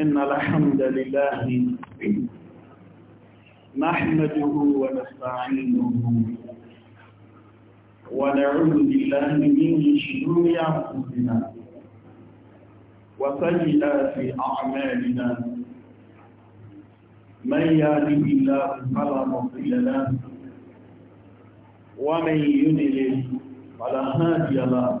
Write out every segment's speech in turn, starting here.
إن الحمد لله نحمده ونستعينه ونعوذ بالله من شرور أنفسنا وسيئات أعمالنا من يهده الله فلا مضل له ومن يضلل فلا هادي له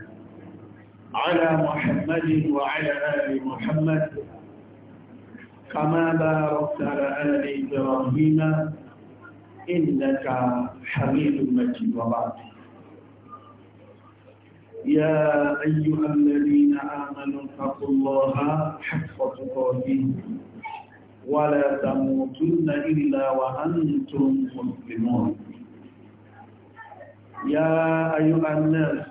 على محمد وعلى آل محمد كما باركت على آل إبراهيم إنك حميد مجيد وبعد يا أيها الذين آمنوا اتقوا الله حق تقاته ولا تموتن إلا وأنتم مسلمون يا أيها الناس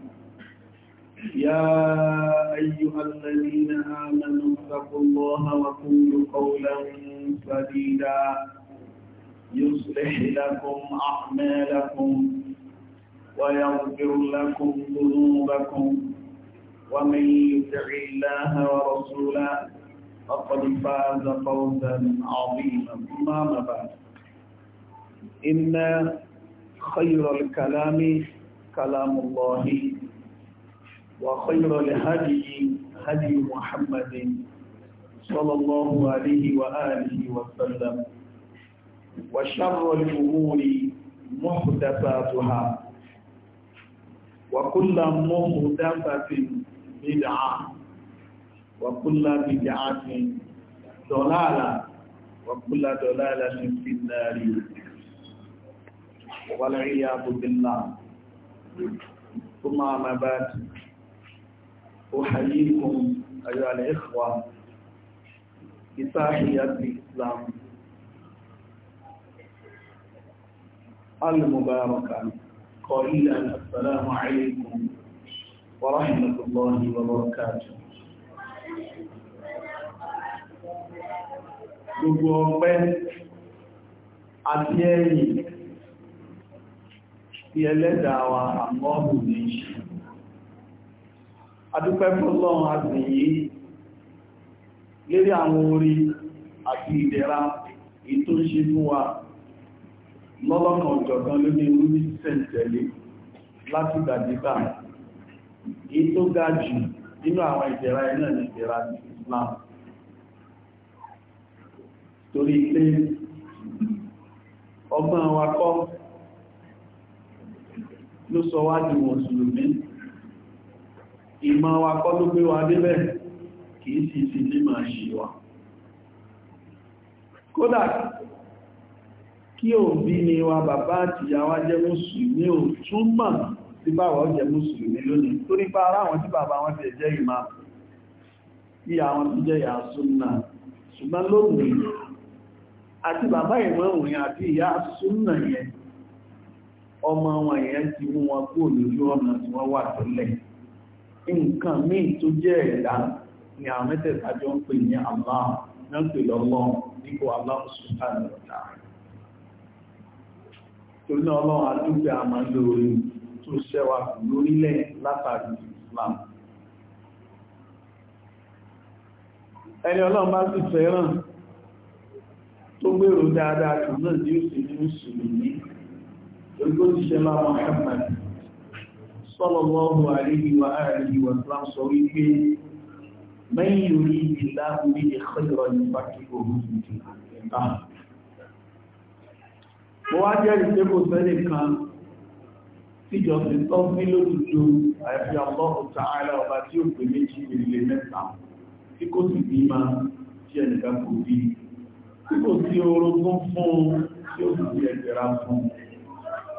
يا أيها الذين آمنوا اتقوا الله وقولوا قولا سديدا يصلح لكم أعمالكم ويغفر لكم ذنوبكم ومن يطع الله ورسوله فقد فاز فوزا عظيما ما بعد إن خير الكلام كلام الله وخير الهدي هدي محمد صلى الله عليه وآله وسلم وشر الأمور محدثاتها وكل محدثة بدعة وكل بدعة ضلالة وكل ضلالة في النار والعياذ بالله ثم ما بعد أحييكم أيها الإخوة بتحية الإسلام المباركة قائلا السلام عليكم ورحمة الله وبركاته gbogbo ọpẹ́ àti ẹ̀yìn tí adúpẹ́ fọ́lọ́run àsìn yìí lérí àwọn orí àti ìdẹ̀ra ètò ń ṣe fún wa lọ́lọ́kan ọ̀jọ̀kan lóní orí sẹ̀ǹtẹ̀lé láti gbàdígbà èyí tó ga jù nínú àwọn ìdẹ̀ra iná ní ìdẹ̀ra Islam torí pé ọgbọ́n wa kọ́ ló sọ wá mùsùlùmí ìmọ̀ wa kọ́ tó gbé wa débẹ̀ kìí sì sí ní máa ṣe wa kódà kí òbí ni wa bàbá àti ìyá wa jẹ́ mùsùlùmí ò túmọ̀ sí báwọ̀ jẹ́ mùsùlùmí lónìí torí pa ara wọn tí bàbá wọn ti jẹ́ ìmá bí àwọn tó jẹ́ ìyá súnnà ṣùgbọ́n lónìí àti bàbá ìwọ̀n òrìn àti ìyá súnnà yẹn ọmọ wọn yẹn ti mú wọn kúrò lójú ọ̀nà tí wọ́n wà tẹ́lẹ̀ nǹkan míì tó jẹ́ ẹ̀dá ni àwọn mẹ́tẹ̀ẹ̀ta jọ ń pè ní Allah náà pè lọ́lọ́ nípò Allah subhanahu wa ta'ala torí náà ọlọ́run adúgbẹ́ àmà lórí tó ṣẹ́wà lórílẹ̀ látàrí Islam ẹni ọlọ́run bá sì fẹ́ràn tó gbèrò dáadáa jù náà ní òsì ní òsì lòní lórí tó ti ṣe sallallahu alaihi wa alihi wa sallam sọ wípé mẹ́yìn lórí ìlà orí ìkọjọ́ ìpàkì ohun ìjọba mo wá jẹ́rìí pé kò sẹ́lẹ̀ kan tíjọsìn tó ní lójújú àyàfi Allahu Ta'ala ọba tí ó pè méjì ìrìnlẹ̀ mẹ́ta tí kò sì bí máa tí ẹnìkan kò bí tí kò sí orogún fún tí ó sì ẹ̀kẹ́ra fún un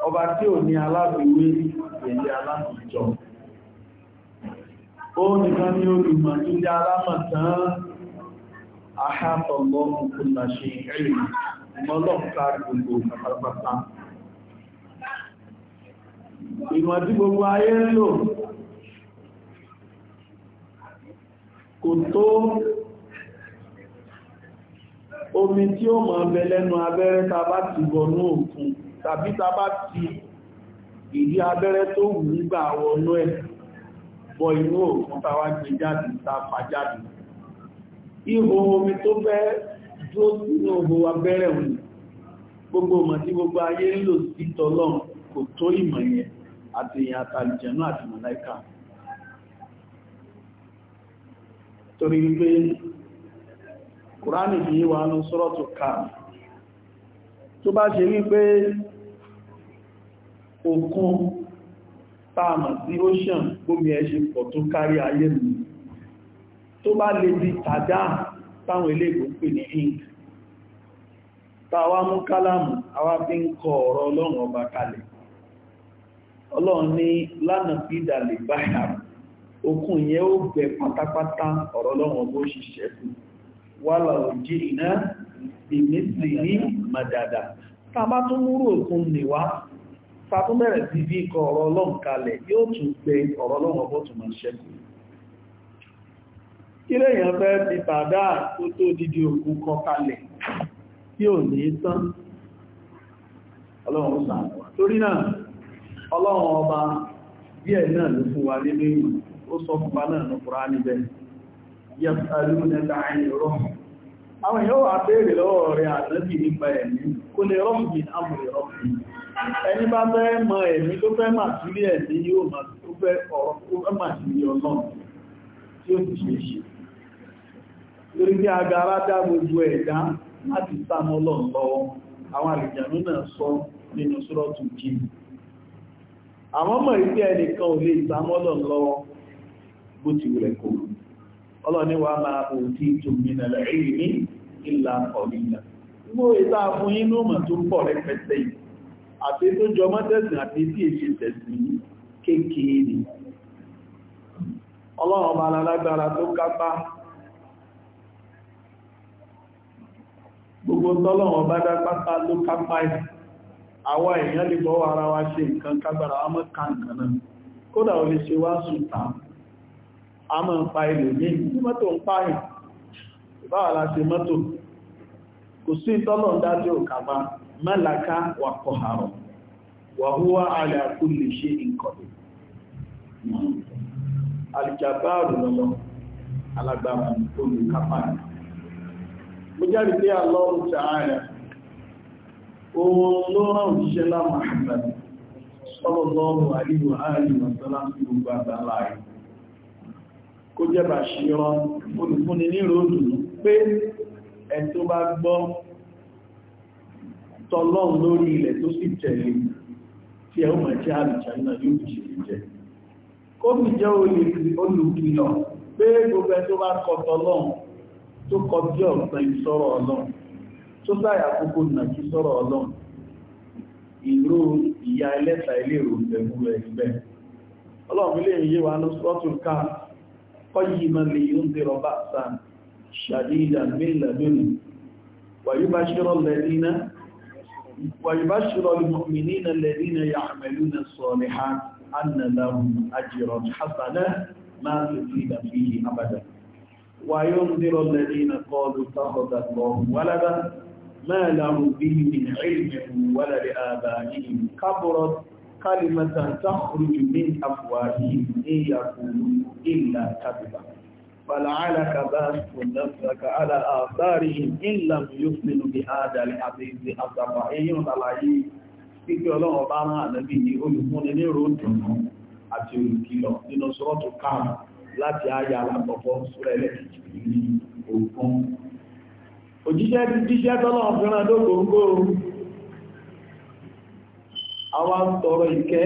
ọba tí ò ní alábìwé èyí alámọ̀jọ ó nìkan ní olùmọ̀ nílé alámọ̀tán àhàtọ̀gbọ́ ìpínlẹ̀ṣe ìrìn ìmọ́lọ́pàá gbogbo pátápátá ìmọ̀ tí gbogbo ayé ń lò kò tó omi tí ó mọ̀ bẹ lẹ́nu abẹ́rẹ́ ta bá ti bọ̀ òkun tàbí tàbá ti ìdí abẹ́rẹ́ tó wù nígbà wọnú ẹ̀ bọ inú òkun tàwà gbé jáde tàfà jáde ihò omi tó fẹ́ dúró sínú ohò abẹ́rẹ́ òun gbogbo ọmọ tí gbogbo ayé ń lò sí tọ́lọ́n kò tó ìmọ̀ yẹn àti èyàn àtàlìjẹ̀nú àti màláíkà torí wípé kùránì fi wà ní sọ́rọ̀ tó ká tó bá ṣe wípé okun táàmà sí ocean gbómi ẹṣin pọ̀ tó kárí ayé mi tó bá lè di tàjá táwọn pè ní ink tàwa mú kálàmù àwa fi ń kọ ọ̀rọ̀ ọlọ́run ọba kalẹ̀ ọlọ́run ní lánàá pídà lè báyà ó gbẹ pátápátá ọ̀rọ̀ ọlọ́run òṣìṣẹ́ fún ní màdàdà òkun tàbí mere sí bí ikọ̀ ọ̀rọ̀ ọlọ́run kalẹ̀ yóò tún gbé ọ̀rọ̀ ọlọ́run ọgbọ́ ma máa ṣẹ́kù kí fẹ́ bàdá tó tó dídí òkú kọ kalẹ̀ tí ò ní tán ọlọ́run sàánà torí náà ọlọ́run ọba díẹ̀ náà ló fún wa nínú ìmọ̀ ó sọ fún wa náà nùkúrá níbẹ̀ àwọn èèyàn wà lọ́wọ́ rẹ̀ ẹni bá fẹ́ mọ ẹ̀mí tó fẹ́ mà sílé ẹ̀mí yóò mà tó fẹ́ ọ̀rọ̀ mà sílé ọlọ́run tí ó ti ṣe ṣe lórí bí agara dá gbogbo ẹ̀dá láti sámọ́ ọlọ́run lọ́wọ́ àwọn àrìjànú náà sọ nínú sọ́rọ̀tù jí àwọn mọ̀ ìpé ẹnìkan ò lè sámọ́ ọlọ́run lọ́wọ́ bó ti rẹ̀ kò ọlọ́niwà máa òtí tòmìnà ilà ọ̀lìlà gbogbo ìta fún inú mọ̀ tó pọ̀ rẹpẹtẹ yìí àti tó jọmọ́ tẹ̀sìn àti tí èṣe tẹ̀sìn kéèkéé ọlọ́run ọba alágbára tó kápá gbogbo tọ́lọ́run ló kápá ẹ̀ èèyàn lè ara wa ṣe nǹkan náà kódà ṣe wá a mọ́ ń pa ilẹ̀ ní ní mọ́tò ń ìbáwà láti mọ́tò kò mẹ́làká wà kọ̀hàrọ̀ wà húwá lè ṣe ìkọ̀dù alìjàbáàrù lọ́lọ́ alágbàmù olùkápáyà mo jẹ́rìí pé Allahu ta'ala ohun ló rán òṣìṣẹ́ láwọn àgbàdì sọ́lọ́lọ́rùn àríwò àárín wàtọ́lá sí ní ròdùn pé ẹ̀ tó tọlọ́run lórí ilẹ̀ tó sì tẹ̀lé tí ẹ ó mọ̀ jẹ́ àrùjá náà yóò fi ṣe jẹ́ kó fi jẹ́ olùkìlọ̀ pé gbogbo ẹ tó bá kọ tọlọ́run tó kọ bí ọ̀sán ìsọ̀rọ̀ ọlọ́run tó sáyà kókó nà kí sọ̀rọ̀ ọlọ́run ìró ìyá ẹlẹ́ta ilé ìròyìn ẹ̀mú ẹ̀gbẹ́ ọlọ́run ilé ìyé wa ló sọ́tún ká قيما لينذر بأسا شديدا من لدنه ويبشر الذين ويبشر المؤمنين الذين يعملون الصالحات أن لهم أجرا حسنا ما تزيد فيه أبدا وينذر الذين قالوا اتخذ الله ولدا ما لهم به من علم ولا لآبائهم كبرت كلمة تخرج من أفواههم إن يقولوا إلا كذبا فلعلك باس نفسك على آثارهم إن لم يفلوا بهذا الحديث أصبع أيون àlàyé Ìgbé ọlọ́run bá rán ànábì ní olùfúnni ní ròdùnú àti olùkìlọ̀ nínú sọ́ọ̀tù láti ayà àlàkọ̀ọ́kọ́ súrẹ́ lẹ́kìtì ní Òjíṣẹ́ tọrọ ìkẹ́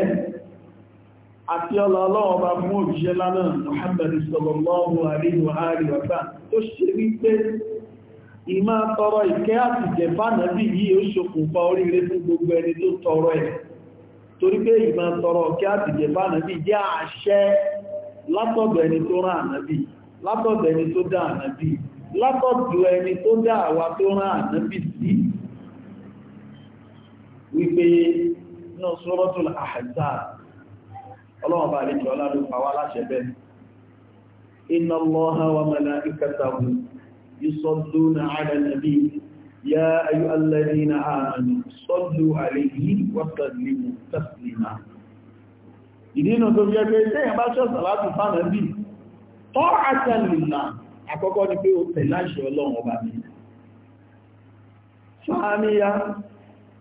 àti ọlọ ọlọ́wọ́ bá mú òjíṣẹ́ lánàá Muhammad sallallahu alaihi wa alihi wa sallam tó ṣe wípé ìmá tọrọ ìkẹ́ àti jẹ̀fà nàbí yìí ó ṣokùnfà oríire fún gbogbo ẹni tó tọrọ ẹ̀ torí pé ìmá tọrọ ìkẹ́ àti jẹ̀fà nàbí jẹ́ àṣẹ látọ̀dọ̀ ẹni tó rán ànàbí ọlọ́wọ́n bá àlejò ọlọ́dún pàwọ́ aláṣẹ bẹ́ẹ̀ inna allaha wa malaikatahu yusalluna ala nabi ya ayyuhalladhina amanu sallu alayhi wa sallimu taslima ìdínà tó jẹ́ pé tẹ́yìn bá ṣọ́sà láti fánà bí tọ́ àtàlìlà àkọ́kọ́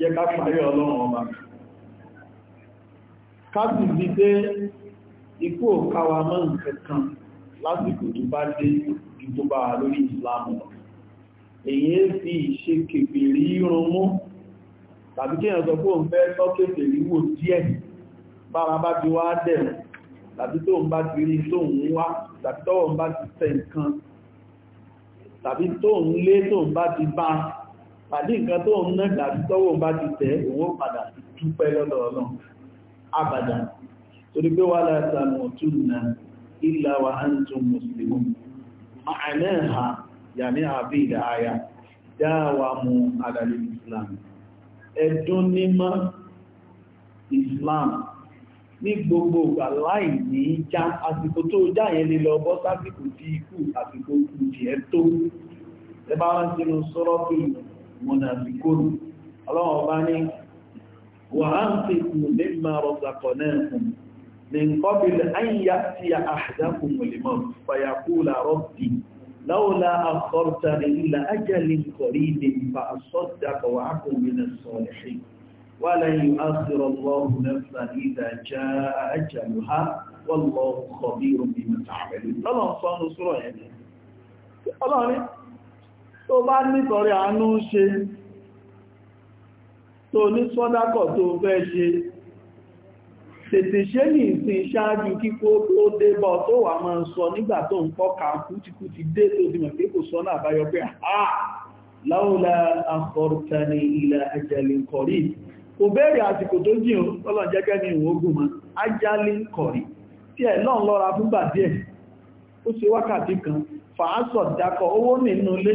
jẹ́ ká fàyọ̀ ọlọ́run ọba ká sì rí pé ikú òkáwa mọ́ nǹkan kan lásìkò tó bá dé ju tó bá wà lórí ìsìláàmù èyí fi ìṣe kèfèrí rún mú tàbí kí èèyàn sọ pé òun fẹ́ tọ́ kèfèrí wò díẹ̀ bára bá ti wá dẹ̀rùn tàbí tóun bá ti rí tóun wá tàbí tọ́wọ́n bá ti tẹ̀ nǹkan tàbí tóun lé tóun bá ti bá pàdé nǹkan tó ń náà dàbí tọ́wọ́ bá ti tẹ̀ owó padà ti dúpẹ́ lọ́dọ̀ ọlọ́run abàdà torí pé wà látàmù tún na ìlà wa antum muslimun ma'ana ha islam islam ní gbogbo ìgbà láì ní já àsìkò tó já yẹn lè lọ bọ́ tí ikú àsìkò kù jẹ́ mọ̀nàfikún ọlọ́wọ́ bá ní wà á ń fi kù ní márùn zakọ̀nẹ́kùn ní kọ́bílẹ̀ ayyá tí a àṣìdákùn mọ̀lẹ̀mọ̀ fayakúlà rọ́bì láwọ́lá àkọ́rta ní ilẹ̀ ajẹ́lì kọ̀rí ní fa àṣọ́dàkọ̀ wà á kò mìíràn sọ̀rẹ̀ ولا يؤخر الله نفسا إذا جاء أجلها والله خبير بما تعملون الله صلى الله عليه وسلم tó bá nítọrẹ àánú ṣe tó ní sọ́dákọ̀ tó fẹ́ ṣe tètè ṣe ní ìsìn ṣáájú kíkó tó débọ̀ tó wà máa sọ nígbà tó ń pọ́ ká kútíkútí dé tó ti mọ̀ pé kò sọ́nà àbáyọ pé àà láúlá àkọrùtani ilẹ̀ ajalin kọ̀rí kò bẹ̀rẹ̀ àsìkò tó jìn ọlọ́njẹ́gẹ́ ní ìwògùn ma ajalin kọ̀rí tí ẹ̀ lọ́n lọ́ra díẹ̀ ó wákàtí kan fàásọ̀ dákọ̀ owó nínú lé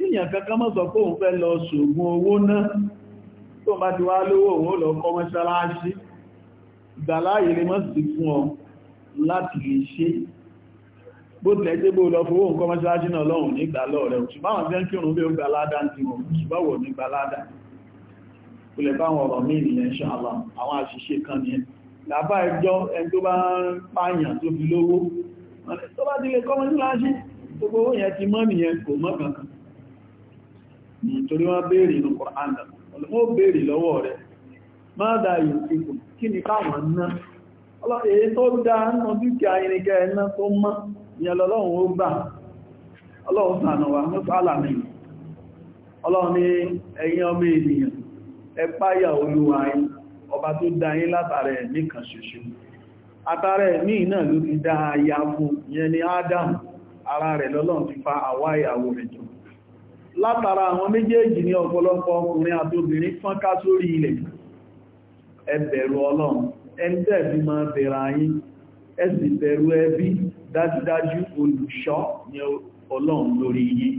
kíyàn kankan mọ́ sọ pé òun fẹ́ lọ ṣògùn owó náà tó bá ti wá lówó òun lọ kọ́ mọ́ṣáláṣí ìgbàláyè lè mọ́ sí fún ọ láti lè ṣe bó tilẹ̀ jẹ́ bó lọ fowó nǹkan mọ́ṣáláṣí náà lọ́hùn ní ìgbà lọ́ọ̀rẹ́ ṣùgbọ́n àwọn jẹ́ kírun bí ó ni lábá ẹjọ́ ẹni gbogbo owó yẹn ti mọ́ nìyẹn kò mọ́ kankan torí wọ́n béèrè inú kọ̀rọ̀ánà ọlọ́wọ́ béèrè lọ́wọ́ rẹ̀ máa dá yìí kí ni káwọn ná èyí tó dá nà dúkìá irinká ẹ̀nà tó mọ́ ìyẹn lọ́lọ́run ó gbà ọlọ́run sànà wà ní ara rẹ̀ lọ́lọ́run ti fa ìyàwó látara àwọn méjèèjì ní ọ̀pọ̀lọpọ̀ ọkùnrin àti obìnrin fọ́nká sórí ilẹ̀ ẹ bẹ̀rù ọlọ́run ẹ̀ńtẹ́ bí máa bẹ̀rẹ̀ ayé ẹ sì bẹ̀rù ẹbí dájúdájú olùṣọ́ ni ọlọ́run lórí yín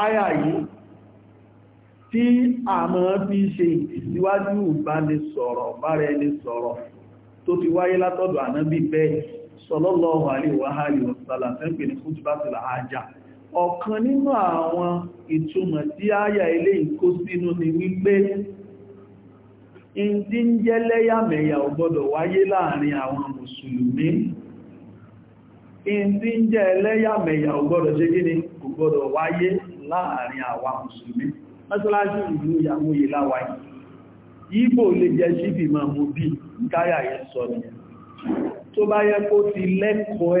ááyà yìí tí àmọ́ bí ṣe ìsíwájú ìbánisọ̀rọ̀ bára ẹni sọ̀rọ̀ tó ti wáyé látọ̀dọ̀ ànábì bẹ́ẹ̀ sallallahu alaihi wa alihi wasallam fẹ́ pè ọ̀kan nínú àwọn ìtumọ̀ tí àyà ilé ìkó sínú ni wípé ìdí ń jẹ́ lẹ́yàmẹ̀yà ò gbọ́dọ̀ wáyé láàrin àwọn mùsùlùmí ìdí ń jẹ́ lẹ́yàmẹ̀yà ò gbọ́dọ̀ ṣe gíní kò gbọ́dọ̀ wáyé láàrin àwọn mùsùlùmí mọ́sálásí ìlú ìyàwó yìí láwáyé Ìgbò lè jẹ́ ṣíbì máa mú bí káyà yẹn sọ tó bá yẹ kó ti lẹ́kọ̀ọ́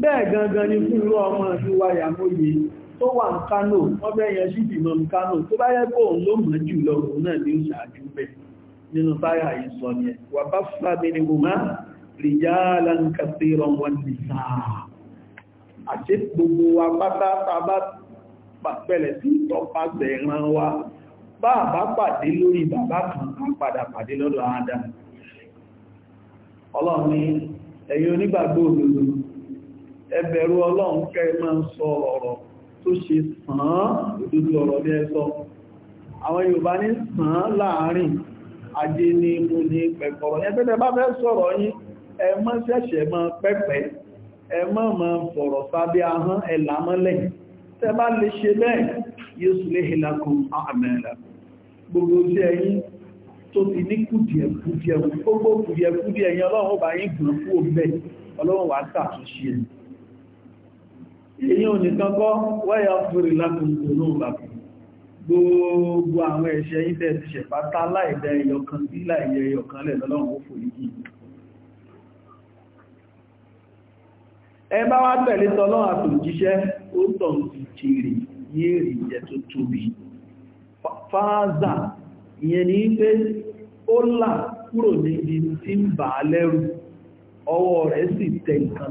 bẹ́ẹ̀ gangan ni fún irú ọmọ ìwà yàmóye tó wà ní Kánò wọ́n bẹ́ yẹn sí ìbìmọ̀ ní Kánò tó bá yẹ kó òun ló mọ̀ jù lọ òun náà ní ìṣàjú bẹ̀ nínú táyà ìsọ ni wà bá fúlàbí ni gùnmá rijalan kathiran wan nisaa àti gbogbo wa pátá tàbá pàpẹ̀lẹ̀ sí tọpasẹ̀ ìran ẹ bẹ̀rù ọlọ́run kẹ́ máa ń sọ ọ̀rọ̀ tó ṣe sàn án òdodo ọ̀rọ̀ ní ẹsọ àwọn Yorùbá ní sàn án láàárín ajé ní mú ní pẹ̀kọ̀rọ̀ yẹn tẹ́tẹ́ bá fẹ́ sọ̀rọ̀ yín ẹ má ṣẹ̀ṣẹ̀ máa pẹ́pẹ́ ẹ má máa fọ̀rọ̀ sábẹ́ ahọ́n ẹ làmọ́lẹ̀ tẹ́ bá lè ṣe bẹ́ẹ̀ tó ti ní kùdìẹ̀kùdìẹ̀ gbogbo ọlọ́run bá yín gbọ̀n kú òun ọlọ́run wà á tàtúnṣe èyí ò ní kọ́kọ́ wẹ́yà fúrí lákùnkùn náà gbogbo àwọn ẹ̀ṣẹ̀ fòrí ẹ bá wá tẹ̀lé àtòjíṣẹ́ ó fáázà ìyẹn ni pé ó là kúrò níbi tí ń bà á lẹ́rù ọwọ́ rẹ̀ sì tẹ nǹkan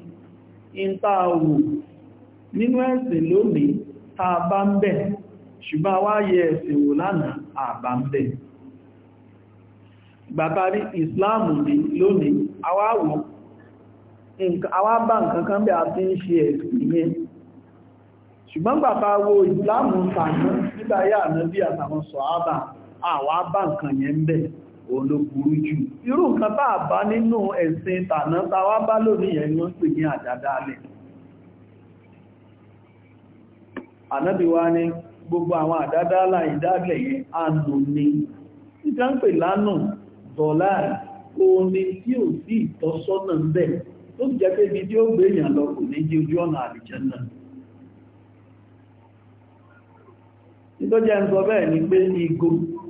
ìntàwò nínú lónìí ta bá ń bẹ̀ ṣùgbọ́n wá yẹ wò lánàá àbá ń bẹ̀ ìsìláàmù ní lónìí awáwò awá nǹkan kan bẹ̀ àti ń ṣe ẹ̀sìn ṣùgbọ́n bàbá wo ìsìláàmù olóburú jù irú nǹkan tá a bá nínú ẹ̀sìn tàná tàwá bá lónìí yẹn wọ́n pè ní àdádálẹ̀ gbogbo àwọn àdádálà ìdálẹ̀ yẹn ànù ni títà ń pè lánà dọ̀lá omi tí ò sí ìtọ́sọ́nà bẹ̀ tó jẹ́ pé tí ó gbé lọ kò ní jí ojú ọ̀nà ń sọ bẹ́ẹ̀ ni pé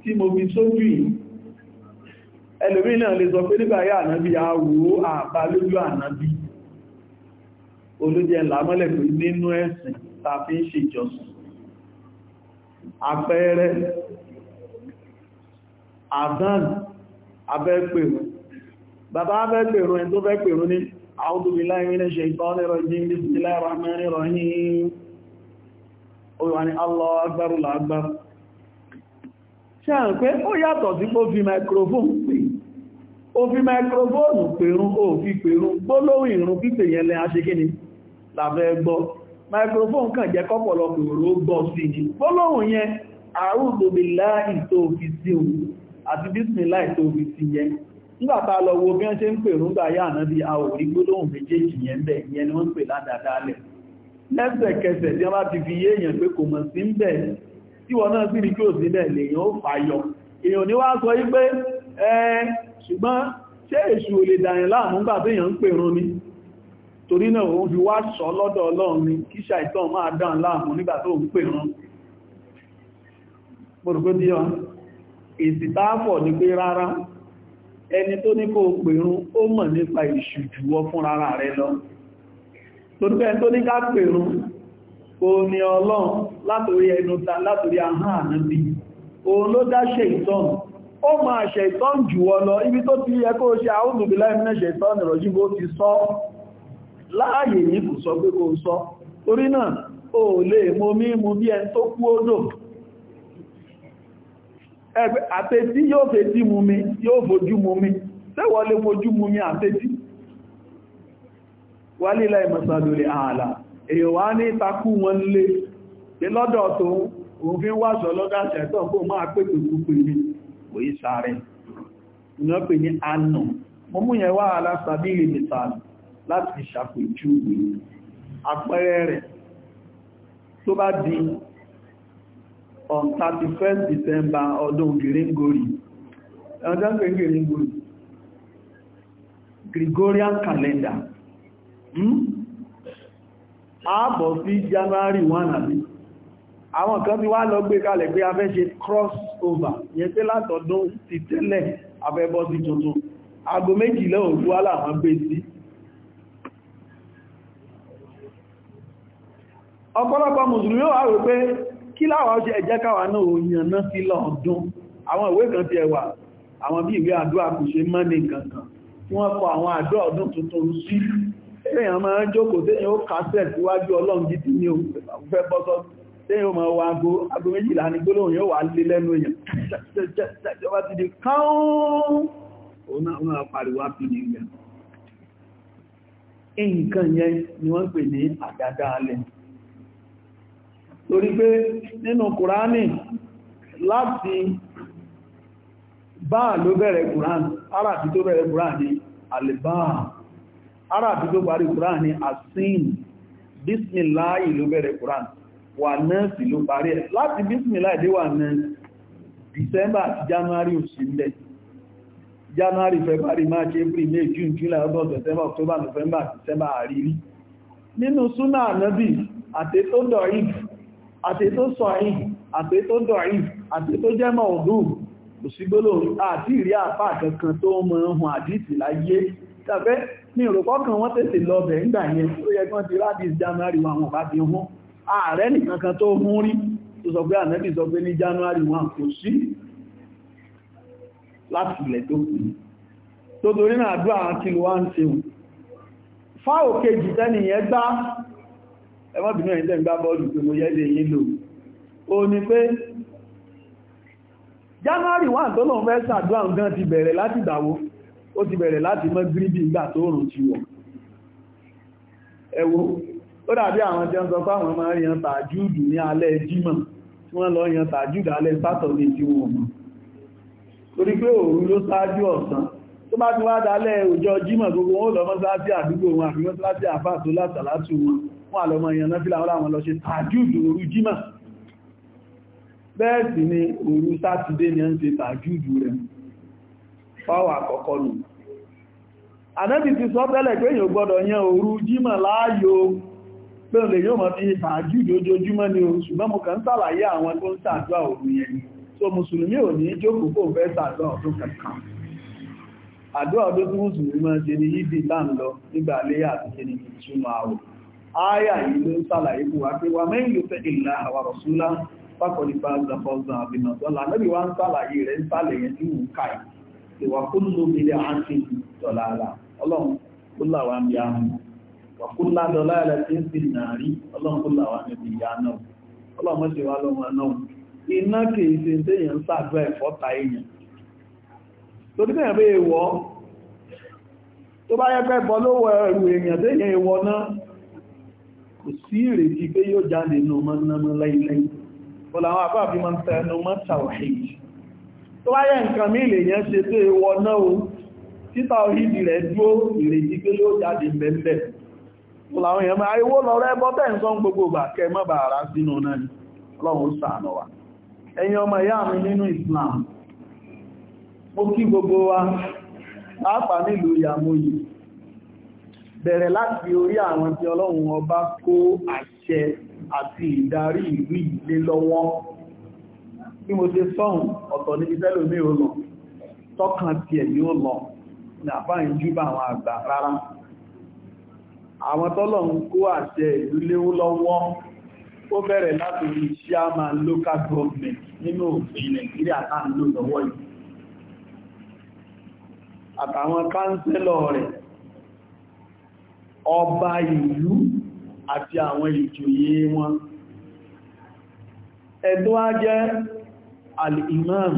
tí mo fi sójú yìí ẹlòmí náà lè sọ pé nígbà yá ànábí àwò àbá lójú ànábí olójẹ́ làmọ́lẹ̀ pé nínú ẹ̀sìn ta fi ń ṣèjọsìn àpẹẹrẹ àdán abẹ́pẹ̀rún bàbá abẹ́pẹ̀rún ẹni tó fẹ́pẹ̀rún ní أعوذ بالله à ń pé ó yàtọ̀ sí kó fi microphone pè ó fi microphone pèrún ó fi pèrún gbólóhùn ìrún pípè yẹn lẹ́ aṣekíni làbẹ́ gbọ́ microphone kàn jẹ́ kọ́pọ̀lọpọ̀ òró gbọ́ sí ni gbólóhùn yẹn a'udhu billahi tó fi sí òun àti bismillah tó fi sí yẹn nígbàtà lọ wo bí wọ́n ṣe ń pèrún gbà ni wọ́n ń pè ládàdálẹ̀ lẹ́sẹ̀kẹsẹ̀ tí wọ́n bá ti fi yé èèyàn pé ṣùgbọ́n ṣé èṣù ò lè dàyàn láàmú gbà téèyàn ń pèrún ni torí náà ó fi wá sọ lọ́dọ̀ ọlọ́run ni kí ṣàìtàn máa dàn láàmú nígbà tó ń pèrún mọ̀rùgbé díọ̀ èsì táàfọ̀ ní pé rárá ẹni tó ní kó pèrún ó mọ̀ nípa ìṣùjúwọ́ fún rárá rẹ lọ torípẹ́ tó ní ká pèrún ó ní ọlọ́run látòrí ẹnu ta látòrí ahán ànábì òun ló dáṣẹ́ ìtọ́nù ó ma ṣe ìtọ́n jù ọ lọ ibi tó ti yẹ kó ṣe àúdùbílá ìmìnẹ̀ṣẹ̀ ìtọ́n ìrọ̀júbó ti sọ láàyè yìí kò sọ pé kò sọ torí náà o lè mọ mímu bí ẹn tó kú odò àtẹ́tí yóò fẹ́tí mú mi yóò fojú mú mi tẹ́wọ́ lè fojú mú mi àtẹ́tí wà lílẹ̀ ìmọ̀sàdòlè ààlà èèwà ní takú wọn lé lọ́dọ̀ tó òun fi ń wáṣọ lọ́dọ̀ àṣẹ́tọ̀ kó máa pẹ́kẹ̀ẹ́ kò yí sáré iná pè ní anà mo mú yẹn wá alásàbílì mìtàlì láti ṣàpèjúwe àpẹẹrẹ rẹ̀ tó bá di on 31 December ọdún gíríngorì ọdún gíríngorì Gregorian calendar Hmm. ààbọ̀ sí January 1 àbí àwọn kan ti wá lọ gbé kalẹ̀ pé a fẹ́ ṣe cross over yẹn pé látọ̀dún ti tẹ́lẹ̀ afẹ́bọ́ sí tuntun aago méjìlẹ̀ òru aláwọn gbé sí ọ̀pọ̀lọpọ̀ mùsùlùmí wà rò pé kí láwà ṣe ẹ̀jẹ́ káwà náà òyìn náà sí lọ́ọ̀dún àwọn ìwé kan ti ẹ̀wà àwọn bí ìwé àdúrà kò ṣe mọ́ ní kankan tí wọ́n kọ àwọn àdúrà ọdún tuntun sí èèyàn máa ń jókòó tí èèyàn ó kásẹ̀ síwájú ọlọ́run jí tí ní òun fẹ́ bọ́sọ́sí tẹ́yìn o ma wọ ago méjìlá ní gbólóhùn yóò wà lé lẹ́nu èèyàn jẹjẹjẹjọba ti di káún òun àpàríwá fi ní ìgbẹ̀ nǹkan yẹn ni wọ́n pè ní àdádá alẹ́ torí pé nínú kùránì láti báà ló bẹ̀rẹ̀ kùránì tó bẹ̀rẹ̀ kùránì alìbáà tó parí kùránì ló wà nọ́ọ̀sì ló parí ẹ̀ láti bísmìlá èdè wà nọ́ọ̀sì December àti January ò sí ilẹ̀ January February March April May June July August September October November December àrírí nínú súnà ànábì àtètò dọ̀ìf àtètò sọ̀ìf àtètò dọ̀ìf àtètò jẹ́mọ̀ ọdún òsígbólò àti ìrí àpá kankan tó mọ̀ ohun àdìsì láyé tàbẹ́ ní ìrọ̀pọ̀ kan wọ́n tètè lọ bẹ̀ ń gbà yẹn ó yẹ kí wọ́n ti rádìs January wọn àwọn bá ti hún ààrẹ nìkan kan tó mú rí tó sọ pé ànẹ́bì sọ pé ní January 1 kò sí láti ilẹ̀ tó kù tó torí náà àdúrà àti ló wá ń seun fáwọ̀ kejì tẹ́nìyàn gbá ẹmọ́bìnrin ẹ̀ntẹ́ gbá bọ́ọ̀lù pé mo yẹ́lẹ̀ yìí lò ó ní pé January 1 tó lọ́n fẹ́ sàdúrà nǹkan ti bẹ̀rẹ̀ láti dàwó ó ti bẹ̀rẹ̀ láti mọ́ gíríbì ìgbà tó rùn ti wọ̀ ẹwọ́ ó dàbí àwọn tí ó ń sọ fáwọn ọmọ rí yan tàjúdù ní alẹ́ jímọ̀ tí wọ́n lọ yan tàjúdù alẹ́ sátọ̀dé tí wọ́n mọ̀ torí pé òru ló ṣáájú ọ̀sán tó bá ti wá dálẹ̀ ọjọ́ jímọ̀ gbogbo wọn lọ mọ́sálásí àdúgbò wọn àfi mọ́sálásí àfà tó látàlátù wọn wọn àlọ́mọ èèyàn náà fílà wọn lọ ṣe tàjúdù òru jímọ̀ bẹ́ẹ̀ sì ni òru sátidé ni a ń ṣe tàjúdù rẹ̀ fáwà àkọ́kọ́ nù ànábì ti sọ tẹ́lẹ̀ pé èèyàn gbọ́dọ̀ yan òru jímọ̀ láàyò pé olè yóò mọ̀ fi hàájú lójoojúmọ́ ni o ṣùgbọ́n mo kàn ń sàlàyé àwọn tó ń ṣàdúrà òru yẹn so mùsùlùmí ò ní jókòó kó fẹ́ ṣàdúrà ọdún kankan àdúrà ọdún tí mùsùlùmí máa ṣe ní yídì náà lọ nígbà léyà àti ṣe ní ìṣúná àwọ̀ ááyà yìí ló ń sàlàyé fún wa pé wà mẹ́yìn yóò fẹ́ ìlà àwà rọ̀súlá fákọ̀lì bá zàfọ́zà àbìnàtọ́lá lẹ́bí wá ń sàlàyé rẹ̀ ń sàlẹ̀ yẹn tí wọ́n káì ìwà kúlù nílẹ̀ àti ìtọ̀lá ọlọ́run kúlà wà ń bí àmì wàkúlá dọ́lá ẹ̀lẹ́ tí ń fi nàárí ọlọ́nkúlá wà níbi ìyá náà ọlọ́mọ́ sí wá lọ́mọ náà iná kìí ṣe téèyàn ń sàdúrà ẹ̀fọ́ta èèyàn torí téèyàn bẹ́ èèwọ̀ tó bá yẹ́pẹ́ bọ́ lówó ẹrù èèyàn téèyàn èèwọ̀ náà kò sí ìrètí pé yóò jáde nù mọ́ náà títà orí rẹ̀ dúró ìrètí pé yóò jáde mẹ́mẹ́ láwọn èèyàn máa ewó lọ rẹ́bọ́ tẹ́ǹsán gbogbo bà kẹ mọ́bà ara sínú náà ni ọlọ́run wa ọmọ ìyá mi nínú Islam mo kí gbogbo wa pàápàá nílùú yamoyi bẹ̀rẹ̀ láti orí àwọn tí ọba kó àṣẹ àti ìdarí ìlú lọ́wọ́ bí mo ṣe sọ́hùn ọ̀tọ̀ níbi ò lọ tọ́kàn tiẹ̀ ni ó lọ àwọn tọ́lọ̀ ń kó àṣẹ ìlú léwó lọ́wọ́ ó bẹ̀rẹ̀ láti rí chairman local government nínú òfin Nàìjíríà táà ń lò lọ́wọ́ yìí àtàwọn káńsẹ́lọ̀ rẹ̀ ọba ìlú àti àwọn ìjòyè wọn ẹ̀dọ́ á jẹ́ al-imam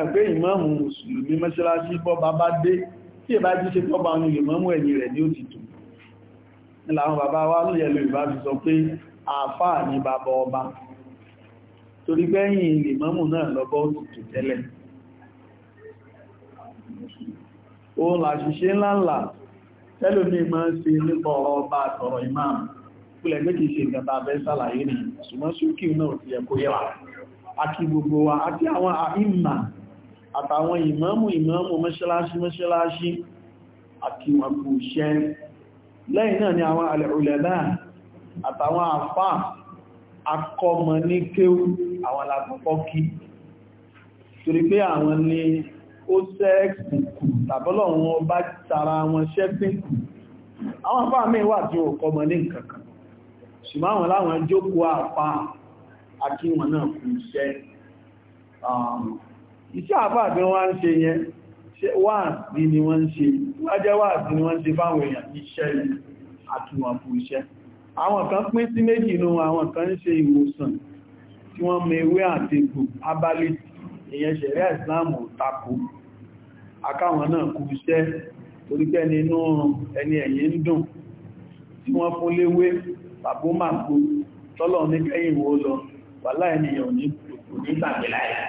ẹ̀pẹ́ ìmáàmù mùsùlùmí mọ́ṣáláṣí bọ́ bá bá dé tí ìbá jí ṣe tọ́ba ọ̀nà ìmọ̀mú ẹ̀yìn rẹ̀ ní ó ti tò ní làwọn bàbá wa ló yẹ lórí bá fi sọ pé àáfàá ní bàbá ọba torí gbẹ́yìn ìmọ̀mú náà lọ́bọ́ ti tò tẹ́lẹ̀ òun imam kúlẹ̀ pé kìí ṣe ìgbàta abẹ́ sàlàyé nì ṣùgbọ́n ṣúkì náà ti ẹ̀kọ́ gbogbo wa àti àwọn àìmà àtàwọn ìmáàmù ìmáàmù mọ́ṣáláṣí mọ́ṣáláṣí àti wọn kò ṣẹ́ lẹ́yìn náà ni àwọn alẹ́rùlẹ́lá àtàwọn àfá akọmọ ní kéwú àwọn alákọ̀ọ́kọ́ kí torí pé àwọn ni ó sẹ́ẹ̀kù kù tàbọ́lọ̀ wọn bá tara wọn sẹ́ẹ̀kù àwọn àfá mẹ́ wà tí ó kọmọ iṣẹ́ àfáà bí wọ́n ń ṣe yẹn wáàdí ni wọ́n ń ṣe wájẹ́ wáàdí ni wọ́n ń ṣe fáwọn èèyàn iṣẹ́ àtùwàpù iṣẹ́ àwọn kan pín sí méjì inú àwọn kan ń ṣe ìwòsàn tí wọ́n mewé àtegbò abálé èèyàn ṣẹ̀rẹ́ ìsìláàmù tako akáwọn náà kú iṣẹ́ torípẹ́ni inú ẹni ẹ̀yìn ń dùn tí wọ́n fún léwé bàbó màgbó tọ́lọ̀ ní kẹ́yìn wo lọ wà láìníyàn ní ìtàgbẹ̀láyà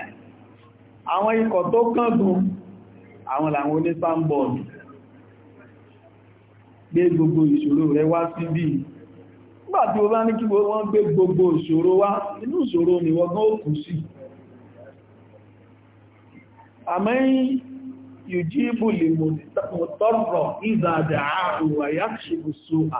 àwọn ikọ̀ tó kángun àwọn làwọn onísàmbọ̀dù gbé gbogbo ìṣòro rẹ wá sí bí nígbàtí o bá ní kí wọ́n gbé gbogbo ìṣòro wá inú ìṣòro ni wọ́n gán òkú sí àmẹ́yìn yùjíbù lè mọ̀tọ́rọ̀ ìzàdà ààrùn wàyá ṣègbùsù à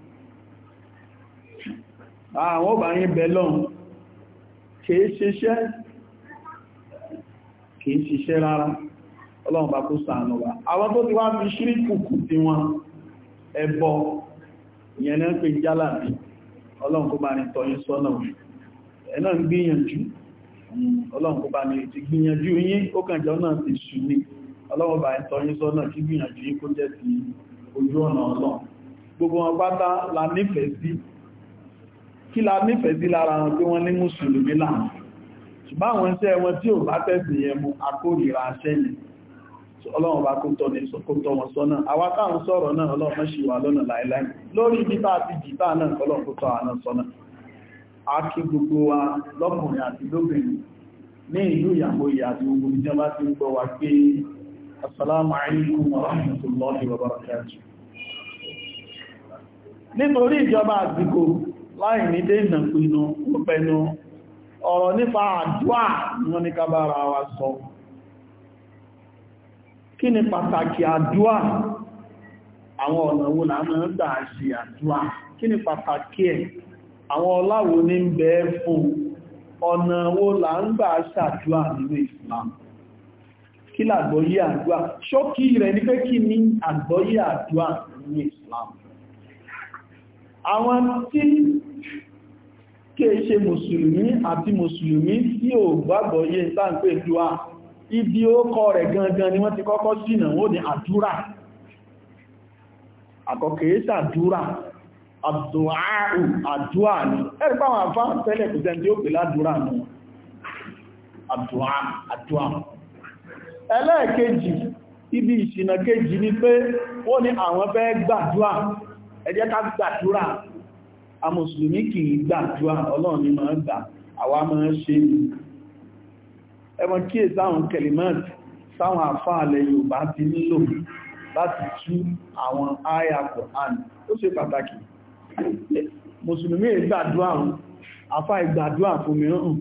àwọn obìnrin belong kìí ṣiṣẹ́ kìí ṣiṣẹ́ rárá ọlọ́run bá kó ṣàánú wa àwọn tó ti wá fi ṣíríkùkù tí wọn ẹbọ ìyẹn náà pé jálàbí ọlọ́run kó bá ní tọ́yín sọ́nà ẹ̀nà ń gbìyànjú ọlọ́run kó bá ní ti gbìyànjú yín ó kànjọ náà ti ṣù ní ọlọ́run bá ní tọ́yín sọ́nà kí gbìyànjú yín kó jẹ́ ti ojú ọ̀nà ọlọ́run gbogbo wọn pátá la nífẹ̀ẹ́ sí kí la nífẹ̀ẹ́ sí lára wọn pé wọ́n ní mùsùlùmí láàrín ṣùgbọ́n àwọn iṣẹ́ wọn tí ò bá tẹ̀sìn yẹn mú akórìíra ṣẹ́yìn ọlọ́run bá kó tọ́ ní ìsọkótọ́ wọn sọ́nà àwátá ń sọ̀rọ̀ náà ọlọ́run mọ́ ṣe wà lọ́nà láìláì lórí jítà àti jítà náà ọlọ́run kó tọ́ àná sọ́nà a kí gbogbo wa lọ́kùnrin àti lóbìnrin ní ìlú ìyàwó ìyà àti gbogbo ìjọba ti ń gbọ́ wa pé assalamu alaikum wa rahmatullahi wa barakatuh nítorí ìjọba àdìkò láì ní dènà pinnu pẹ̀nu ọ̀rọ̀ nípa àdúà wọn ní kábára wa sọ kí ni pàtàkì àdúà àwọn ọ̀nà wo là máa ń gbà ṣe àdúà kí ni pàtàkì ẹ̀ àwọn ọláwo ní ń fún ọ̀nà là ń gbà ṣàdúà nínú Islam kí làgbọ́yé àdúà ṣókí rẹ̀ ní pé kí ni àgbọ́yé àdúà nínú Islam àwọn tí kìí ṣe mùsùlùmí àti mùsùlùmí tí ò gbàgbọ́ yé sáàpẹ́ ìdúwà ibi ó kọ rẹ̀ gangan ni wọ́n ti kọ́kọ́ sínà ó ní àdúrà àkọkèé sàdúrà àdùáàrù àdúà ní ẹ̀rùpá àwọn ibi ìṣìnà ni pé ó ní àwọn ẹjẹ́ ká gbàdúrà a mùsùlùmí kì í gbàdúrà ọlọ́run ni máa gbà àwa máa ṣe ni ẹmọ kí è sáwọn kẹlìmọ́t sáwọn àfáàlẹ̀ Yorùbá ti nílò láti tú àwọn àyà Kùránì ó ṣe pàtàkì mùsùlùmí ìgbàdúrà àfá ìgbàdúrà fún mi hàn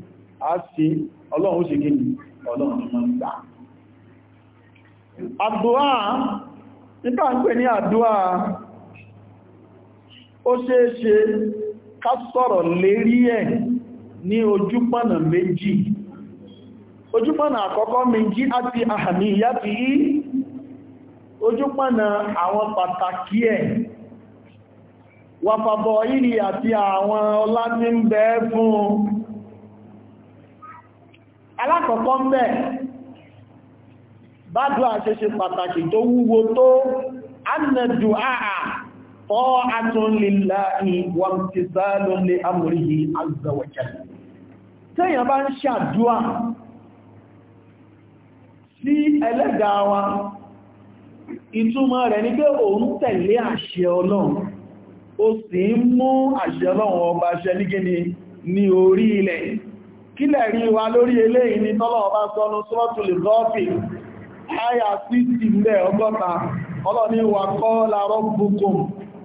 á ṣe ọlọ́run ṣe gẹ́ni ọlọ́run ni máa gbà àdúrà nípa ń pè ní àdúrà ó ṣeé ká sọ̀rọ̀ lérí ẹ̀ ní ojúpọ̀nà méjì ojúpọ̀nà àkọ́kọ́ méjì àti àmì ìyá ti yí ojúpọ̀nà àwọn pàtàkì ẹ̀ wàfàbọ̀ ìrì àti àwọn ọlá ń bẹ fún alákọ̀ọ́kọ́ bádùn ta'atun lillahi wa imtisalun li amrihi azza wa jalla tẹ́yàn bá ń ṣàdúà sí ẹlẹ́dàá wa ìtumọ̀ rẹ̀ ní pé òun tẹ̀lé àṣẹ ọlọ́run ó sì ń mú àṣẹ ọlọ́run ọba sí ti mẹ́ ọgọ́ta ọlọ́ni wà kọ́ la rabbukum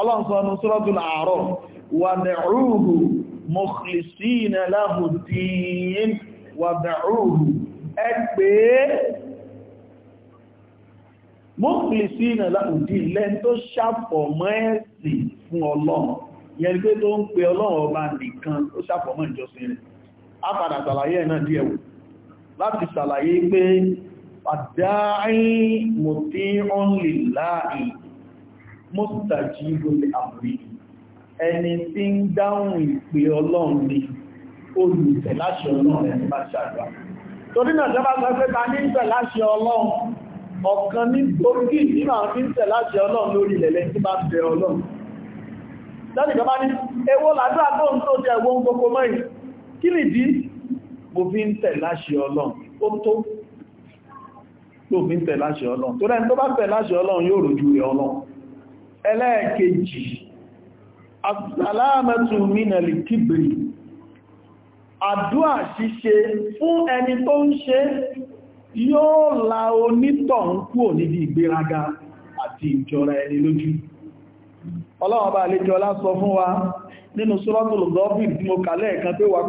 ọlọ́nsọ́nù suratul A'raf wà da'uhu mukhlisina lahu ddin wà da'uhu ẹ pé mukhlisina lahu ddin lẹ́n tó ṣàfọ̀mọ́ ẹ̀sìn fún ọlọ́run yẹn pé tó ń pe ọlọ́run ọba nìkan ó ṣàfọ̀mọ́ ìjọsìn rẹ̀ á padà mustajibu li amri ẹni tí ń dáhùn ìpè ọlọ́run ni olùtẹ̀ láṣẹ ọlọ́run ẹni bá ṣàdúrà torí náà tẹ́ bá sọ pé ta ní ń tẹ̀ láṣẹ ọlọ́run ọ̀kan ní gbòógì nínú àwọn tí ń tẹ̀ láṣẹ ọlọ́run lórí ilẹ̀ tí bá bẹ ọlọ́run lọ́nìí kan bá ní ewó làdúrà tó ń tó jẹ́ ewó ń gbogbo mọ́ kí nìdí mo fi ń tẹ̀ láṣẹ ọlọ́run ó tó ló rẹ̀ tó bá tẹ̀ láṣẹ ọlọ́run yóò rojú rẹ̀ ọlọ́run ẹlẹ́ẹ̀kejì àtàlámẹ́tù mínàlì kìbìrì àdúà ṣíṣe fún ẹni tó ń ṣe yóò la onítọ̀ ń kú níbi ìgbéraga àti ìjọra ẹni lójú ọlọ́wọ́n bá lè jọlá sọ fún wa nínú suratul Ghafir tí mo kà lẹ́ẹ̀kan pé wà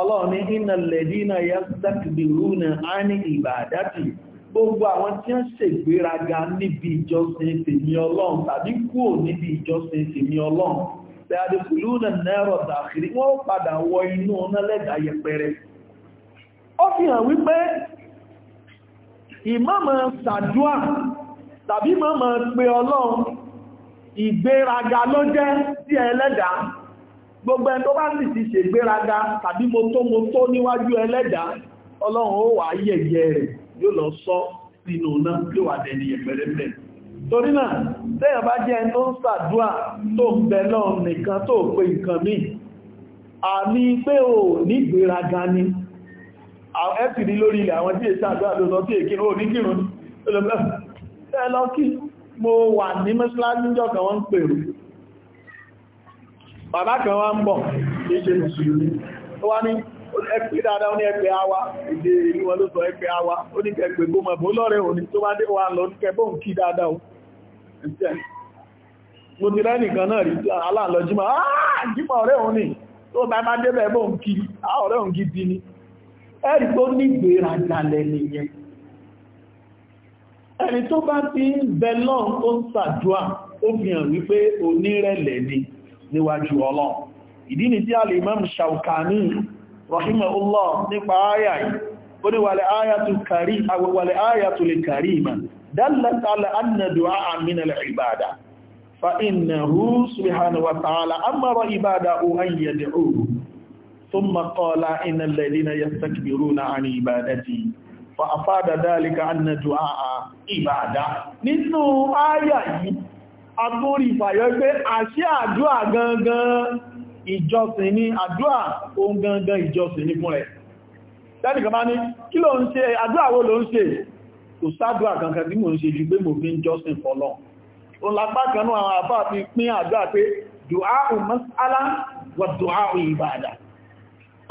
ọlọ́run ní innal ladina yastakbiruna an ibadati gbogbo àwọn tí ń ṣègbéraga níbi ìjọsìn tèmi ọlọ́run tàbí kúrò níbi ìjọsìn tèmi ọlọ́run tẹ́ adékùlú náà nẹ́rọ̀ dàkìrí wọ́n padà wọ inú ọ̀nàlẹ́dà yẹpẹrẹ ó fi hàn wípé ìmọ́mọ̀ sàdúà tàbí mọ́mọ̀ pé ọlọ́run ìgbéraga ló jẹ́ sí ẹlẹ́dàá gbogbo ẹni tó bá sì ti ṣègbéraga tàbí mo tó mo tó níwájú ẹlẹ́dàá ọlọ́run ó wà yẹ̀yẹ́ rẹ̀ yóò lọ sọ sínú náà ó wà dẹni yẹ̀pẹ̀rẹ̀pẹ̀ torí náà tẹ́yàn bá jẹ́ ẹni tó ń tó ń bẹ náà nìkan tó nǹkan àmì pé ò ni lórí ilẹ̀ àwọn tí è bàbá kan wá ń bọ̀ léṣe mùsùlùmí ó wá ní ẹgbẹ́ dáadáa ní ẹgbẹ́ awa èdè ìlú wọn ló sọ ẹgbẹ́ awa ó ní kẹgbẹ́ gbọ́mọ̀ bó lọ́rẹ̀ òní tó bá dé wà lọ ní kẹbọ́n kí dáadáa ó mo ti lẹ́nìkan náà rí aláàlọ́jímọ̀ ààjímọ̀ ọ̀rẹ́ òun ni tó bá bá débẹ̀ bó ń kí ọ̀rẹ́ òun gidi ni ẹ̀rì tó nígbè ràjàlẹ̀ nìyẹn ẹni tó bá ti ń bẹ lọ́n tó ń ṣàdúà ó fi hàn wípé onírẹ̀lẹ̀ ni níwájú ọlọ́run ìdí ni tí al-Imam Shawkani rahimahullah nípa ayà yìí ó ní wàlẹ̀ ayatul karima dallat ala anna du'a min al-ibada fa innahu subhanahu wa ta'ala ثم قال إن الذين يستكبرون عن عبادتي فأفاد ذلك أن دعاء عبادة nínú àyà yìí agbórí ìfàyọ́ pé àṣí àdúà gangan ìjọsìn ni àdúà ohun gangan ìjọsìn ní fún rẹ̀ tẹ́nìkan bá ní kí ló ń ṣe àdúà wo ló ń ṣe kò sádùà gangan bí mo ń ṣe ju pé mo fi ń jọsìn fọ́lọ́ o lápá kanú àwọn àbá fi pín àdúà pé dùá mas'ala wà dùá ìbàdà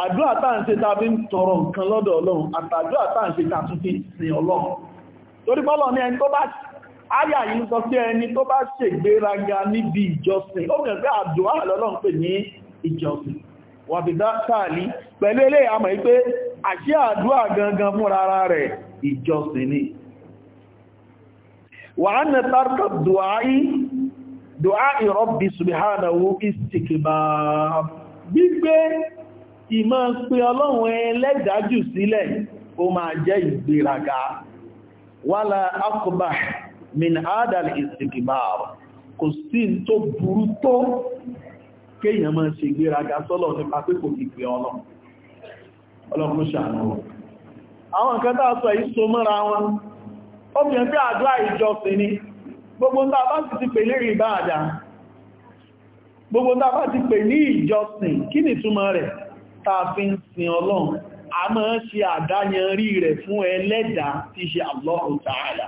àdúà táà ń ṣe ta fi ń tọrọ nǹkan lọ́dọ̀ ọlọ́run àtàdúà táà ń ṣe ta tún fi sin ọlọ́run torí pọ́lọ̀ ní Ayà yìí sọ sí ẹni tó bá ṣègbéraga níbi ìjọsìn. Ó mẹ́rin pé lọ́lọ́run pè ní ìjọsìn. Wàbìdá tààlì pẹ̀lú ilé àmọ̀ wípé àṣí àdúrà gangan fúnra rẹ̀ ìjọsìn ni. Wà á nà dùá subhanahu Gbígbé ìmọ̀ pé ọlọ́run sílẹ̀, ó máa jẹ́ ìgbéraga. Wala min adal istikbar kò sí tó burú tó kéèyàn máa ṣe ìgbéraga sọ́lọ̀ nípa pé kò kìí pé ọlọ́run ọlọ́run ṣàánú àwọn nǹkan tàà sọ yìí so mọ́ra wọn ó fi hàn pé àdúrà ìjọsìn ni gbogbo ń tàbá sì ti pè lérí ìbáàdà gbogbo ń tàbá ti pè ní ìjọsìn kí ni túmọ̀ rẹ̀ tàà fi sin ọlọ́run a máa ṣe àdáyanrí rẹ̀ fún ẹlẹ́dàá tí ṣe Allah Ta'ala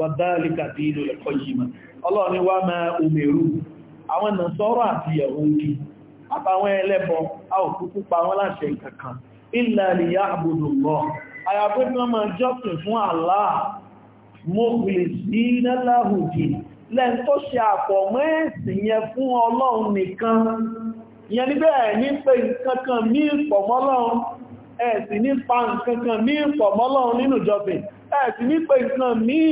wà dáàlìkà tí ìlú ẹ̀kọ́ yìí ma ọlọ́run ni wá máa òmèrú àwọn nàṣọ́rọ̀ àti Yahudi àtàwọn ẹlẹ́bọ a ò kúkú pa wọ́n láṣẹ kankan illa liya'budullah àyàfẹ́ tí wọ́n máa jọ́sìn ẹ̀sìn ní pé kankan ní ní ìpọ̀mọ́lọ́run nínú jọ́sìn ẹ̀sì ní pé nǹkan míì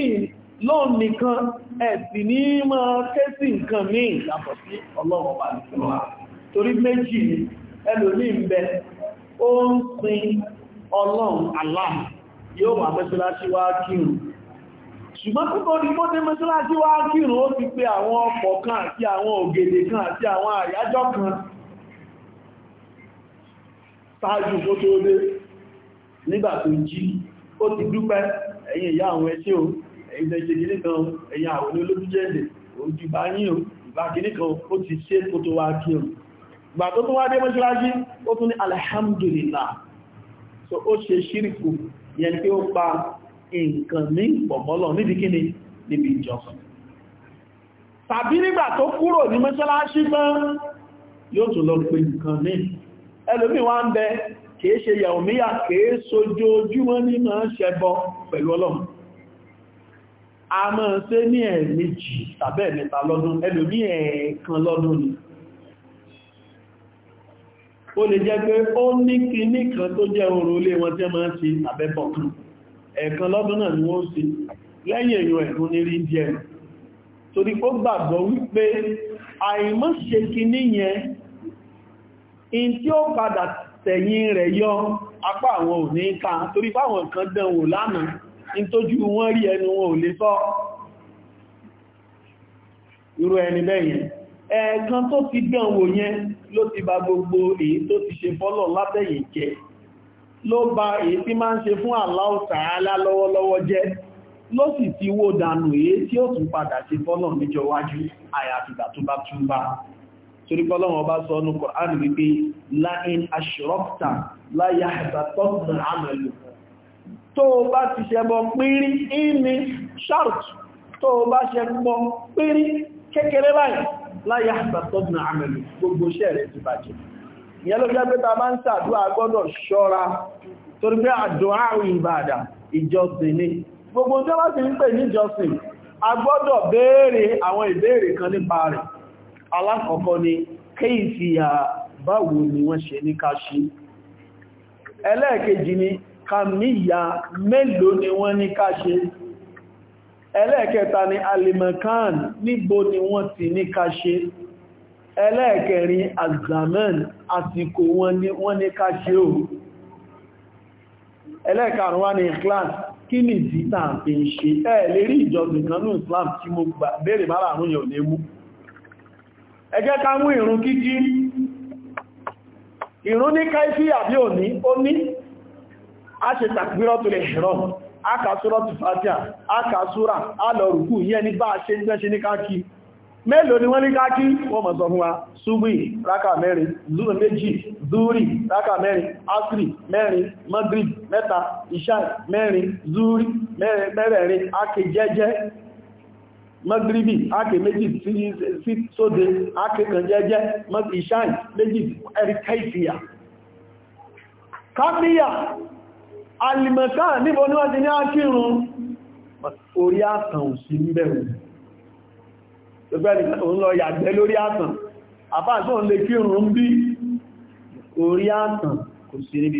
lóòn nìkan ẹ̀sì ní mọ́ kéèsì nǹkan míì yàtọ̀ sí ọlọ́run bá nìkan torí méjì ẹlòmí ń bẹ ó ń sin ọlọ́run Allah yóò wà mẹ́síláṣí wá ṣùgbọ́n kó wá kírun ó ti pé àwọn ọkọ̀ kan àti àwọn ògèdè kan àti àwọn àyájọ́ kan tó dé nígbà tó jí ó ti dúpẹ́ ẹ̀yin ìyá àwọn ẹṣẹ́ o ẹ̀yin ẹṣẹ́ kìíní kan ẹ̀yin àwọn olóbújẹ́lẹ̀ ojú bá yín o ìbá kìíní kan ó ti ṣe kó tó wá kí o gbà tó tún wá dé mọ́ṣáláṣí ó tún ní alhamdulillah so ó ṣe ṣíríkù yẹn pé ó pa nǹkan ní pọ̀mọ́lọ̀ níbi kíni níbi ìjọsìn tàbí nígbà tó kúrò ní mọ́ṣáláṣí mọ́ yóò tún lọ pe nǹkan ní ẹlòmíì ń bẹ kìí ṣe yàwòmíyà kìí sojoojúmọ́ ní máa ṣẹbọ pẹ̀lú ọlọ́run a máa ṣe ní ẹ̀ẹ̀mejì tàbẹ́ mẹ́ta lọ́dún ẹlòmí ẹ̀ẹ̀kan lọ́dún ni ó lè jẹ́ pé ó ní kíní kan tó jẹ́ orò olé wọn jẹ́ máa ṣe àbẹ́bọ̀ kan ẹ̀ẹ̀kan lọ́dún náà ni wọ́n ṣe lẹ́yìn èèyàn ẹ̀kún ní rí díẹ̀ torí ó gbàgbọ́ wípé àìmọ́ ṣe kíní yẹn in tí ó padà tẹ̀yìn rẹ̀ yọ apá àwọn ò ní ká torí fáwọn kan dánwò lánàá ní tójú wọ́n rí ẹnu wọn ò lè sọ irú ẹni bẹ́yẹn ẹ̀ẹ̀kan tó ti dánwò yẹn ló ti ba gbogbo èyí tó ti ṣe fọ́lọ̀ látẹ̀yìn jẹ́ ló ba èyí torí pọ́lọ́wọ́ bá sọ ọ́nù Kùránì wípé láìn aṣọ́rọ́pta láyá àtàtọ́sùn àmàlù tó bá ti ṣẹbọ pínrí ìní short tó bá ṣẹbọ pínrí kékeré báyìí láyá àtàtọ́sùn àmàlù gbogbo ṣẹ́rẹ̀ ti bàjẹ́ ìyẹn ló jẹ́ pé ta bá ń ṣàdúrà gbọ́dọ̀ ṣọ́ra torí pé àdúrà ìbàdà ìjọsìn ni gbogbo tí wọ́n ti alákọ̀ọ́kọ́ ni kéìfìyà báwo ni wọ́n ṣe ní ká ṣe ẹlẹ́ẹ̀kejì ni kàmíyà mélòó ni wọ́n ní ká ṣe ẹlẹ́ẹ̀kẹta ni alimakan níbo ni wọ́n ti ní ká ṣe ẹlẹ́ẹ̀kẹrin azamen àsìkò wọn ni wọ́n ní ká ṣe o ẹlẹ́ẹ̀karùn wá ní class kí ni ìdí tàbí ṣe ẹ̀ẹ́lérí ìjọsìn kan Islam tí mo gbà bèèrè bára àrùn yẹ̀ mú ẹ ka ká mú ìrun kíkí ìrun ní káífí àbí òní ó ní a ṣe tàkbírọ́tù lè a akàsúrọ̀tù fàtíà akàsúrà alọ̀rùkú yẹ́ ní bá ṣe gbẹ́ṣe ní káàkì mélòó ni wọ́n ní káàkì wọ́n mọ̀ sọ fún wa ṣúgbì rákà mẹ́rin asiri mẹ́rin mẹ́ta mẹ́rin zúrì akẹjẹ́jẹ́ mọ́gíríbì ake méjì sí sóde ákè kan jẹ́jẹ́ ìṣáì méjì ẹ̀ríkẹ́ìfìyà káfíyà alìmọ̀ká níbo ní wọ́n ti ní ákìrún orí àtàn ò sí ń bẹ̀rù òun lọ yàgbẹ́ lórí àtàn àbáàtàn ò lè kírun ń bí orí àtàn kò sí níbi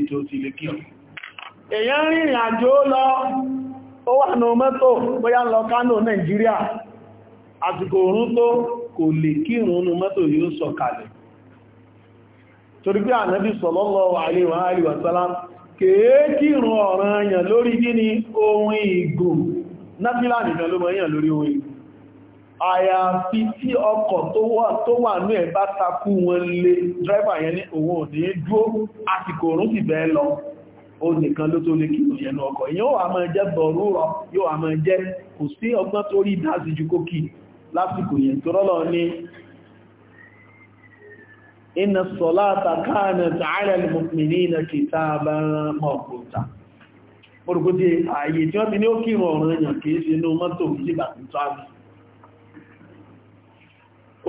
rìnrìn àjò lọ ó wà ní mọ́tò bóyá lọ Kánò Nàìjíríà àsìkò òrùn tó kò lè kírùn-ún mọ́tò yóò sọ kalẹ̀ torí pé ànábì sallallahu alaihi wa alihi wa sallam ọ̀ràn lórí gíní ohun ìgò náfílà nìkan ló mọ̀ èyàn lórí ohun ìgò tí ọkọ̀ wọn lè yẹn ní òun òní bẹ́ẹ̀ lọ nìkan ló tó lè kí ọkọ̀ yóò àmọ́ yóò àmọ́ kò sí ọgbọ́n tó rí ju lásìkò yẹn tó rọ́lọ̀ ní inna salata kanat ala al-mu'minina kitaban mawquta orùgbódé ààyè tí wọ́n ti ní ó kírùn ọ̀rọ̀ èèyàn kìí ṣe inú mọ́tò ìjìbà tó tàbí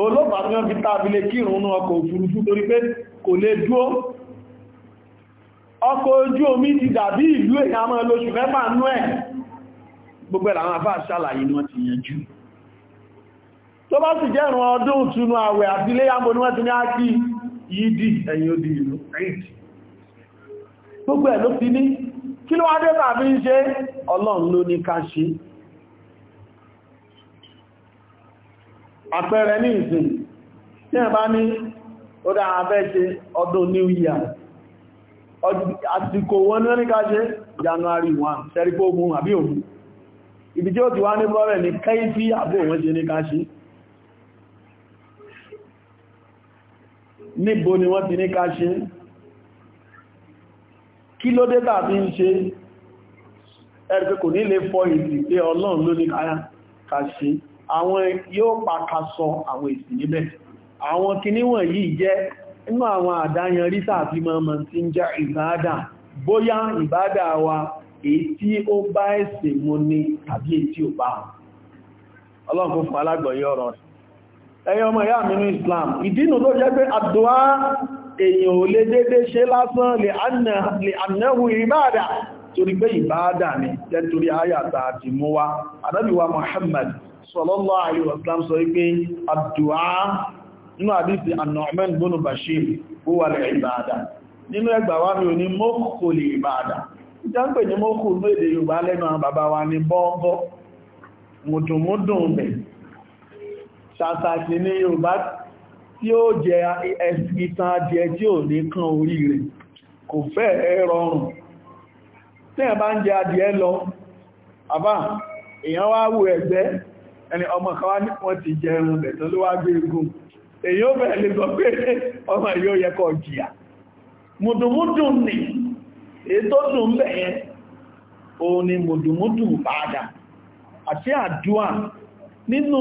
olóòpàá tí wọ́n fi tàbí lè kírùn ún ọkọ̀ òfurufú torí pé kò lè dúó ọkọ̀ ojú omi ti dàbí ni wọ́n ti yanjú tó bá sì jẹ́rùn ọdún ìtúnú àwẹ̀ àti ilé yàmbò ní wọ́n ti ní ákí yìí ẹ̀yìn odi ìlú gbogbo ẹ̀ ló fi ní kí ló wádé tàbí ń ṣe ọlọ́run ló ní ká ṣe àpẹẹrẹ ní ìsìn tí ẹ̀ bá ní ó dá abẹ́ ṣe ọdún new year àsìkò wọn ní ká ṣe january 1 sẹ́ríkó mú àbí òun ibi tí ó ti wá ní bọ́rẹ̀ ní kẹ́ìfí àbí òun ṣe ní ká ṣe níbo ni wọ́n ti ní ká ṣe kí ló dé tàbí ń ṣe ẹ̀rẹ́ kò ní lè fọ ìsì pé ọlọ́run ló ní ká ṣe àwọn yóò pàkà sọ àwọn ìsì níbẹ̀ àwọn kìíní wọ̀nyí jẹ́ inú àwọn àdáyan rí mọ́mọ́ tí ń jẹ́ ìbádà bóyá ìbádà wa èyí tí ó bá ẹ̀sìn mu ni tàbí èyí tí ò bá ọlọ́run kò fún ẹ̀yin ọmọ ìyá mi Islam ìdínú ló jẹ́ pé àdúwá èèyàn ò lè dédé ṣe lásán lè annahu ìbáadà torí pé ìbáadà ni jẹ́ torí ayàtà àti mú wá adábíwá Muhammad sallallahu alaihi wasallam sọ pé àdúwá nínú àdísì An-Nu'man ibn Bashir ó wà lè ìbáadà nínú ẹgbà wá mi ò ní mọ́kò lè ìbáadà ṣàtàkì ní Yorùbá tí ó jẹ ìtàn adìẹ tí ò ní kan orí rẹ̀ kò fẹ́ rọrùn tí ẹ̀ bá ń jẹ adìẹ lọ àbá èèyàn wá wù ẹ̀gbẹ́ ẹni ọmọ kan wá ní wọ́n ti jẹ ẹran rẹ̀ tán ló wá gbé egun èèyàn bẹ̀rẹ̀ lè sọ pé ọmọ yóò yẹ kó jìyà mùdùmúdùn ni ètò dùn bẹ̀yẹn òun ni mùdùmúdùn padà àti àdúà nínú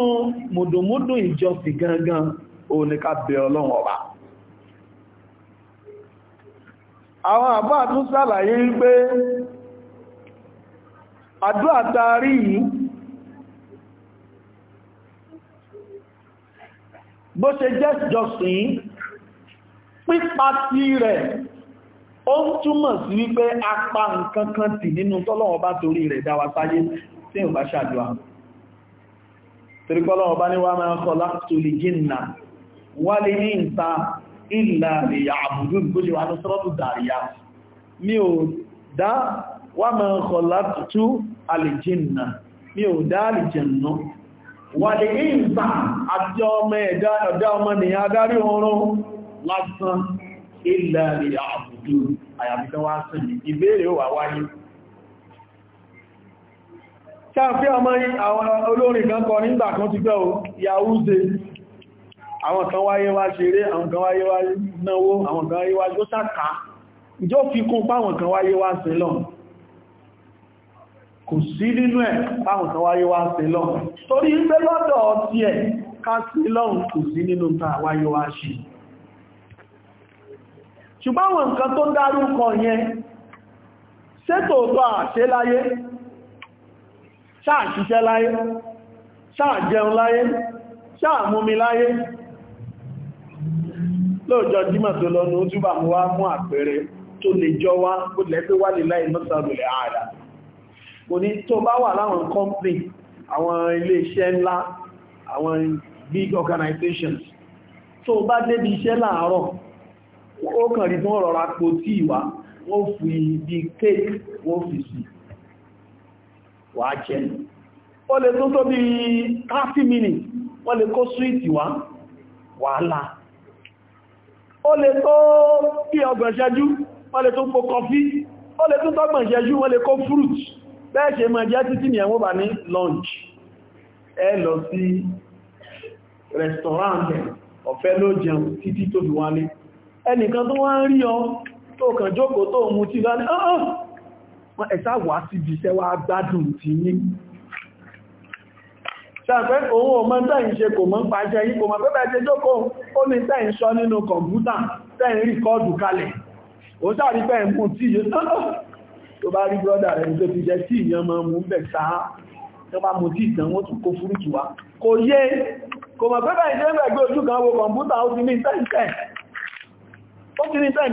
mùdùnmúdùn ìjọsìn gangan ó ní ká bẹ ọlọ́run ọba àwọn àbá tún sàlàyé wípé àdúrà tarí yìí bó ṣe jẹ́ ìjọsìn pípa tí rẹ̀ ó ń túmọ̀ sí wípé apá nǹkan kan tì nínú tọ́lọ́run ọba torí rẹ̀ dáwà sáyé tí ò bá ṣàdúrà tìrìkọ́lọ́ ọba ní wà máa ń kọ́ láktòlì jìnnà wà lè ní ìta ìlà ìyà àbùdó ìgbóṣe wà ní sọ́rọ̀tù dàríyà mi ò dá wà máa ń kọ́ láktò àlìjìnnà mi ò dá àlìjìnnà wà lè ní ìta àti ọmọ ẹ̀dá ọmọ tàbí ọmọ àwọn olórin kan kọ nígbà kan ti gbẹ́ o yàúze àwọn kan wáyé wá ṣeré àwọn kan wáyé wá náwó àwọn kan wáyé wá yóò sàkà ìjọ fi kún páwọn kan wáyé wá sí lọ kò sí nínú ẹ̀ páwọn kan wáyé wá sí lọ torí ń gbé lọ́dọ̀ ọtí ẹ̀ ká sí lọ́hùn kò sí nínú ta wáyé wá ṣe ṣùgbọ́n àwọn nǹkan tó dárúkọ yẹn ṣètò tó ṣáà ṣiṣẹ́ láyé ṣáà jẹun láyé ṣáà múmi láyé lóòjọ́ jímọ̀ tó lọ́nu ó túbà mú wá mú àpẹẹrẹ tó lè jọ wá ó lẹ́gbẹ́ wà lè láì mọ́sàrùlẹ̀ ààrà kò ní tó bá wà láwọn company àwọn ilé-iṣẹ́ ńlá àwọn big organizations tó bá débi iṣẹ́ láàárọ̀ ó kàn rí tí wọ́n rọra po tí ìwà wọ́n fi bí cake wọ́n fi sí wà jẹ́ ó lè tó tó bí 30 minutes wọ́n lè kó súwìtì wá wàhálà ó lè tó bí ọgbọ̀n ṣẹ́jú wọ́n lè tó kó kọfí ó lè tó tọ́gbọ̀n ṣẹ́jú wọ́n lè kó fruit bẹ́ẹ̀ ṣe mọ̀ jẹ́ títí ní ẹ̀wọ́n bà ní lunch ẹ lọ sí restaurant ọ̀fẹ́ ló jẹun títí tó fi wálé ẹnìkan tó wá ń rí ọ tó kàn jókòó tó mú tí lọ́nà ah, ah, ẹ̀sá wà síbi iṣẹ́ wá gbádùn ti ní ṣàfẹ́ òun ò mọ́ tẹ́ ìṣe kò mọ́ pàṣẹ yí kò mọ́ pẹ́pẹ́ ṣe jókó ó ní tẹ́ ìṣọ́ nínú kọ̀mpútà tẹ́ ìrí kọ́ọ̀dù kalẹ̀ ó sàrí pẹ́ mú tí yóò tó bá rí brọ́dà rẹ̀ tó ti jẹ́ tí ìyàn mọ́ mú bẹ̀ sáá tó bá mú tí ìtàn wọ́n tún kó fúrútù wá kò yé kò mọ̀ pẹ́pẹ́ ìṣẹ́ ìgbẹ̀gbẹ̀ ojú kan wo kọ̀mpútà ó ti ní tẹ́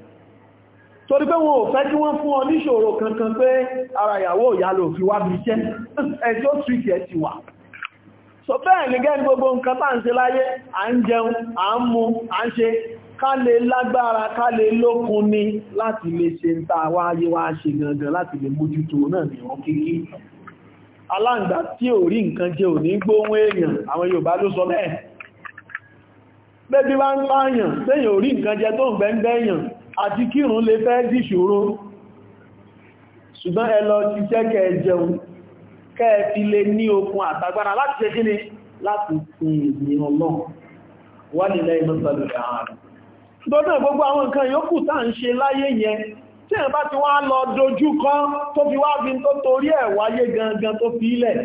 torí pé wọn ò fẹ́ kí wọ́n fún ọ níṣòro kankan pé ara ìyàwó ìyá lò fi wá bí iṣẹ́ ẹ̀tí ó tìrìtì ẹ̀ ti wà so bẹ́ẹ̀ ní gẹ́ gbogbo nǹkan tá ń ṣe láyé à ń jẹun à ń mu à ń ṣe ká lè lágbára ká lè lókun ni láti lè ṣe ń ta wá ayé wá ṣe gangan láti lè mójútó náà ní wọn kéèké aláǹgbá tí ò rí nǹkan jẹ ò ní gbóhùn èèyàn àwọn Yorùbá ló sọ bẹ́ẹ̀ bébí wá ń pààyàn téèyàn ò rí nǹkan jẹ tó ń gbẹ́ngbẹ́yàn àti kírun lè fẹ́ dìṣòro ṣùgbọ́n ẹ lọ ti jẹ́ kẹ jẹun kẹ fi lè ní okun àtagbára láti ṣe kí ni láti sin ìrìn ọlọ́run wà nílẹ̀ ìmọ́sàlẹ̀ ààrùn gbọ́dọ̀ gbogbo àwọn nǹkan yòókù tá ń ṣe láyé yẹn tí ẹ̀ bá ti wá lọ dojú kọ́ tó fi wá fi tó torí ẹ̀ wáyé gangan tó fi ilẹ̀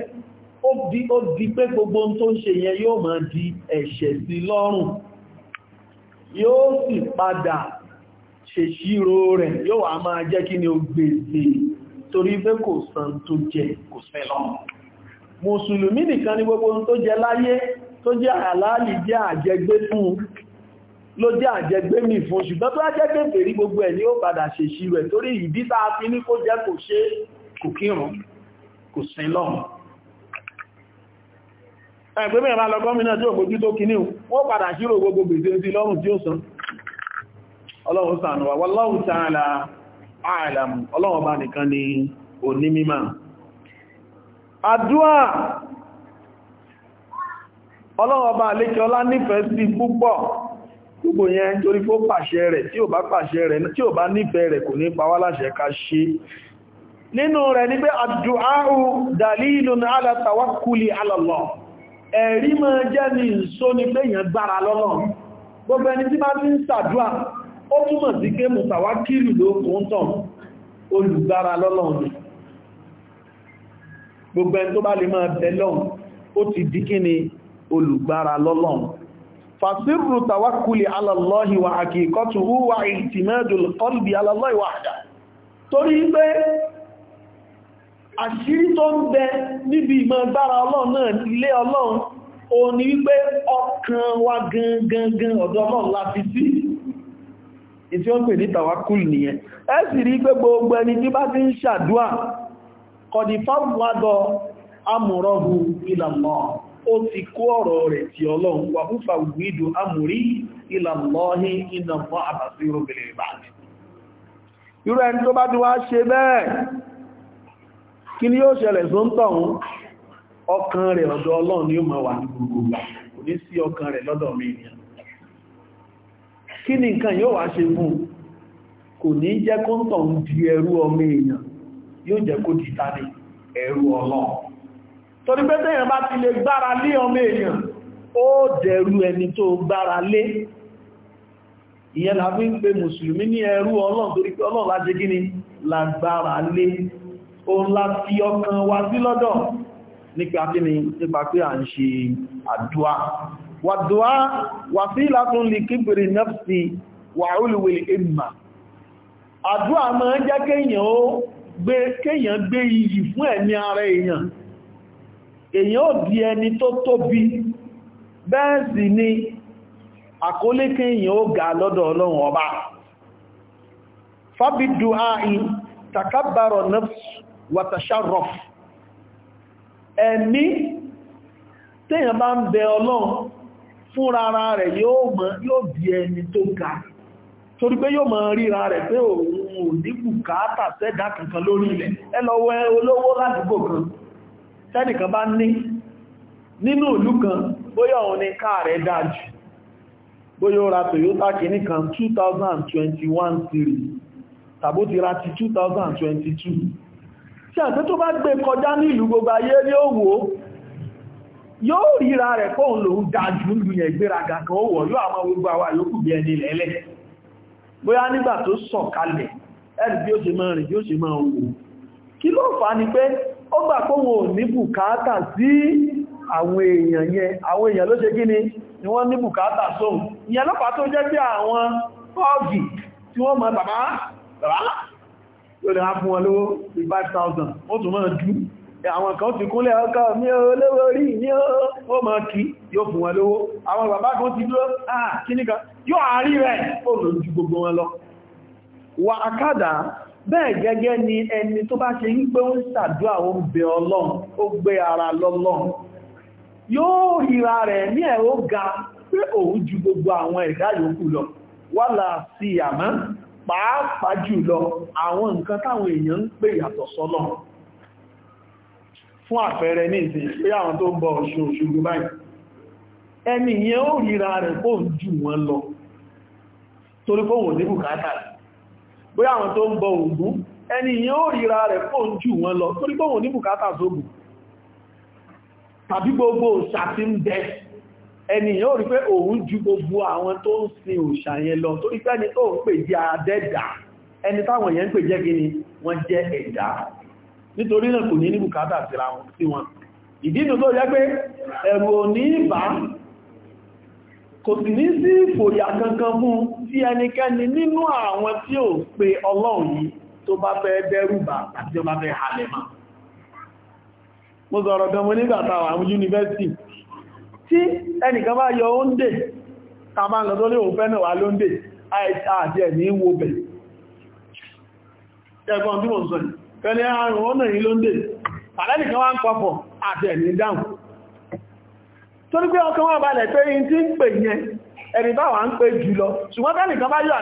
ó di pé gbogbo tó ń ṣe yẹn yóò máa di ẹ̀ṣẹ̀ sí lọ́rùn yóò sì padà ṣèṣírò rẹ̀ yóò wá máa jẹ́ kí ni ó gbèsè torí pé kò san tó jẹ kò fẹ́ lọ mùsùlùmí nìkan ni gbogbo ohun tó jẹ láyé tó jẹ́ àlàálì jẹ́ àjẹgbé fún ló jẹ́ àjẹgbé mi fún ṣùgbọ́n tó jẹ́gbé fèrí gbogbo ẹ̀ ni ó padà ṣèṣírò rẹ̀ torí ìdí tá a fi ní kó jẹ́ kò ṣe kò kírun ọlọ́run sànúwà wallahu ta'ala a'lam ọlọ́run bá nìkan ni òní mímọ̀ àdúà ọlọ́run bá lékẹ́ ọlá nífẹ̀ẹ́ sí púpọ̀ gbogbo yẹn torí fó pàṣẹ rẹ̀ tí ò bá pàṣẹ rẹ̀ tí ò bá nífẹ̀ẹ́ rẹ̀ kò ní pa wá láṣẹ gbogbo ẹni tí bá ti ń ṣàdúà ó túmọ̀ sí pé mùsàwá kìlù ló kún tàn olùgbára lọ́lọ́run gbogbo ẹni tó bá lè máa bẹ lọ́hùn ó ti di kí ni olùgbára lọ́lọ́run fàṣírù tàwákùlì alàlọ́hì wà àkíkọ́tù wà ìtìmẹ́dùl kọlùbì alàlọ́hì wà àdá torí pé àṣírí tó láti sí ìtí ó ń pè ní tàwákùl nìyẹn ẹ sì rí pé gbogbo ẹni tí bá ti ń ṣàdúà kọ̀dí fáwọ́dọ̀ amúrọ̀hù ìlàmọ́ ó ti kó ọ̀rọ̀ rẹ̀ tí ọlọ́run wà fúfà amúrí ìnàmọ́ rẹ̀ sí ọkàn rẹ̀ lọ́dọ̀ mi kí ni nǹkan yóò wá ṣe fún kò ní jẹ́ kó ń tọ̀ ń di ẹrú ọmọ èèyàn yóò jẹ́ kó di tani ẹrú ọlọ́run torí pé tẹ́yàn bá ti lè gbára lé ọmọ èèyàn ó dẹ̀rú ẹni tó gbára lé ìyẹn la fi ń pe mùsùlùmí ní ẹrú ọlọ́run torí pé ọlọ́run la fi ọkàn wa sí lọ́dọ̀ nípa kí ni nípa wàdùá wàsílà tún lè kíbìrì nafsi wà olùwèlì ìmà àdúà máa ń jẹ́ kéèyàn ó gbé kéèyàn gbé iyì fún ẹ̀mí ara èèyàn èèyàn ó di ẹni tó tóbi bẹ́ẹ̀ sì ni àkólé kéèyàn ó ga lọ́dọ̀ ọlọ́run ọba fábídù ààyìn takabbarọ̀ nafsi wàtàṣàrọ̀f ẹ̀mí téèyàn bá ń bẹ ọlọ́run fúnra ara rẹ̀ yóò di ẹni tó ga torí pé yóò mọ̀ ríra rẹ̀ pé òun ò ní bùkátà sẹ́dá kankan lórí ilẹ̀ ẹ lọ wẹ olówó ládùúgbò kan tẹ́nìkan bá ní nínú ìlú kan bóyá òun ni káà rẹ̀ dájú bóyá ra Toyota kìíní kan 2021 series tàbó ti ra ti 2022 tí àtẹ́ tó bá gbé kọjá ní ìlú gbogbo ayé ní òwò yóò ríra rẹ̀ kóhùn lòun dájú ń lùyẹ̀ ìgbéraga kan ó wọ̀ yóò àwọn gbogbo àwà yòókù bí ẹni lẹ́lẹ̀ bóyá nígbà tó sọ̀ kalẹ̀ ẹ̀rì bí ó ṣe máa rìn bí ó ṣe máa wò kí ló fà ní pé ó gbà kóhùn ò ní bùkátà sí àwọn èèyàn yẹn àwọn èèyàn ló ṣe kí ni ni wọ́n ní bùkátà sóhun àwọn kan ti kúnlẹ̀ ọkọ̀ mi ò lówó rí ní ó mọ̀ kí yóò fún wọn lówó àwọn bàbá kan ti dúró ah kíníkan yóò àárí rẹ̀ ó lò ju gbogbo wọn lọ wà àkádà bẹ́ẹ̀ gẹ́gẹ́ ni ẹni tó bá ṣe ń gbé ń ṣàdúrà ó ń bẹ ọlọ́run ó gbé ara lọ́lọ́run yóò ríra fún àpẹẹrẹ ní ìsìn pé àwọn tó ń bọ Ọ̀ṣun Òṣogbo báyìí ẹni yẹn ó ríra rẹ̀ kó ń jù wọn lọ torí fóhùn ní bùkátà bóyá àwọn tó ń bọ Ògún ẹni yẹn ó ríra rẹ̀ kó ń jù wọn lọ torí fóhùn ní bùkátà sóbù tàbí gbogbo òṣà tí ń bẹ ẹni yẹn ó rí pé òun ju gbogbo àwọn tó ń sin òṣà yẹn lọ torí pé tó ń pè jẹ́ adẹ́dà ẹni táwọn yẹn ń pè jẹ́ gini wọ́n jẹ́ ẹ̀dá nítorí náà kò ní ní bùkátà sí wọn ìdínú tó jẹ́ pé ẹ̀rù ò ní bá kò sì ní sí ìfòyà kankan fún tí ẹnikẹ́ni nínú àwọn tí ò pe ọlọ́run yìí tó bá fẹ́ dẹ́rùbà àti tó bá fẹ́ halẹ̀mà mo sọ̀rọ̀ gan mo nígbàtà àwọn yúnivẹ́sìtì tí ẹnìkan bá yọ oúnjẹ tàbá lọ tó lè òfẹ́ wà lóúnjẹ àti ẹ̀ ní wo bẹ̀ ẹgbọ́n tí mo sọ ẹni àrùn ọ̀nà yìí ló ń dè àlẹ́nìkan wá ń papọ̀ àti ẹ̀mí dáhùn tó ní pé ọkàn wà balẹ̀ pé yí tí ń pè yẹn ẹni bá wà ń pè jù lọ ṣùgbọ́n nìkan bá yọ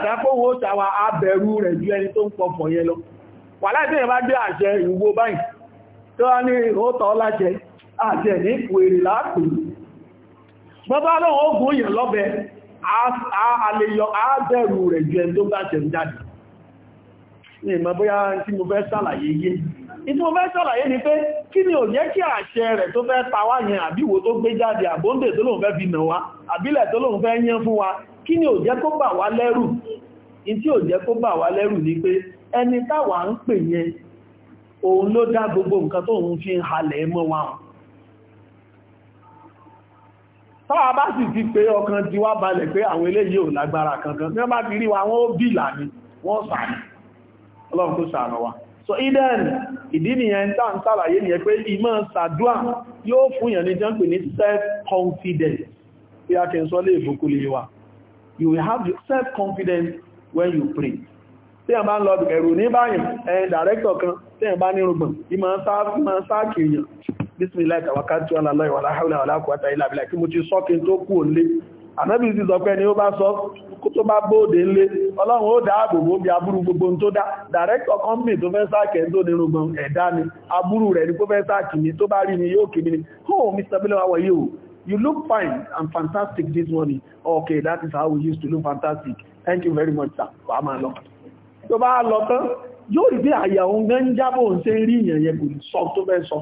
tàwà abẹ̀rú rẹ̀ ju ẹni tó ń pọ̀pọ̀ lọ wà bá ní ìmọ̀ bóyá tí mo fẹ́ sàlàyé yé ìtí mo fẹ́ sàlàyé ni pé kí ni ò jẹ́ kí àṣẹ rẹ̀ tó fẹ́ pa wá yẹn àbíwò tó gbé jáde àbóǹdè tó lóun fẹ́ fi nà wá àbílẹ̀ tó lóun fẹ́ yán fún wa kí ni ò jẹ́ kó bà wá lẹ́rù ìtí ò jẹ́ kó bà wá lẹ́rù ni pé ẹni táwa ń pè yẹn òun ló dá gbogbo nǹkan tó ń fi halẹ̀ mọ́ wa tọ́wà bá sì ti pé ọkàn ti wá balẹ̀ pé àwọn eléyìí ò lágbára kankan ní wọ́n bá ti rí wa wọ́n bìlà ni wọ́n sàánì ọlọ́run tó ṣàánà wa so eden ìdí nìyẹn tá ń sàlàyé nìyẹn pé ìmọ̀ sàdúà yóò fún yẹn ní jẹ́ǹpẹ̀ ní self-confidence bí a kẹ ń sọ lé you will have self-confidence when you pray tí a bá ń lọ ẹ̀rù ní báyìí ẹ̀yìn dàrẹ́kítọ̀ kan tí a bá ní rúgbọ̀n ìmọ̀ sáàkì èèyàn bísmìláì tàwákàtí wà láìwà láhàúlà wà láàkùwátà ilẹ̀ àbílà kí mo ti sọ́kí tó kú òlé ànábì sí sọ pé ni ó bá sọ tó bá bóòdé ńlé ọlọ́run ó dáàbò bó bí aburú gbogbo tó dá director company tó fẹ́ sáàkì tó nínú gan ẹ̀dá ni aburú rẹ̀ ni kó fẹ́ sáàkì ni tó bá rí ni yóò kìí ni oh Mr. Bello how are you you look fine and fantastic this morning okay that is how we used to look fantastic thank you very much sir wàá máa lọ tó bá lọ tán yóò rí bí àyà òun gan jábọ̀ ń ṣe rí ìyẹn yẹn kò sọ tó fẹ́ sọ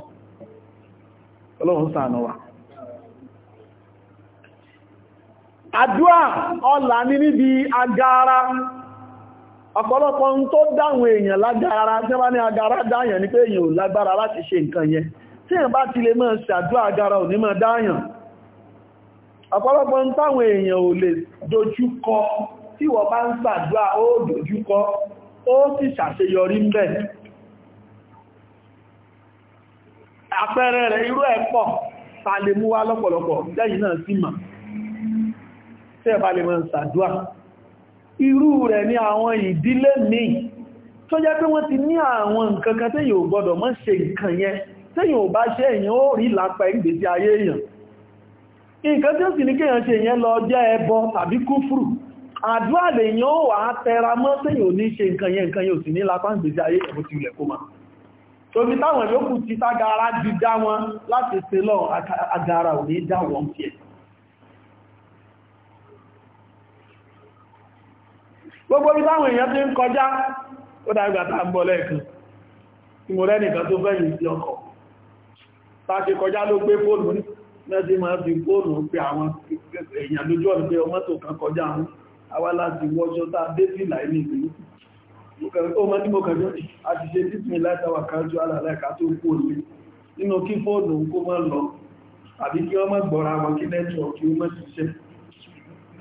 ọlọ́run ṣàánú wa àdúà ọlà ní níbi agara ọ̀pọ̀lọpọ̀ ń tó dáwọn èèyàn lágbára tí wọ́n ní agara dáyàn ní pé èèyàn ò lágbára láti ṣe nǹkan yẹn tí èèyàn bá ti lè máa ṣàdúà agara ò ní máa dáyàn ọ̀pọ̀lọpọ̀ ń táwọn èèyàn ò lè dojúkọ tí wọ́n bá ń ṣàdúà ó dojúkọ ó sì ṣàṣeyọrí ń bẹ̀ àpẹẹrẹ rẹ̀ irú ẹ̀ pọ̀ ta lè mú wá lọ́pọ̀lọpọ̀ lẹ́yìn náà sí màá tẹ́ẹ̀bá lè mọ́ ṣàdúà irú rẹ̀ ní àwọn ìdílé míì tó jẹ́ pé wọ́n ti ní àwọn nǹkan kan tẹ́yìn ò gbọ́dọ̀ mọ́ ṣe nǹkan yẹn tẹ́yìn ò bá ṣe èyàn ó rí lápá ìgbésí ayé èyàn nǹkan tí ó sì ní kéèyàn ṣe yẹn lọ jẹ́ ẹbọ tàbí kúfùrù àdúrà lèyàn ó wà tẹra mọ́ tẹ́yìn ò ní ṣe nǹkan yẹn nǹkan yẹn ò sì ní lápá ìgbésí ayé èyàn bó ti ilẹ̀ kó ma torí táwọn yòókù ti tágara dídá wọn láti ṣe lọ agara ò ní dá wọn tiẹ̀ gbogbo ibi táwọn èèyàn ti ń kọjá ó dágbà tá ń bọ̀ lẹ́ẹ̀kan ìmọ̀lẹ́ nìkan tó fẹ́yìn sí ọkọ̀ bá ṣe kọjá ló gbé fóònù mẹ́sí máa fi fóònù pé àwọn èèyàn lójú ọ̀nà pé ọmọ tó kan kọjá àwọn awá láti wọ́ṣọ́ tá dé sí ìlà ilé ìlú ó mọ́ tí mo kàjọ́ àti ṣe títí látàwà kájú alàlẹ́ka tó kú òní nínú kí fóònù kó mọ́ lọ àbí kí ọmọ gbọ́ra wọn kí nẹ́tíwọ̀kì ó mọ́ ṣiṣẹ́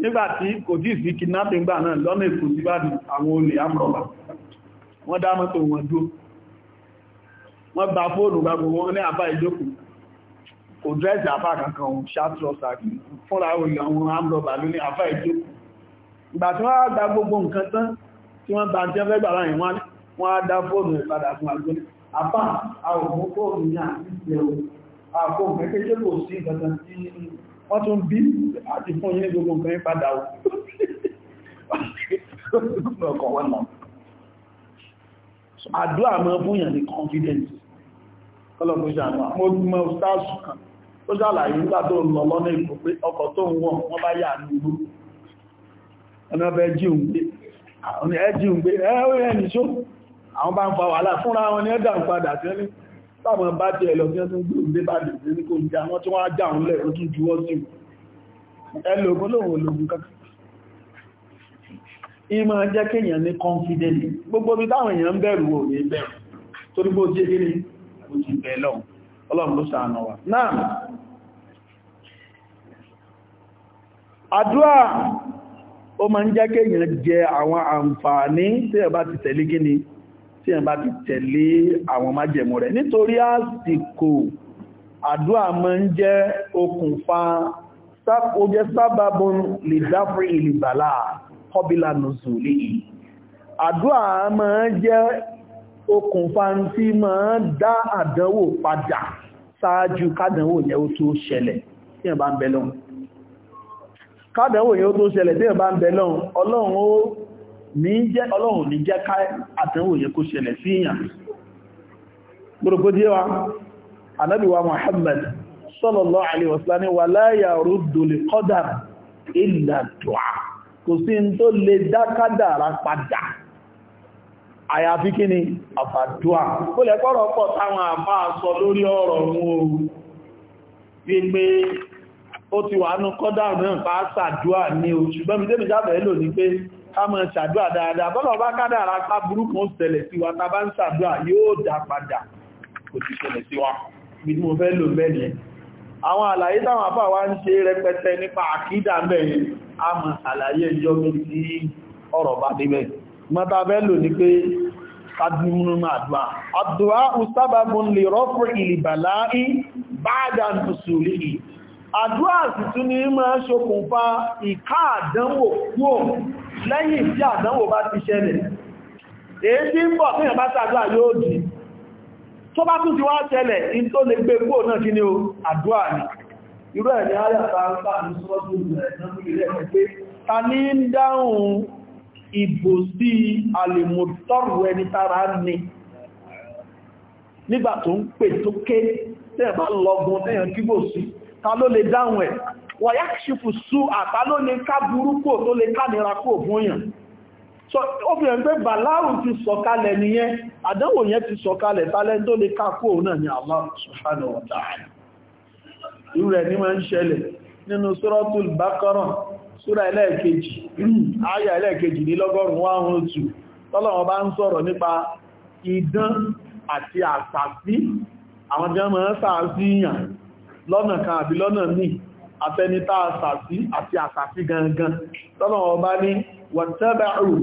nígbàtí kò tí sí kidnapping gbà náà lọ́nà èkó sí bá àwọn olè amrọ̀bà wọ́n dá mọ́tò wọn dúró wọ́n gba fóònù gbogbo wọn ní àbá ìjókòó kò dírẹ́sì àfá kankan ohun ṣátrọ́sà fúnra olè àwọn amrọ̀bà ló ní àfá ìjókòó ìgbà tí wọ́n gba gbogbo nǹkan tán tí wọ́n bá jẹ́ fẹ́ gbà wọ́n tún bí àti fún yín gbogbo nǹkan padà ó ọkọ̀ wọn náà àdúrà mọ́ fún yàn ní confidence ọlọ́pọ̀ ìṣàmà mo mọ́ stáàsù kan ó ṣàlàyé nígbà tó ń lọ lọ́nà ìpò pé ọkọ̀ tó ń wọ́n wọ́n bá yà ní ìlú ẹ̀nà ọbẹ̀ jí òun gbé àwọn ẹ̀jí òun gbé ẹ̀ẹ́rẹ́ ẹ̀nìṣó àwọn bá ń fa wàhálà fúnra wọn ni ẹ̀dà ń padà tẹ́lẹ̀ táwọn bá ti ẹ̀lọ tí wọ́n tún gbé bá dìde ní kò jẹ́ àwọn tí wọ́n á já òun lẹ̀ tún ju sí ẹlògún lòun ológun kankan ìmọ̀ jẹ́ kéèyàn ní confidence gbogbo bí táwọn èèyàn bẹ̀rù ò ní bẹ̀rù torí ni kò ti bẹ̀ lọ ọlọ́run ló ṣàánú wa náà àdúrà ó máa ń jẹ́ kéèyàn jẹ àwọn àǹfààní tí ẹ bá ti tẹ̀lé kí ni tí ẹ̀ bá ti tẹ̀lé àwọn májẹ̀mú rẹ̀ nítorí àsìkò àdúà máa ń jẹ́ okùnfà ó jẹ́ sábàbùn lè dáfrí ìlìbàlá kọbílà nùzùlì àdúà máa ń jẹ́ okùnfà tí máa ń dá àdánwò padà ṣáájú kádánwò yẹn ó tó ṣẹlẹ̀ tí ẹ̀ bá ń bẹ ọlọ́run ó ní jẹ́ ọlọ́run ní jẹ́ ká àtẹ́wò yẹ kó ṣẹlẹ̀ sí èèyàn wa anábíwa Muhammad sallallahu alaihi wasallam wà láyà rúdùlé qadar illa kò sí ń tó lè padà àyàfi kí ni ó lè lórí o ti wà ní oṣù bẹ́mi tẹ́mi ká máa ṣàdúà dáadáa bọ́lọ̀ bá kádàrá pá burúkú ó ṣẹlẹ̀ sí wa ta bá ń ṣàdúà yóò dá padà kò ti ṣẹlẹ̀ sí wa bí mo fẹ́ lò bẹ́ẹ̀ àwọn àlàyé táwọn àbá wa ń ṣe rẹpẹtẹ nípa àkídà mẹ́rin a mọ̀ àlàyé ìjọ balai ba'da nusulihi àdúà sì tún ní máa ṣokùnfà lẹ́yìn tí àdánwò bá ti ṣẹlẹ̀ èyí tí ń bọ̀ fún ìyàbá sàdúrà yóò dì tó bá tún ti wá ṣẹlẹ̀ in tó lè gbé kúrò náà kí ni o àdúrà ni irú ẹ̀ ni àyàtà ń bá ní sọ́dún rẹ̀ ta ní ń dáhùn ìbò sí alìmọ̀tọ́rù ẹni tara ni nígbà tó ń pè tó ké tẹ́ẹ̀bá lọ́gbọ́n tẹ́yàn kígbò sí ta ló lè dáhùn ẹ̀ wọ̀yá ṣìfù sú àbá ló ní ká burúkú tó lè ká nira kó fúnyàn so ó fi hàn pé bàláàrù ti sọ̀kalẹ̀ nìyẹn àdánwò yẹn ti sọ̀kalẹ̀ tálẹ́ tó lè ká kó náà ni Allah subhanahu wa ta'ala irú rẹ̀ ní máa ń ṣẹlẹ̀ nínú suratul Baqarah súra ẹlẹ́ẹ̀kejì ayà ẹlẹ́ẹ̀kejì ní lọ́gọ́rùn-ún wáhùn òtù àti àsàsí àwọn jẹ́ mọ́ sáàsíyàn lọ́nà kan àbí lọ́nà míì àtẹnitá àsàsí àti àsàsí gangan tọ́nà ọba ní wàtẹ́bàrù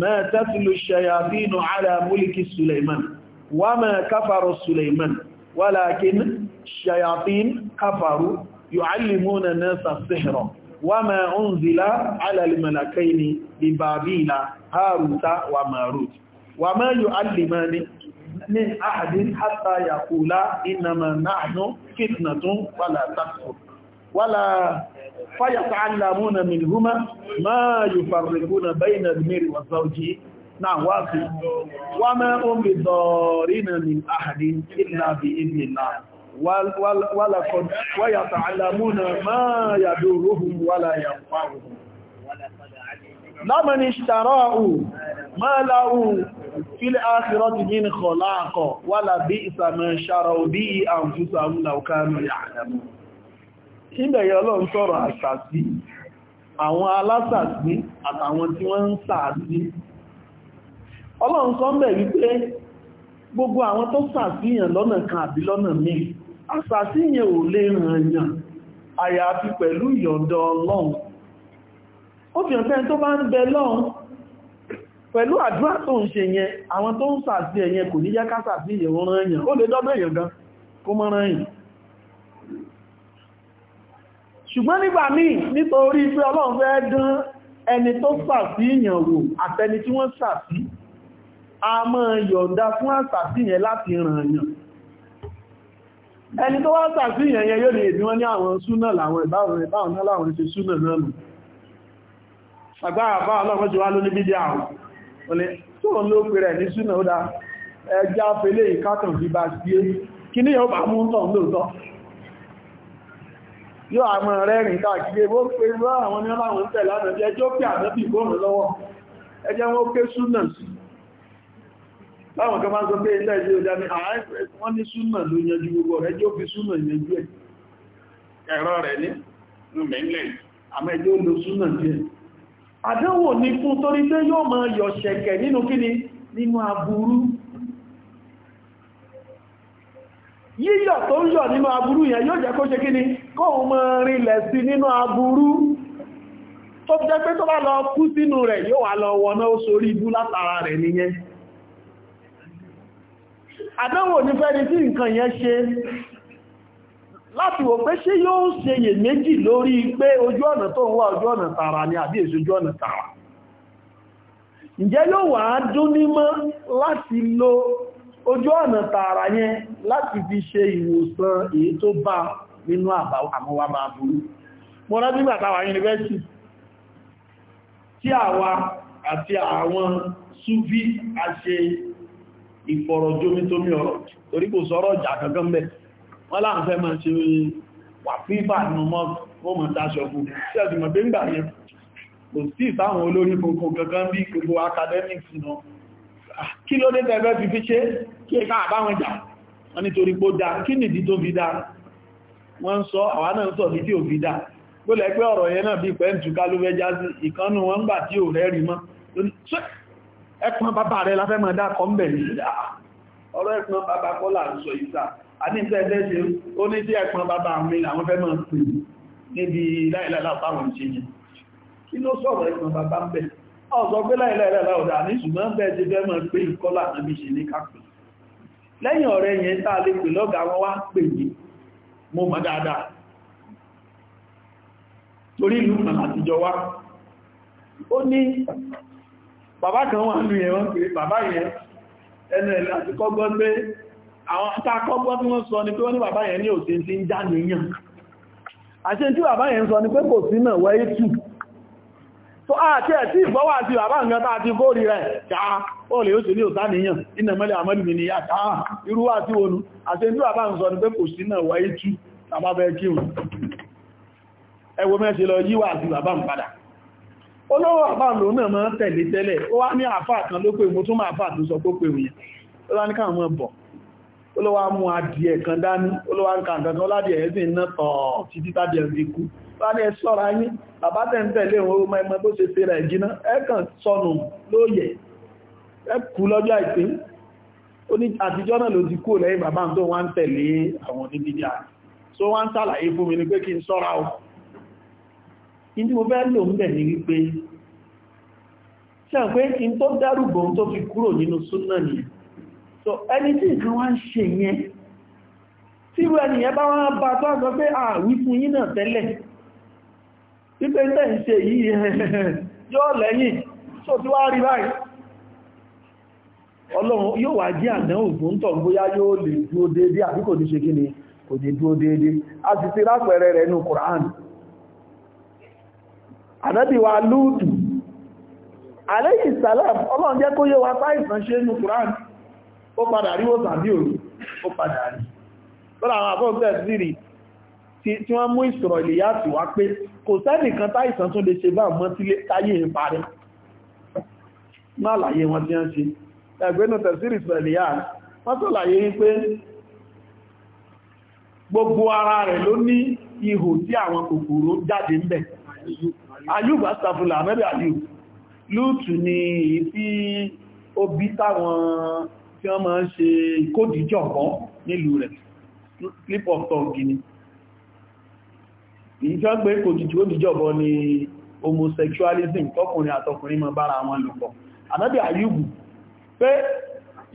mẹ́tẹ́tìlú ṣayàbínú ala múlìkì Suleiman wà mẹ́ káfàrù Suleiman walakin ṣayàbín káfàrù yu'allimuna nasa sihra wà mẹ́ unzila ala al-malakaini bi Babila Haruta wa Marut wà mẹ́ yu'allimani min ahadin hatta yaqula innama wala fayata'allamuna minhuma ma yufarriquna bayna al-mar'i wa zawji náà wá sí wa ma hum bidarrina min ahadin illa bi idhnillah wala qad wayata'allamuna ma yadurruhum wala yanfa'uhum لمن اشتراه ما له في الآخرة من خلاق ولا بئس ما شروا به أنفسهم لو كانوا يعلمون ìbẹ̀yẹ ọlọ́run sọ̀rọ̀ àṣàsí àwọn alásàsí àtàwọn tí wọ́n ń sàásí ọlọ́run sọ mẹ́ wípé gbogbo àwọn tó sàfihàn lọ́nà kan àbí lọ́nà míì àsàsí yẹn ò lè ràn yàn àyàfi fi pẹ̀lú àdúrà tó ṣùgbọ́n nígbà míì nítorí pé ọlọ́run fẹ́ dán ẹni tó sàtí èèyàn wò àtẹni tí wọ́n sàtí a máa yọ̀ǹda fún àsàtí yẹn láti ràn yàn ẹni tó wá sàtí èèyàn yẹn yóò lè bí wọ́n ní àwọn súnà làwọn ìbáwọn ìbáwọn náà láwọn ṣe súnà náà nù àgbáàbá ọlọ́run jù wá ló ní bídí àwọn olè tó ń ló pèrè ní súnà ó dá ẹjá fẹ́lẹ̀ ìkákàn fi bá sí é kí ní yóò bá mú ń tọ̀ lóòtọ́ yóò àmọ́ rẹ́rìn káàkiri wọ́n pé rọ́ àwọn ní ọláwọn tẹ̀ lánàá jẹ́ tí ó pè àmẹ́bì bóòrùn lọ́wọ́ ẹjẹ́ wọ́n pé súnà sí láwọn kan bá sọ pé ilẹ̀ ilé ọjà ní wọ́n ní súnà ló yanjú gbogbo rẹ̀ jẹ́ ó fi súnà yanjú ẹ̀ ẹ̀rọ rẹ̀ ní mẹ́lẹ̀ àmọ́ ẹjẹ́ ó yíyọ̀ tó ń yọ̀ nínú aburú yẹn yóò jẹ́ kó ṣe kíni kóhun mọ́ rinlẹ̀ sí nínú aburú tó jẹ́ pé tó bá lọ kú sínú rẹ̀ yóò wà lọ wọ́ná ó sórí ibú látara rẹ̀ nìyẹn àdánwò ní fẹ́ni tí nǹkan yẹn ṣe láti wò pé ṣe yóò ṣe méjì lórí pé ojú ọ̀nà tó ń wá ojú ọ̀nà tààrà ni àbí lo ojú ọ̀nà tààrà yẹn fi ṣe ìwòsàn èyí tó bá nínú àmọ́wà máa burú mọ́ rábí bàtàwà yúnivẹ́sì tí àwa àti àwọn súfí a ṣe ìfọ̀rọ̀jómitómi ọ̀rọ̀ torí kò sọ̀rọ̀ ìjà kankan mẹ́ wọ́n láàrín fẹ́ máa ṣe wà fífà nínú mọ́ dáṣọ academics náà ah, kí ló dé tẹ́fẹ́ fi fi ṣe kí ẹ káà báwọn wọ́n nítorí pó dáa kí nìdí tó fi dáa wọ́n ń sọ àwọn náà ń sọ ní tí ò fi dá bó lẹ́ pé ọ̀rọ̀ yẹn náà bí pẹ́ntù kálúfẹ́já sí ìkánnù wọn gbà tí ò rẹ́ rí mọ́ ẹ̀pọ̀n bàbá rẹ̀ láfẹ́ mọ̀ dákọ̀ ń bẹ̀ ní ọ̀rọ̀ ẹ̀pọ̀n bàbá kọ́ là ń sọ ìsà àníbẹ̀ẹ́dẹ́ ṣe ó ní tí ẹ̀pọ̀n bàbá mi làwọn fẹ́ mọ̀ pè níbi láìláìlá ọ̀páwọn ṣe yẹn kí ló sọ̀rọ̀ ẹ̀pọ̀n bàbá ń bẹ̀ ọ̀sọ̀ pé láìláìlá ọ̀dà ní ṣùgbọ́n bẹ́ẹ̀ ti fẹ́ mọ̀ pé ìkọ́là náà a lè mo mọ̀ dáadáa torí ìlú kan láti jọ wá ó ní bàbá kan wà ní ẹ̀wọ́n pé bàbá yẹn ẹnu ẹ̀ láti kọ́gbọ́ pé àwọn àtàkọ́gbọ́ tí wọ́n sọ ni pé wọ́n ní bàbá yẹn ní òsìn tí ń já nìyàn àṣẹ tí bàbá yẹn sọ ni pé kò sí wáyé tù tó àti ẹ̀tí ìgbọ́wà àti bàbá nǹkan tàà ti kóòrí rẹ̀ ṣáà ó lè ó sì ní òtá nìyàn iná mẹ́lẹ̀ àmọ́lùmí ni yá ṣáà irúwà tí wọnú àti ẹ̀tí bàbá ń sọ ní pé kò sí náà wáyé tú tàbábẹ́ kírùn ẹwọ mẹ́ṣe lọ yíwà àti bàbá ń padà olówó àbá lòun mú adìẹ kan dání olówó ń ka nǹkan kan ládìẹ náà tọ̀ọ̀ títí tádìẹ fi kú láti ẹ̀ṣọ́ra yín bàbá tẹ̀ ń tẹ̀lé òun ọmọ ẹmọ tó ṣe ṣe rẹ̀ jìnnà ẹ̀kàn sọnù lóòyẹ ẹkù lọ́jọ́ àìpé ó ní àtijọ́ náà ló ti kú lẹ́yìn bàbá tó wá ń tẹ̀lé àwọn onídìdí àti so wá ń sàlàyé fún mi ní pé kí n sọ́ra o ìdí mo fẹ́ lò ń bẹ̀ so ẹni tí nǹkan wá ń ṣe yẹn tí ìwé ẹnìyẹn bá wá bá tó àgbọ́ pé àwí fún yín tẹ́lẹ̀ ipe tẹ́ ń yìí yóò lẹ́yìn tó tí wá rí báyìí ọlọ́run yóò wá jí àdánwò tó ń tọ̀ bóyá yóò lè dúó déédé àbí kò ní ṣe kí ni kò ní dúó déédé a sì ti rápẹ̀rẹ̀ rẹ̀ nínú Qur'an àdẹ́bíwa lúùtù alayhi salam tí wọ́n mú ìsọ̀rọ̀ ilẹ̀ yá ti wá pé kò sẹ́nìkan táìsàn tún lè ṣe bá mọ́ sílé táyé ìparí má láyé wọn tí wọ́n ṣe ẹgbẹ́nu tẹ̀sírì ìsọ̀rọ̀ ilẹ̀ yá wọ́n tó láyé wípé gbogbo ara rẹ̀ ló ní ihò tí àwọn kòkòrò jáde ń bẹ̀ ayúbà astafula amẹ́bẹ̀ ayú lúùtù ni èyí tí ó bí táwọn tí wọ́n máa ń ṣe ìkódìjọ̀bọ́ nílùú rẹ̀ clip of tongue ni èyí tí wọ́n gbé kò jìjì ó ni homosexualism tọkùnrin àtọkùnrin mọ bára wọn lò pọ̀ ànábì àyùbù pé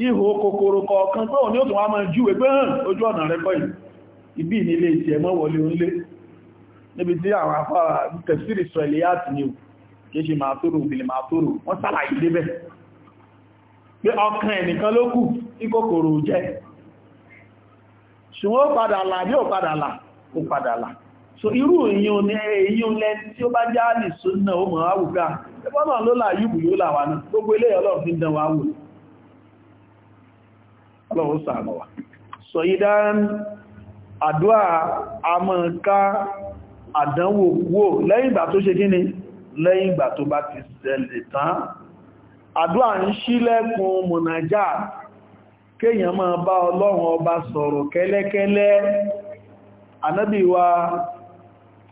ihò kòkòrò kọ̀ọ̀kan pé òní òtún wá máa júwe pé hàn ojú ọ̀nà rẹ̀ kọ́yìn ibi ìnílé ìtì ẹ̀mọ́ wọlé oúnlé níbi tí àwọn afárá tẹ̀sírì Israeli yáàtì ni ò kéṣe máa tóró òbìlì máa tóró wọ́n sálàyé débẹ̀ pé ọkàn ẹnìkan ló kù tí so irú èyàn ní èyàn eh, lẹ́ni tí ó bá jẹ́ àlìsó náà ó mọ̀ áwùgbà ẹgbọ́nà ló là yìí yóò là wà náà gbogbo ilé ọlọ́run fi ń dán wa wò ọlọ́run ṣàánú wa dán àdúà amọ̀ǹká àdánwò wò lẹ́yìn ìgbà tó ṣe kíni lẹ́yìn ìgbà tó bá ti bá ọlọ́run ọba sọ̀rọ̀ kẹ́lẹ́kẹ́lẹ́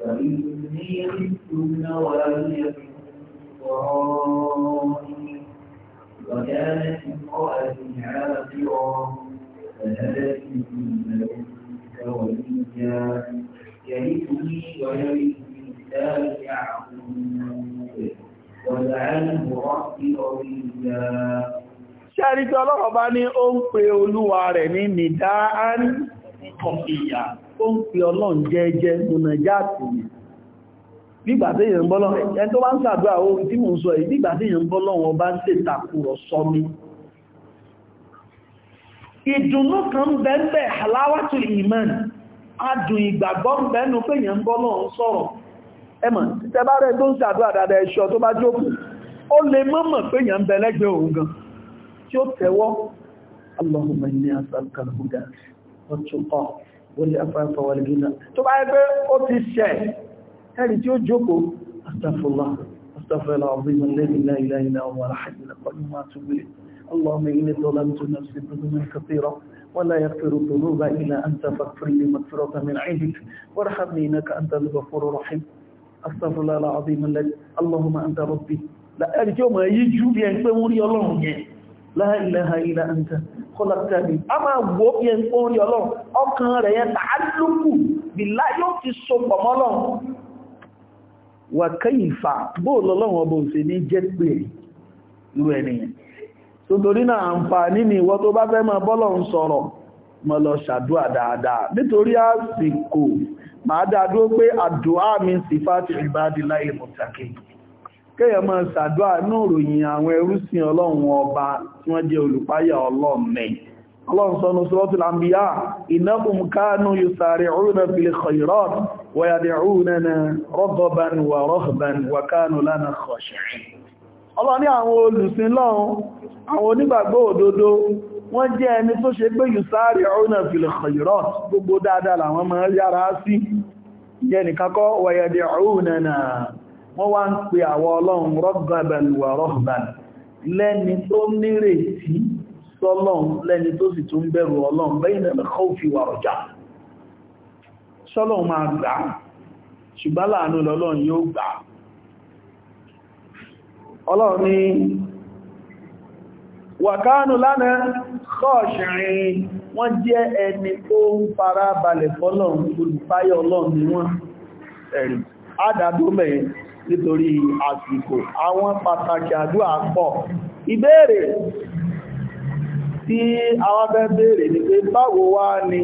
فإني خفت نوالي من ورائي وكانت امرأتي عاقرا فهلت من لدنك وليا يرثني ويرث من آل يعقوب واجعله ربي رضيا ṣe àríkẹ́ ọlọ́rọ̀ bá ní ó ń pe olúwa rẹ̀ ní nìdáán kọfíyà ó ń pè ọlọ́run jẹ́ẹ́jẹ́ múnajáàtì ni nígbà tí èyàn bọ́lọ́ ẹ tó bá ń sàdúrà ó tí mò ń sọ èyí nígbà tí èyàn bọ́lọ́ wọn bá ń ṣètàkùrọ̀ sọ ní ìdùnnú kan bẹ́ẹ̀ aláwàtò ìmánì adùn ìgbàgbọ́ bẹ́ẹ̀nu pé èyàn bọ́lọ́ sọ̀rọ̀ ẹmọ̀ títẹ bá rẹ̀ tó ń sàdúrà dáadáa ẹ̀ṣọ́ tó bá jókòó ó lè pé èyàn bẹ̀lẹ́gbẹ̀ẹ́ Allahumma inni ọ̀túnkọ̀ wọlé afẹ́fẹ́ wọlé gínà tó bá ẹgbẹ́ ó ti ṣẹ̀ ẹni tí ó jókòó astaghfirullah astaghfirullah azim alladhi la ilaha illa huwa al-hayy al-qayyum wa atubu ilayh اللهم إني ولا يغفر الذنوب إلا أنت فاغفر لي من عندك وارحمني إنك أنت الغفور الرحيم أستغفر الله العظيم اللهم أنت ربي لا أرجو ما يجوا بأن تموري الله láìláha ilá ǹkan kọlọ̀tẹ́bì a máa wò ó yẹ orí ọlọ́run ọkàn rẹ̀ yẹn tààlùkù bí láyé ó ti so pọ̀mọ́lọ́run wà kẹ́yìnfà bóòlọ́lọ́run ọbọ̀ òsè ní jẹ́ pé irú ẹniyàn tó torí náà àǹfààní ni ìwọ tó bá bọlọ nsọrọ bọ́lọ́run lọ ṣàdúà dáadáa nítorí kéèyàn máa ṣàdúrà náà ròyìn àwọn ẹrúsìn ọlọ́run ọba tí wọ́n jẹ́ olùpáyà ọlọ́mẹ̀ ọlọ́run sọ́nà suratul anbiya innahum kanu yusari'una fil khayrat wa yad'unana raghaban wa rahban wa kanu lana khashi'in ọlọ́ni àwọn olùsìn lọ́run àwọn onígbàgbọ́ òdodo wọ́n jẹ́ ẹni wọ́n wá ń pe àwọn ọlọ́run rọ́gbàbàn wà rọ́gbàn lẹ́ni tó nírètí sọ́lọ́run lẹ́ni tó sì tún bẹ̀rù ọlọ́run bẹ́yìnà kọ́ọ̀fì wà rọ̀já sọ́lọ́run máa gbà ṣùgbọ́n láàánú lọ́lọ́run yóò gbà ọlọ́run ni wàkánù lánàá kọ́ọ̀ṣìnrin wọ́n jẹ́ ẹni nítorí àsìkò àwọn pàtàkì àdúà pọ̀ ìbéèrè tí àwọn fẹ́ béèrè ní pé báwo wá ni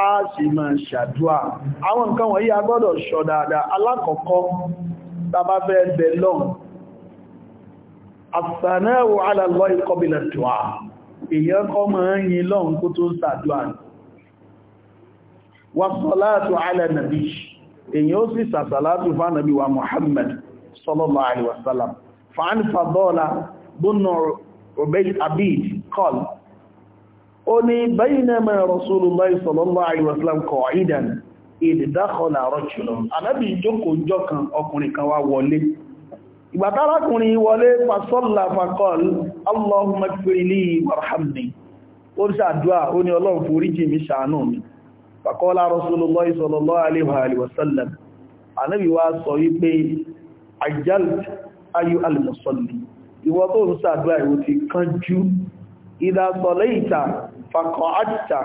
a ṣe máa ṣàdúà àwọn nǹkan wọ̀nyí a gbọ́dọ̀ ṣọ dáadáa alákọ̀ọ́kọ́ tàbá fẹ́ bẹ̀ lọ́n àtànáwò alàlọ́ ìkọbìlẹ̀ dùà èyàn ó sì sàṣàlátù fánàbí wa Muhammad sallallahu alaihi wasallam fa'an fadọ́la bọ́nà abid kọl ó ní baynama rasulullahi sallallahu alaihi wasallam qa'idan ìdìdákọlà rọ́jùlọ anábì ìjókòó jọ kan ọkùnrin kan wá wọlé ìgbàtàrákùnrin wọlé fasọ́lá fakọ́l allahumma kfirili warhamni ó sàdúà ó ní ọlọ́run foríjì mi ṣàánú mi fàkọ́lá Rasulullah sallallahu alaihi wa sallam anábi wá sọ wípé ajal ayu al-musalli ìwọ tó ń sàdúrà ìwọ ti kánjú idha salaita faqa'adta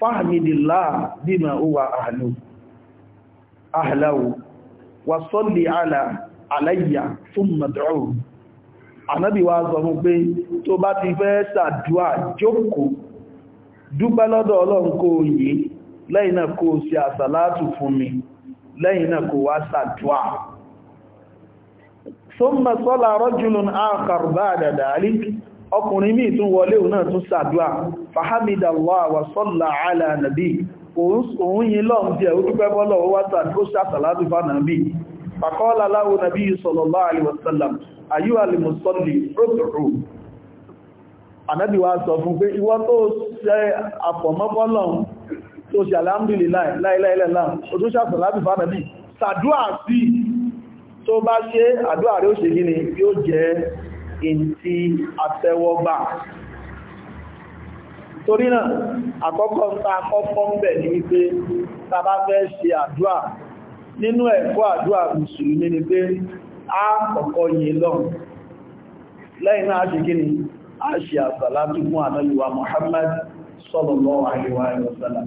fahmidillah bima huwa ahlu ahlahu wa salli ala alayya thumma ad'u anábi wá sọ mú dúpẹ́ lọ́dọ̀ ọlọ́run kó yìí lẹ́yìn náà kó ṣe àsàlátù fún mi lẹ́yìn náà kó wá sàdúà thumma salla rajulun akhar ba'da dhalik ọkùnrin míì tún wọlé òun náà tún sàdúà fahamidallah wa salla ala nabi òun yìí lọ́n jẹ́ orúpẹ́ bọ́lọ̀ wá sàdúrà fánàbí faqala lahu nabi sallallahu alaihi wasallam ayyuha al-musalli ud'u Ànábì wa sọ fún pé ìwọ tó ṣe àfọ̀mọ́bọ́lọ́un tó ṣe aláàmìlì láìláìlẹ́lá òtún ṣàfẹ́ láti fánàbí sàdúà sí tó bá ṣe àdúà rí ó ṣe gíní yóò jẹ́ ìntí àtẹ́wọ́gbà torí náà àkọ́kọ́ ta kọ́kọ́ ń bẹ̀ ní wípé ta bá fẹ́ ṣe àdúà nínú ẹ̀kọ́ àdúà mùsùlùmí ni pé a kọ́kọ́ yìn lọ lẹ́yìn náà ṣe gíní a ṣe àsàlátù fún ànábì Muhammad sallallahu alaihi wa sallam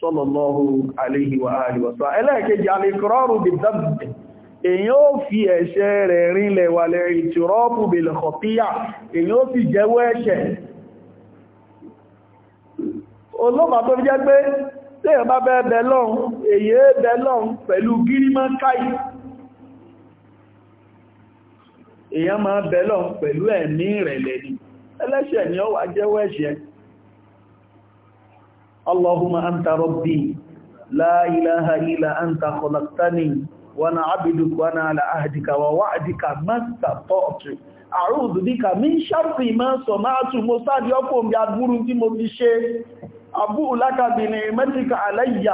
sọ́lọ̀lọ́hu aléhìwà àríwọ̀sá ẹlẹ́ẹ̀kejì alìkọrọrù bí dábì èyàn ó fi ẹ̀ṣẹ̀ rẹ̀ rinlẹ̀ wà lẹ́rin tí rọ́pù bí lọ́kọ̀tíyà èyàn ó fi jẹ́wọ́ ẹ̀ṣẹ̀ olóòpàá tó jẹ́ pé tẹ́yàn bá bẹ́ bẹ́lọ́n èyí bẹ́lọ́n pẹ̀lú gírímọ́ káì èyàn máa bẹ́lọ́n pẹ̀lú ẹ̀mí ìrẹ̀lẹ̀ ẹlẹ́ṣẹ̀ ni ó wà jẹ́wọ́ ẹ̀ṣẹ̀ اللهم أنت ربي لا إله إلا أنت خلقتني وأنا عبدك وأنا على عهدك ووعدك ما استطعت أعوذ بك من شر ما صنعت مصاد يقوم بأبور في مبشي أبو لك بنعمتك علي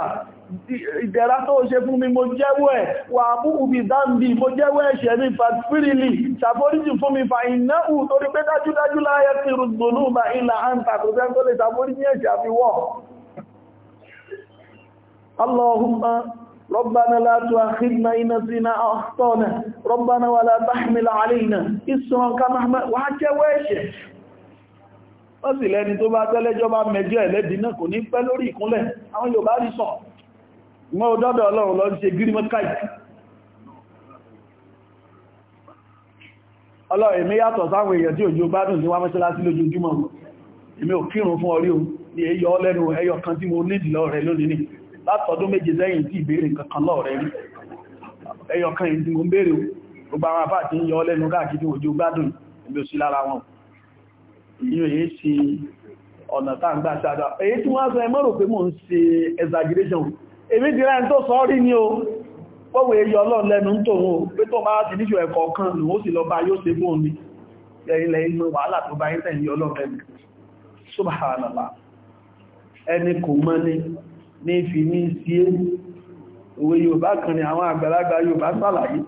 ìdẹ̀ra tó ṣe fún mi mo jẹ́wọ́ ẹ̀ wà búkù bí dáńbì mo jẹ́wọ́ ẹ̀ṣẹ̀ ní fàtífìrìlì ṣàforíjì fún mi fa ìnáhù torí pé dájúdájú láyé tí rùgbònú bá ìlà àǹtà kò fẹ́ ṣàforíjì ẹ̀ṣẹ̀ àfiwọ́ اللهم ربنا لا تؤاخذنا إن نسينا أو أخطأنا ربنا ولا تحمل علينا إصرا كما حملت وحتى واشع wọ́n sì lẹ́ni tó bá tẹ́lẹ́jọ́ bá mẹ́jọ́ ẹ̀lẹ́dì náà kò ní pẹ́ lórí ìkúnlẹ̀ àwọn yóò bá rí sọ mọ́ ọdọ́dọ̀ ọlọ́run lọ ṣe gírímọ́ káìkì ọlọ́run èmi yàtọ̀ sáwọn èèyàn tí òjò gbádùn ní wá mọ́ṣáláṣí látọdún méje lẹ́yìn tí ìbéèrè kankan lọ rẹ̀ rí ẹyọkan ìdí mo béèrè gbogbo àwọn àbá àti yọ lẹ́nu káàkiri òjò gbádùn ibi òsí lára wọn ìyún èyí sí ọ̀nà táàgbà sáadà èyí tí wọ́n sọ ẹ mọ́rò pé mò ń ṣe exaggeration èmi ti rẹ́ tó sọ rí ní o pọ́wọ́ èyí ọlọ́run lẹ́nu ń tòun o pé tó máa ti níṣò ẹ̀kọ́ kan lòun ó sì lọ bá yóò ṣe bóun ni ilẹ̀ inú wàhálà tó bá yín tẹ̀yìn ọlọ́run lẹ́nu ní fi ní sí é òwe Yorùbá kan ni àwọn àgbàlagbà Yorùbá sàlàyé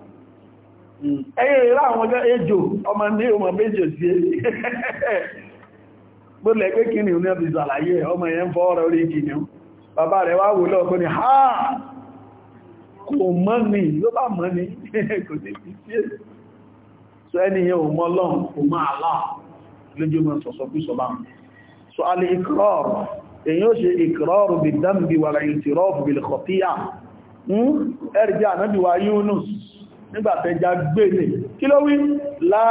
ẹ̀yẹ ìrá àwọn ọjọ́ ejò ọmọ ní ọmọ méjì sí é bó lẹ pé kí ni ò ní ọdún sàlàyé ọmọ yẹn fọ́ ọ̀rọ̀ orí kìnnìún bàbá rẹ̀ wá wò lọ́ọ̀kọ́ ni ha kò mọ̀ ní ló bá mọ̀ ní kò sí sí sí so ẹniyàn ò mọ̀ lọ́n kò mọ̀ àlá lójú sọ̀sọ̀kú sọ bá so alẹ́ ikọ́ ọ̀rọ̀ èyí ó ṣe ìkìrọ́rù bí dámbi wà láyé tí rọ́ọ̀fù bí lẹ́kọ̀tíyà hmm? ẹ̀rìjá ànábíwá Yunus nígbàtẹ́já gbélé kí ló wí la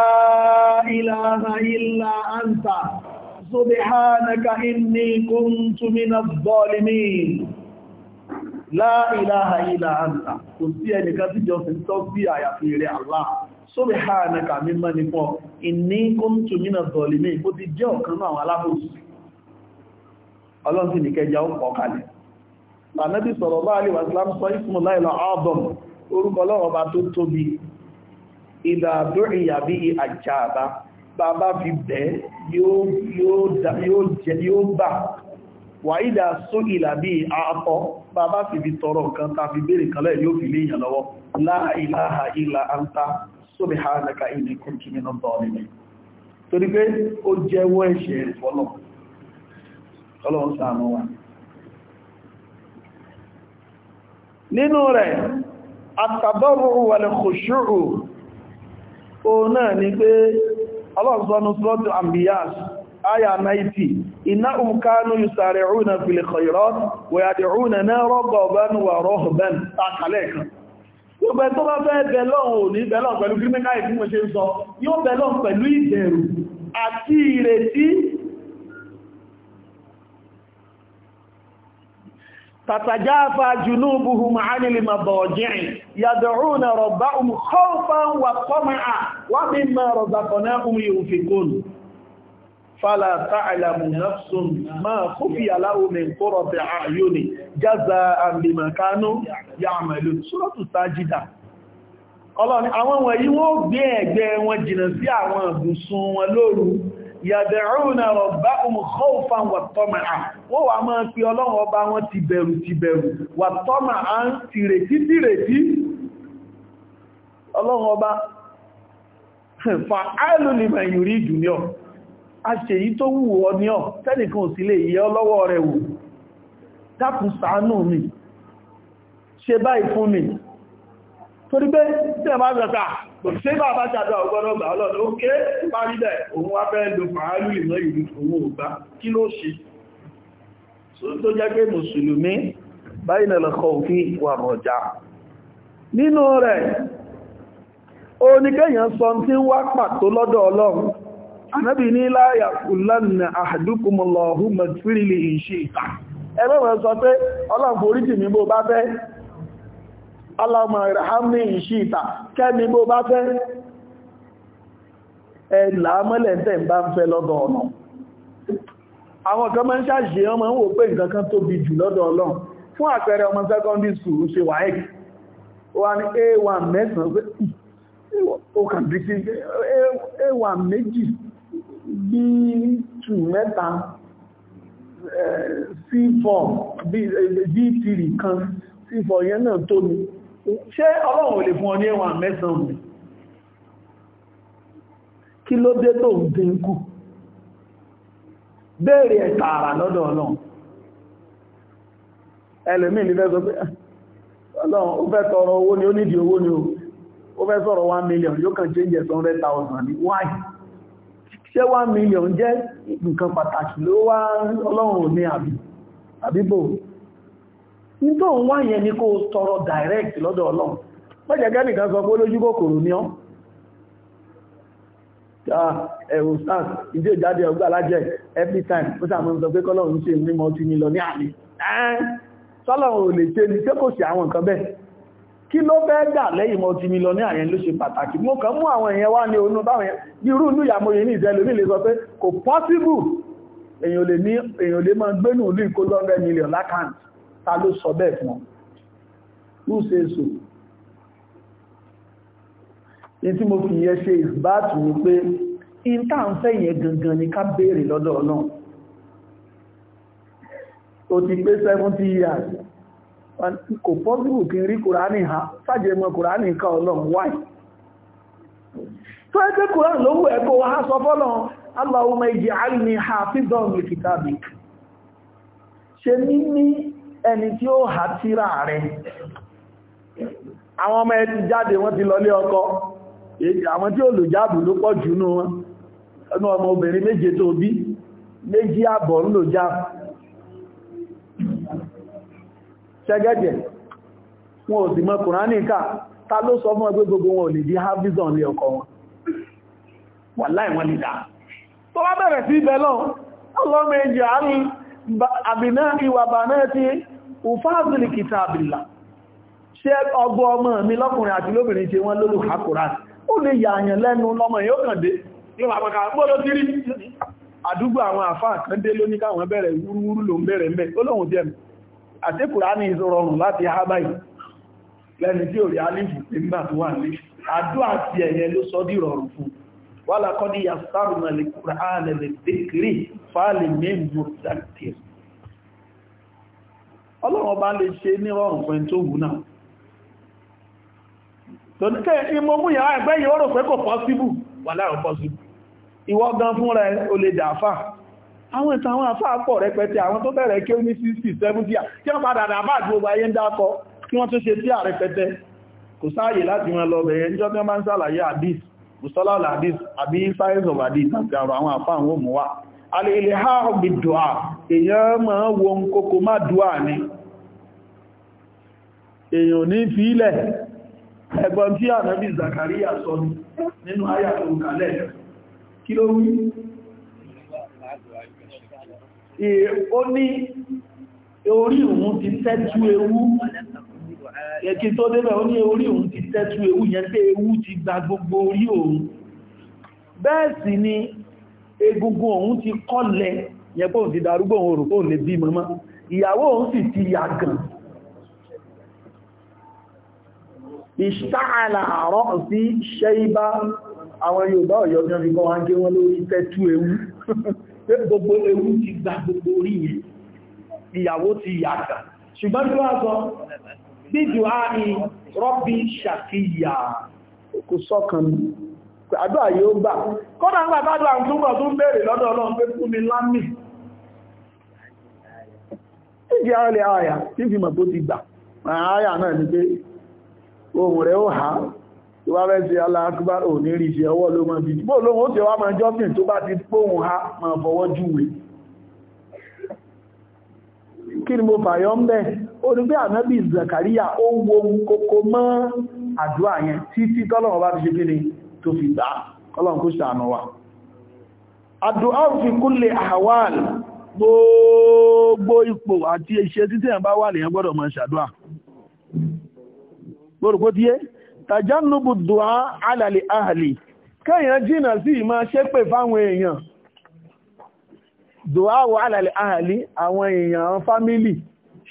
ilaha illa anta subhanaka inni kuntu minaz zalimin la ilaha illa anta kò sí ẹnìkan tí jọ sin tọ́ ọlọ́run sì ní kẹjà ó pọ̀ kalẹ̀ ànábì sọ̀rọ̀ bá alẹ́ wàsílám sọ ìsmù láìlọ album orúkọ ọlọ́run ọba tó tóbi ìdà àdúrà ìyàbí àjàbá bàbá fi bẹ́ yóò gbà wà ìdà só ìlàbí àtọ́ bàbá fi fi tọrọ nǹkan ta fi béèrè kan lẹ́yìn yóò fi lé èèyàn lọ́wọ́ la ilaha illa anta subhanaka inni kuntu minadh-dhalimin torí pé ó jẹ́wọ́ ẹ̀ṣẹ̀ ìfọ́lọ́pù ọlọ́run ṣàánú wa nínú rẹ̀ àtàbọ̀rù wàlẹ̀ kòṣùrù o náà ni pé ọlọ́sọ́nù sọ́tù ambiyas aya 90 iná umkanu yusare rúnà fil khairat wàyàdì rúnà náà rọ́gọ̀bán wà rọ́hùbán takalẹ́kan yóò bẹ̀ tó bá fẹ́ bẹ̀lọ́n ò ní تتجافى جنوبهم عن المضاجع يدعون ربهم خوفا وطمعا ومما رزقناهم ينفقون فلا تعلم نفس ما خفي له من قرة اعين جزاء بما كانوا يعملون سورة الساجدة ọlọ́ni àwọn wọ̀nyí wọ́n gbé ẹ̀gbẹ́ wọn jìnnà sí àwọn ìbùsùn wọn lóru yàdẹ̀rúnà rọ̀bá òmùkọ́ọ̀fà wàtọ́mà á wọ́n wà máa pí ọlọ́run ọba wọn ti bẹ̀rù ti bẹ̀rù wàtọ́mà á ń ti rètí ti rètí ọlọ́run ọba fa áìlúlìmọ̀ ìyòrí jùnior a ṣe yí tó wù ọ ní ọ tẹ́nìkan ò sí lè yẹ ọlọ́wọ́ rẹ̀ kò sí bàbá ṣàdọ̀ ọgbọ́nà gbà ọlọ́dọ̀ ó ké parí bẹ̀ òun wá fẹ́ lo fàálù ìmọ̀ ìlú òun ò gbá kí ló ṣe tó jẹ́ pé mùsùlùmí báyìí nà lọ́kọ̀ òfin wà rọ̀jà nínú rẹ̀ ó ní kéèyàn sọ tí ń wá pàtó lọ́dọ̀ ọlọ́run anábì ní láyà kùlánà àdúkùmọ̀lọ́hùn mẹ́tírìlì ìṣe ìta ẹgbẹ́ wọn sọ Allahumma irhamni ìṣíta kẹ́mi bó bá fẹ́ ẹ̀là mọ́lẹ̀ tẹ́ ń bá ń fẹ́ lọ́dọ̀ ọ̀nà àwọn kan máa ń ṣàṣe ọmọ ń wò pé nǹkan kan tóbi jù lọ́dọ̀ Ọlọ́run fún àpẹẹrẹ ọmọ secondary school ṣe wà ẹ́kì wà ní a1 mẹ́sàn pé ó kàn bí sí a1 méjì b2 mẹ́ta eh, c4 b3 eh, kan c4 yẹn náà tó ni ṣé ọlọ́run lè fún ọ ní ẹwà mẹ́sàn-án kí ló dé tó ń dínkù béèrè ẹ̀ tààrà lọ́dọ̀ ọlọ́run ẹlòmíì ní fẹ́ sọ pé ọlọ́run ó fẹ́ tọrọ owó ni ó nídìí owó ni ó fẹ́ sọ̀rọ̀ 1 million yóò kàn change ẹ̀sán rẹ̀ 1,000 ní why ṣé 1 million jẹ́ nǹkan pàtàkì ló wá ọlọ́run ò ní àbí àbíbò nígbò ń wá yẹn ni kó tọrọ direct lọ́dọ̀ ọlọ́run mọ́jẹ̀gẹ́ nìkan sọ pé lójú kòkòrò ní ọ́ ẹ̀rù stars ìdí ìjáde ọgbà alájẹ́ every time ó sàmọ́ sọ pé kọ́lọ̀run ṣe ní mọ́ tí ní lọ ní àmì sọ́lọ̀run ò lè ṣe ní pé kò sí àwọn nǹkan bẹ́ẹ̀ kí ló fẹ́ gbà lẹ́yìn mọ́ tí ní lọ ní àyẹn ló ṣe pàtàkì mo kàn mú àwọn èèyàn wá ní onú báwọn ní irú ìlú ìyàmóye ní ìṣẹ́lú ní lè sọ pé kò possible èèyàn lè mọ́ gbénú ìlú ìkó 100 million lákàntì ta ló sọ bẹ́ẹ̀ fún ọ who says so ní tí mo fi yẹ ṣe ìsbáàtù ní pé in tá ń fẹ́ gangan ní ká bèèrè lọ́dọ̀ náà o ti pé 70 years kò pọ́sílù kí n rí kùránì ha sáàjẹ́ mọ́ kùránì ká ọlọ́run wáì tó ẹgbẹ́ kùránì ló wù ẹ̀kọ́ ha sọ fọ́lọ́ Allahumma ij'alni hafizan li kitabik ṣe ní ní ẹni tí ó ha tíra rẹ̀ àwọn ọmọ ẹ jáde wọ́n ti lọ lé ọkọ àwọn tí ó lò jáàbù ló pọ̀ jù nú wọn ẹnu ọmọ obìnrin méje tó bí méjì àbọ̀ ń lò jáàbù ṣẹ́gẹ́jẹ̀ wọn ò sì mọ kùránì ká ta ló sọ fún ẹgbẹ́ gbogbo wọn ò lè di harvison lé ọkọ wọn wà láì wọn lè dá tó bá bẹ̀rẹ̀ sí ibẹ̀ lọ́n ọlọ́mọ èjì àárín àbìnáà ìwà bànáà ti òfáàzìlì kìtà àbìlà ṣe ọgbọ́ ọmọ mi lọ́kùnrin àti lóbìnrin ṣe wọ́n lólù hakuran ó lè yà àyàn lẹ́nu lọ́mọ yóò kàn dé àdúgbò àwọn àfáà kan dé lóní káwọn bẹ̀rẹ̀ wúrúwúrú ló ń bẹ̀rẹ̀ mẹ́ olóhun jẹ́ àti Kùránì ìṣòrọrùn láti hábáyì lẹ́ni tí ò rí alífù tí ń bà tó wà ní àdúà àti ẹ̀yẹ ló sọ dì rọrùn fún wà lákọ́dí yasarùn ọlọ́run ọba lè ṣe ní ọrùn pẹ́ tó wù náà tòníkẹ́ ìmọ̀ mú yàrá ẹgbẹ́ yìí ó rò pé kò pọ́síbù wà láàrùn pọ́síbù ìwọ gan fúnra ẹ o lè dàáfà àwọn ìtàn àwọn àfáà pọ̀ rẹpẹtẹ àwọn tó bẹ̀rẹ̀ kí ó ní 60 70 kí wọ́n padà dàbà gbogbo ayé ń dákọ kí wọ́n tó ṣe tí àrẹpẹtẹ kò sáàyè láti wọn lọ bẹ̀rẹ̀ níjọ́ tí wọ́n bá ń sàlàyé hadith mùsọ́lá hadith àbí science of hadith àti àrọ̀ àwọn àfáà àwọn òmùwà alìlẹ̀háà bí dùá èyàn máa wo ń kókò má dùá ní èyàn ní fílẹ̀ ẹgbọ́n tí ànábì Zakaria sọ nínú àyà tó kàlẹ̀ kí ló wí ó ní orí òun ti tẹ́tú ewu ẹ̀kí tó débẹ̀ ó ní orí òun ti tẹ́tú ewu yẹn pé ewu ti gba gbogbo orí òun bẹ́ẹ̀ sì ni egungun òun ti kọ́lẹ̀ yẹpọ̀ ti darúgbó òun òrùpó lè bí mọ́mọ́ ìyàwó òun sì ti yàgàn ìṣtáàlà àárọ̀ sí ṣẹ́ibá àwọn Yorùbá Ọ̀yọ́ bí wọ́n fi kọ́ wá ń gé wọ́n lórí tẹ́tú ewu gbogbo ewu ti gba gbogbo orí yẹn ìyàwó ti yàgàn ṣùgbọ́n tí wọ́n sọ bíjù á ní rọ́bí ṣàkíyà kò sọ́kàn àdúrà yóò gbà kódà ń gbàtàdà túnbọ̀ tún bèèrè lọ́dọ̀ ọlọ́run pé fún mi lámì ìjì ara lè àyà tí fi mọ̀ tó ti gbà àyà náà ni pé ohun rẹ̀ ó ha tó bá fẹ́ sí aláàkúbá ò ní rí iṣẹ́ ọwọ́ ló mọ́ bí bó lóhun ó ti wá mọ́ jọ́sìn tó bá ti póhun ha mọ́ fọwọ́ júwe kí ni mo fàyọ́ ń bẹ́ olùgbé ànábì Zakaria ó wo kókó mọ́ àdúrà yẹn títí tọ́lọ́run bá ti ṣe kí ni tó fi gbà ọlọ́run kó ṣàánú wa fi gbogbo ipò àti iṣẹ́ títí ẹ̀ bá wà lèyàn gbọ́dọ̀ máa ṣàdúà gbọ́rùkó tí é tajannubu du'a ala li ahli kẹ́yàn jìnà sí ìmá ṣépè fáwọn èèyàn du'a ala li ahli àwọn èèyàn fámílì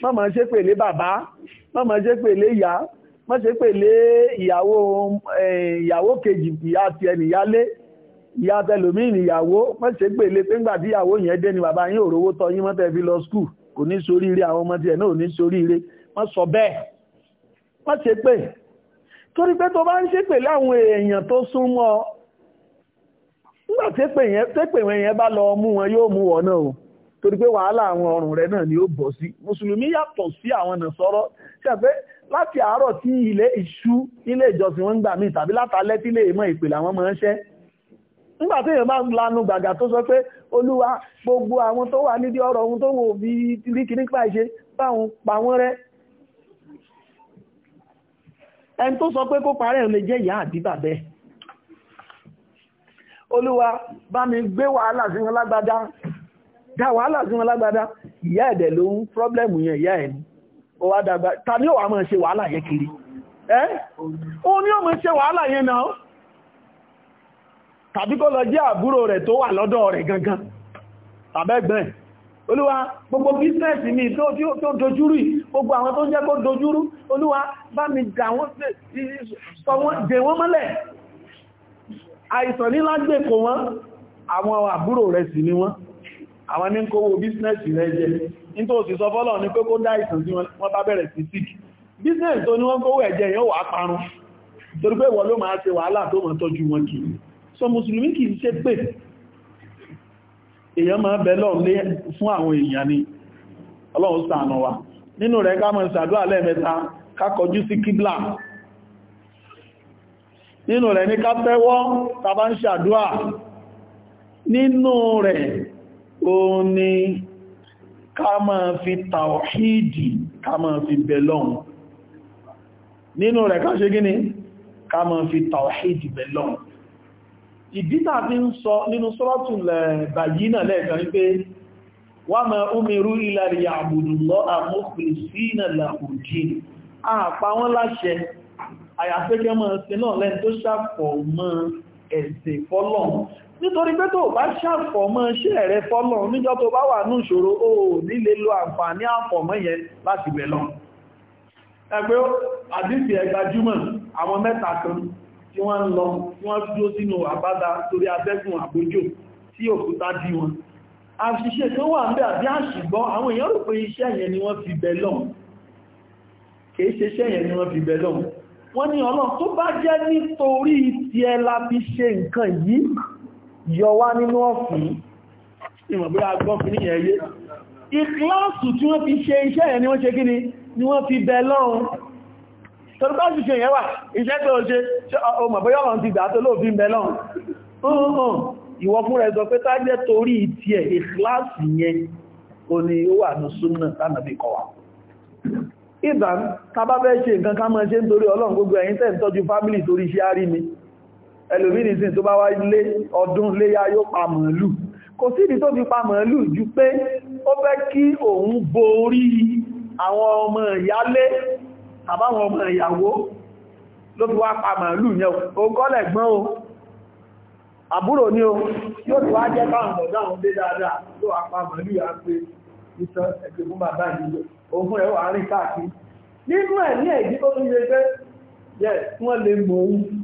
má máa ṣépè lé bàbá má máa lé má ṣe pèlé ìyàwó ìyàwó kejì ìyá ti ẹni yálé ìyá tẹlòmíì níyàwó má ṣe pèlé pé ńgbà tí ìyàwó yẹn dé ni bàbá yín ò rówó tọ́ yín mọ́tẹ́ fi lọ skul kò ní soríire àwọn ọmọ tiẹ̀ náà ò ní soríire má sọ bẹ́ẹ̀ má ṣe pè torí pé tó bá ń ṣe pèlé àwọn èèyàn tó sún mọ́ nígbà tépè yẹn bá lọ mú wọn yóò mú wọn náà o torí pé wàhálà àwọn ọrùn rẹ náà ni ó bọ̀ sí mùsùlùmí yàtọ̀ sí àwọn nàṣọ́rọ́ ṣàpẹ́ láti àárọ̀ tí ilé ìṣú ilé ìjọsìn wọn ń gbà mí tàbí látàlẹ́ tí ilé ìmọ̀ ìpìlẹ̀ àwọn máa ń ṣẹ́ nígbà tí èèyàn bá ń lanu gbàgà tó sọ pé olúwa gbogbo àwọn tó wà nídìí ọ̀rọ̀ ohun tó wò bí ríkì nípa ìṣe báwọn pa wọ́n rẹ́ ẹni tó sọ pé kó parẹ́ lè jẹ́ ìyá àbí bàbẹ́ olúwa bá mi gbé wàhálà sí wọn lágbádá dá wàhálà sí wọn lágbádá ìyá ẹ̀dẹ̀ ló ń pírọ́blẹ̀mù yẹn ìyá ẹ̀ ni ó wá dàgbà ta ni ó wà máa ṣe wàhálà yẹn kiri ẹ́ ó ní ó máa ṣe wàhálà yẹn náà tàbí kó lọ jẹ́ àbúrò rẹ̀ tó wà lọ́dọ̀ rẹ̀ gangan tàbẹ́gbẹ̀ẹ́ olúwa gbogbo bísẹ̀sì mi tó dojúrú gbogbo àwọn tó ń jẹ́ kó dojúrú olúwa bá mi dè wọ́n mọ́lẹ̀ àìsàn ní lágbè kò wọ́n àwọn àbúrò rẹ̀ sì ni wọ́n àwọn ní kówó bísẹ̀sì rẹ̀ jẹ́ ní tó sì sọ fọ́lọ̀ ní pé kó dá ìsàn sí wọ́n bá bẹ̀rẹ̀ sí sí business tó ní wọ́n kówó ẹ̀jẹ̀ yóò wà parun torí pé wọ́n ló máa ṣe wàhálà tó mọ̀ tọ́jú wọn kì í so mùsùlùmí kì í ṣe pé èèyàn máa bẹ lọ́run lé fún ni ọlọ́run ṣàánú wa nínú rẹ̀ ká máa ní ká Kama máa fi tàwọ̀hídì ká máa fi bẹ̀lọ́n nínú rẹ̀ ká ṣe gíní ká máa fi tàwọ̀hídì bẹ̀lọ́n ìdítà fi ń sọ nínú suratul Bayyinah lẹ́ẹ̀kan wípé wa ma umiru illa liya'budullaha mukhlisina lahud-din àpá wọn láṣẹ àyàfẹ́kẹ́ mọ́ ẹ̀sẹ̀ náà lẹ́n tó ṣàpọ̀ mọ́ ẹ̀sẹ̀ fọ́lọ́n nítorí pé tó bá ṣàfọ̀mọ́ iṣẹ́ rẹ fọ́lọ̀ níjọ́ tó bá wà ní ìṣòro ó nílé lo àǹfààní àfọ̀mọ́ yẹn láti bẹ̀ lọ ẹgbẹ́ àdífì ẹgbàjúmọ̀ àwọn mẹ́ta kan tí wọ́n ń lọ tí wọ́n dúró sínú àbádá torí abẹ́gùn àbójò tí òkúta dí wọn àṣìṣe tó wà ń bẹ àbí àṣìgbọ́n àwọn èèyàn rò pé iṣẹ́ yẹn ni wọ́n fi bẹ̀ lọ kìí ṣe iṣẹ́ yẹn ni wọ́n fi bẹ̀ lọ wọ́n ní ọlọ́ tó bá jẹ́ nítorí ti ẹ la fi ṣe nǹkan yìí yọ wá nínú ọ̀fìn ìmọ̀bí agbọ́fin ní ẹ̀yẹ ìkláàsù tí wọ́n fi ṣe iṣẹ́ ẹ̀ ni wọ́n ṣe kí ni ni wọ́n fi bẹ lọ́run tọ́lùkọ́sù ṣe yẹ́wà iṣẹ́ tó ṣe ọmọ̀bọ́yọ́rùn ti gbà tó lóòfin bẹ lọ́run ìwọ fún rẹ̀ sọ pé tájẹ́ torí ti ẹ̀ ìkláàsù yẹn o ni ó wà ní súnà tánàbí kọ wa ìbá tábá fẹ́ ṣe nǹkan ká mọ́ ṣe nítorí ọlọ́run gbogbo ẹ̀yin tẹ́ ń tọ́jú fámìlì torí iṣẹ́ àrí mi ẹlòmínìsìn tó bá wá lé ọdún léyá yóò pa màálù kò sídìí tó fi pa màálù ju pé ó fẹ́ kí òun borí àwọn ọmọ ìyálé àbáwọn ọmọ ìyàwó ló fi wá pa màálù yẹn o gọ́lẹ̀ gbọ́n o àbúrò ní o yóò tó wá jẹ́ káwọn ọ̀dọ́ àwọn dé dáadáa tó wá pa màálù yà pé ìtàn ẹgbẹ̀ fún bàbá ìlú òun ẹ̀wọ̀ àárín káàkiri nínú ẹ̀ ní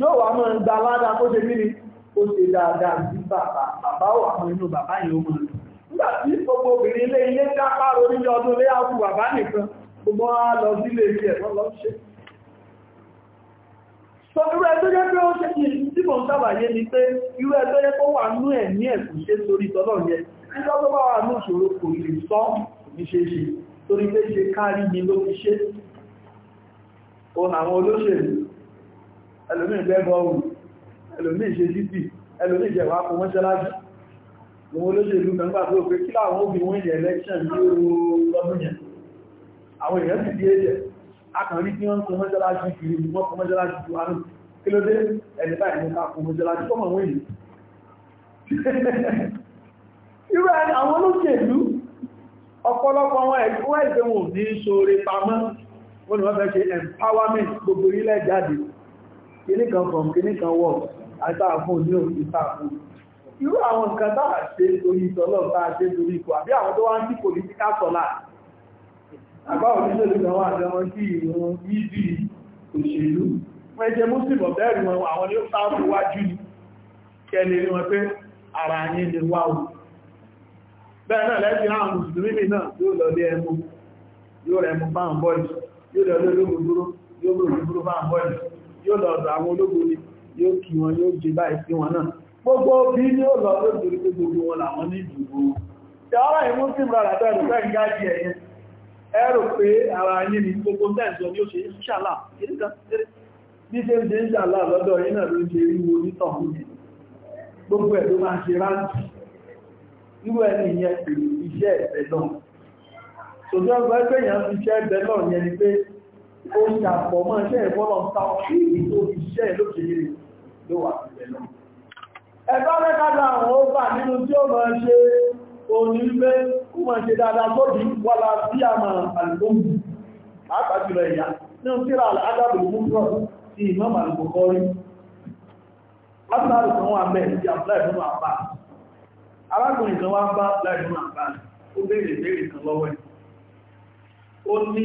yóò wa mọ́ ìgbà aládá kó ṣe mìírí ó ṣe dáadáa sí bàbá bàbá wà mọ́ inú bàbá yìí ó mọ́ nígbà tí gbogbo obìnrin ilé ilé dápá lé bàbá nìkan gbogbo á lọ sílé ilé ẹ̀kọ́ lọ ṣe sọ irú jẹ́ pé ó ṣe kí tí mò ń ni pé irú jẹ́ pé wà nú ẹ̀ ní ṣe tọ́lọ̀ yẹn tó bá wà nú ìṣòro kò lè sọ ní ṣe ṣe ẹlòmí ìgbẹ́bọ̀ ohun ẹlòmí ìṣe títì ẹlòmí ìjẹ̀wà kò mọ́ṣáláṣí òun olóṣèlú mẹ́gbà tó pé kí láwọn obì wọ́n ìyẹ̀ election ní lọ́dún yẹn àwọn èèyàn sì díẹ̀ jẹ́ akànrí tí wọ́n kò mọ́ṣáláṣí kiri wọ́n kò mọ́ṣáláṣí tó wánú kí ló dé ẹni báyìí mú ká kò mọ́ṣáláṣí tó mọ̀ wọ́n yìí irú àwọn olóṣèlú ọ̀pọ̀lọpọ̀ wọn ẹ̀kọ́ ẹ̀gbẹ̀ wọn ní ṣoore pamọ́ wọn ni wọ́n fẹ́ ṣe empowerment gbogbo orílẹ̀ jáde kìíní kan from kìíní kan wọ̀ àtàfún ní ìtàfún irú àwọn nǹkan táà ṣe orí ìtọ́lọ̀ táà ṣe lórí ikọ̀ àbí àwọn tó wá ń tí political sọ́lá àbáwọn oníṣẹ́ ìgbà wà lọ́wọ́ sí ìrún ìdí òṣèlú mẹ́jẹ muslim ọ̀bẹ́rì wọn àwọn ni ó sáàbù wájú ní kẹlẹ̀ rí wọn pé ara yìí lè wá o bẹ́ẹ̀ náà lẹ́sí àwọn mùsùlùmí náà yóò lọ lé ẹmu yóò rẹ̀ mú bá ń bọ́ọ̀lù yóò lọ lé olóògbòdúró yóò lọ lé olóògbòdúró bá ń bọ́ọ̀lù yóò lọ ọ̀dọ̀ àwọn ológun ni yóò kí wọn yóò jẹ báyìí sí wọn náà gbogbo bí ní ó lọ lóògbé pé gbogbo wọn làwọn ní ìdìbò ìyára ìmúsìn rárá bẹ́ẹ̀rù bẹ́ẹ̀ gáàdì ẹ̀yẹn ẹ̀rù pé ara yìí ni gbogbo tẹ́ẹ̀sọ ni ó ṣe ṣàlá bí ṣe ń ṣe ṣàlá lọ́dọ̀ yìí náà ló ṣe ìyẹn iṣẹ́ ẹ̀bẹ̀ náà ó ṣàpọ̀ mọ́ iṣẹ́ ìfọ́lọ̀ ta ọ̀ṣìí tó fi ṣẹ́ lókèrè ló wà sílẹ̀ lọ. ẹ̀bá mẹ́kàdà àwọn ó bà nínú tí ó máa ṣe òní pé kú máa ṣe dáadáa tó di wàlá sí àmà àlùgbòmù àpàjùlọ ẹ̀yà nínú tíra adábòlùmúrọ̀ ti ìmọ̀ àlùgbòkọ́rí látàrí kan wà mẹ́ ìdí àpláì fún àpá arákùnrin kan wá bá láì fún àpá ó béèrè béèrè kan lọ́wọ́ ẹ̀ ó ní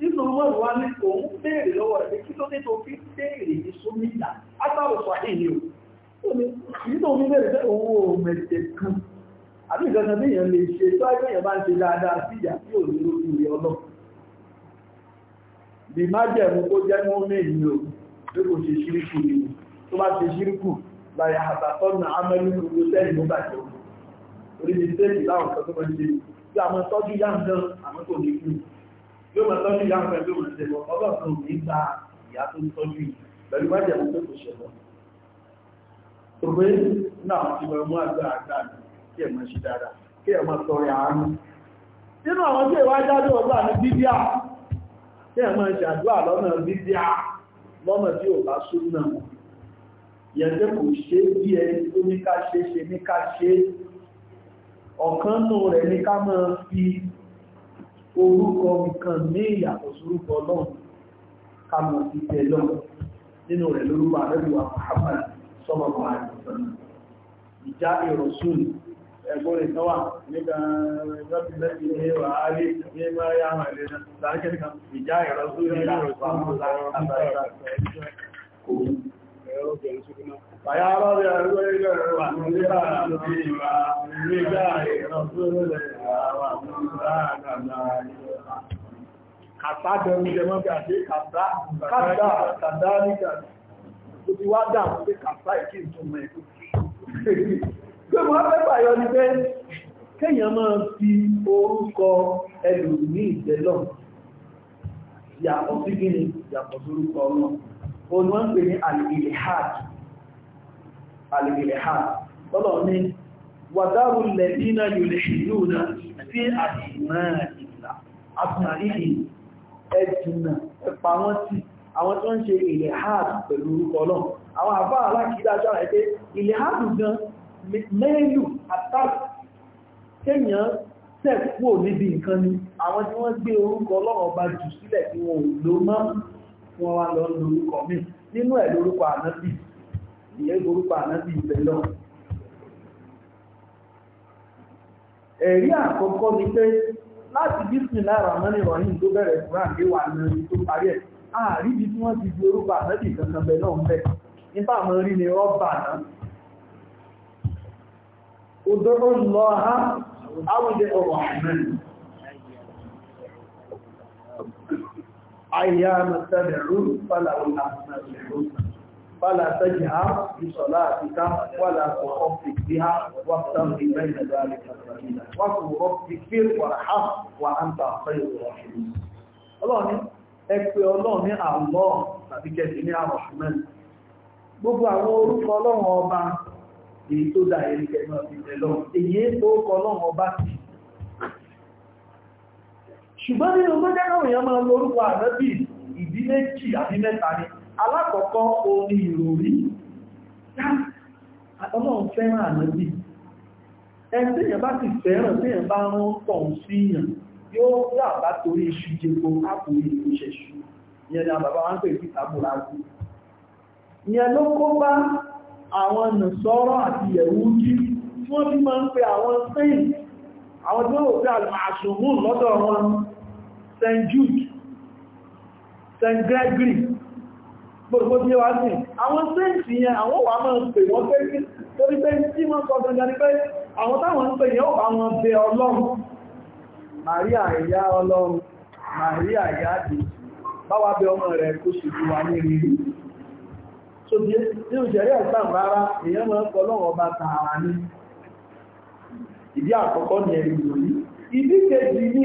nínú mọ́rùn wá ní òun béèrè lọ́wọ́ rẹ̀ kí ló dé tó fi béèrè ní súnmíta átàrò sàáyé ni o ní tó fi béèrè pé òun ò mẹ̀tẹ̀ kan àbí ìjọba bí èèyàn lè ṣe tó ẹgbẹ́ èèyàn bá ń ṣe dáadáa sí ìyá tí ò ní lójú rẹ̀ ọlọ́ lè má jẹ̀mú kó jẹ́ mú méjì o pé kò ṣe ṣíríkù ni tó bá ṣe ṣíríkù láyà àtàtọ́nà amẹ́lú gbogbo sẹ́yìn ló bàjẹ́ orí mi sẹ́yìn láwọn kan tó máa ń ṣe tí àwọn tọ́jú yá àmọ́ kò ní kú yóò máa tọ́jú ìyá ọ̀fẹ́ tó máa ṣẹlọ ọlọ́run ní gba ìyá tó ń tọ́jú yìí pẹ̀lú wájú ẹ̀mú tó kò ṣẹlọ òwe náà ti wọ ẹmú àgbà àgbà kí ẹ máa ṣe dáadáa kí ẹ máa tọrẹ àánú nínú àwọn tí ìwá jáde ọgbà ní bíbíà kí ẹ máa ṣàdúrà lọ́nà bíbíà lọ́nà tí ò bá súnmọ́ yẹ̀dẹ́ kò ṣe bí ẹni tó ní ká ṣe ṣe ní ká ṣe ọ̀kan nù rẹ̀ ní ká máa fi orúkọ nǹkan ní ìyàtọ̀ sórúkọ náà kàmọ̀ sí tẹ̀lọ́ nínú rẹ̀ lórúkọ àrẹ́lúwà Muhammad sọ́mọ̀mọ̀ àìsàn ìjá ìrọ̀sùn ẹgbọ́n ìtọ́wà nígbà rẹ́pìlẹ́pì ní wà á rí Àtàdẹ̀rù jẹmọ́ bí àti kàtà, kàtà, kàtà ní kàtà, ó ti wá dáàmù pé kàtà ìkí ìtumọ̀ ẹ̀kú. Gbé mọ́ pẹ́pà yọ ni pé kéèyàn máa fi orúkọ ẹlù ní ìjẹ́lọ̀, yàtọ̀ sí gíní, yàtọ̀ sí orúkọ ọlọ́pàá òun wọ́n ń pè ní al-ilhad al-ilhad tọ́lọ̀ ní wàdáwù lẹ́dínà yulhiduna sí àtìmọ́ ìlà àtìmọ́ ẹ̀dùnà ẹ̀pà wọn sí àwọn tó ń ṣe ilhad pẹ̀lú orúkọ náà àwọn àbá alákìídájọ́ rẹ̀ pé ilhad gan mẹ́lù àtàkì kéèyàn tẹ̀kúò níbi nǹkan ni àwọn tí wọ́n gbé orúkọ Ọlọ́run ọba jù sílẹ̀ tí wọn ò lò mọ́ wọ́n wá lọ lórúkọ míì nínú ẹ̀ lórúkọ ànábì ìyẹ́ lórúkọ ànábì ìbẹ̀lọ́ ẹ̀rí àkọ́kọ́ ni pé láti bísmìlá ramani tó bẹ̀rẹ̀ quran dé wà ní tó parí ẹ̀ ààrí bí tí wọ́n ti di orúkọ ànábì kankan rí أيام تدعو فلا الأسماء الحسنى فلا تجهر بصلاتك ولا تخفك بها وابتغ بين ذلك سبيلا وقل رب وارحم وأنت خير الراحمين Ọlọ́run ní ẹ̀pẹ́ Ọlọ́run tàbí kẹ́sì ní Gbogbo àwọn orúkọ Ọlọ́run ọba èyí tó Èyí tó kọ Ọlọ́run ọba ṣùgbọ́n nínú mọ́jẹ́kọ̀wé yẹn máa lórúkọ ànábì ìdí méjì àbí mẹ́ta ni alákọ̀ọ́kọ́ orin ìròrí ọlọ́run fẹ́ràn ànábì ẹni tí èèyàn bá ti fẹ́ràn tí èèyàn bá rán pọ̀ sí èèyàn yóò gbà bá torí iṣu jẹko ápò ìlú ṣẹṣu ìyẹn ni àbàbá wọn pè sí tàbùràgù ìyẹn àwọn nìsọ́rọ̀ àti ẹ̀wú jí wọ́n fi máa ń pe àwọn sẹ́yìn àwọn tí wọ́n wò pé àṣùmù lọ́dọ̀ wọn st jude st gregory gbogbo tí wá sí àwọn saint yẹn àwọn wà máa pè wọ́n pé torí pé tí wọ́n sọ gangan ni pé àwọn táwọn ń pè yẹn ó bá wọn bẹ ọlọ́run maria ìyá ọlọ́run maria ìyá àdì báwa bẹ ọmọ rẹ̀ kó sì ní rírí so bí ẹ̀sán rárá ọba tààrà ní ìdí àkọ́kọ́ ní ẹ̀rí ìdí kejì ní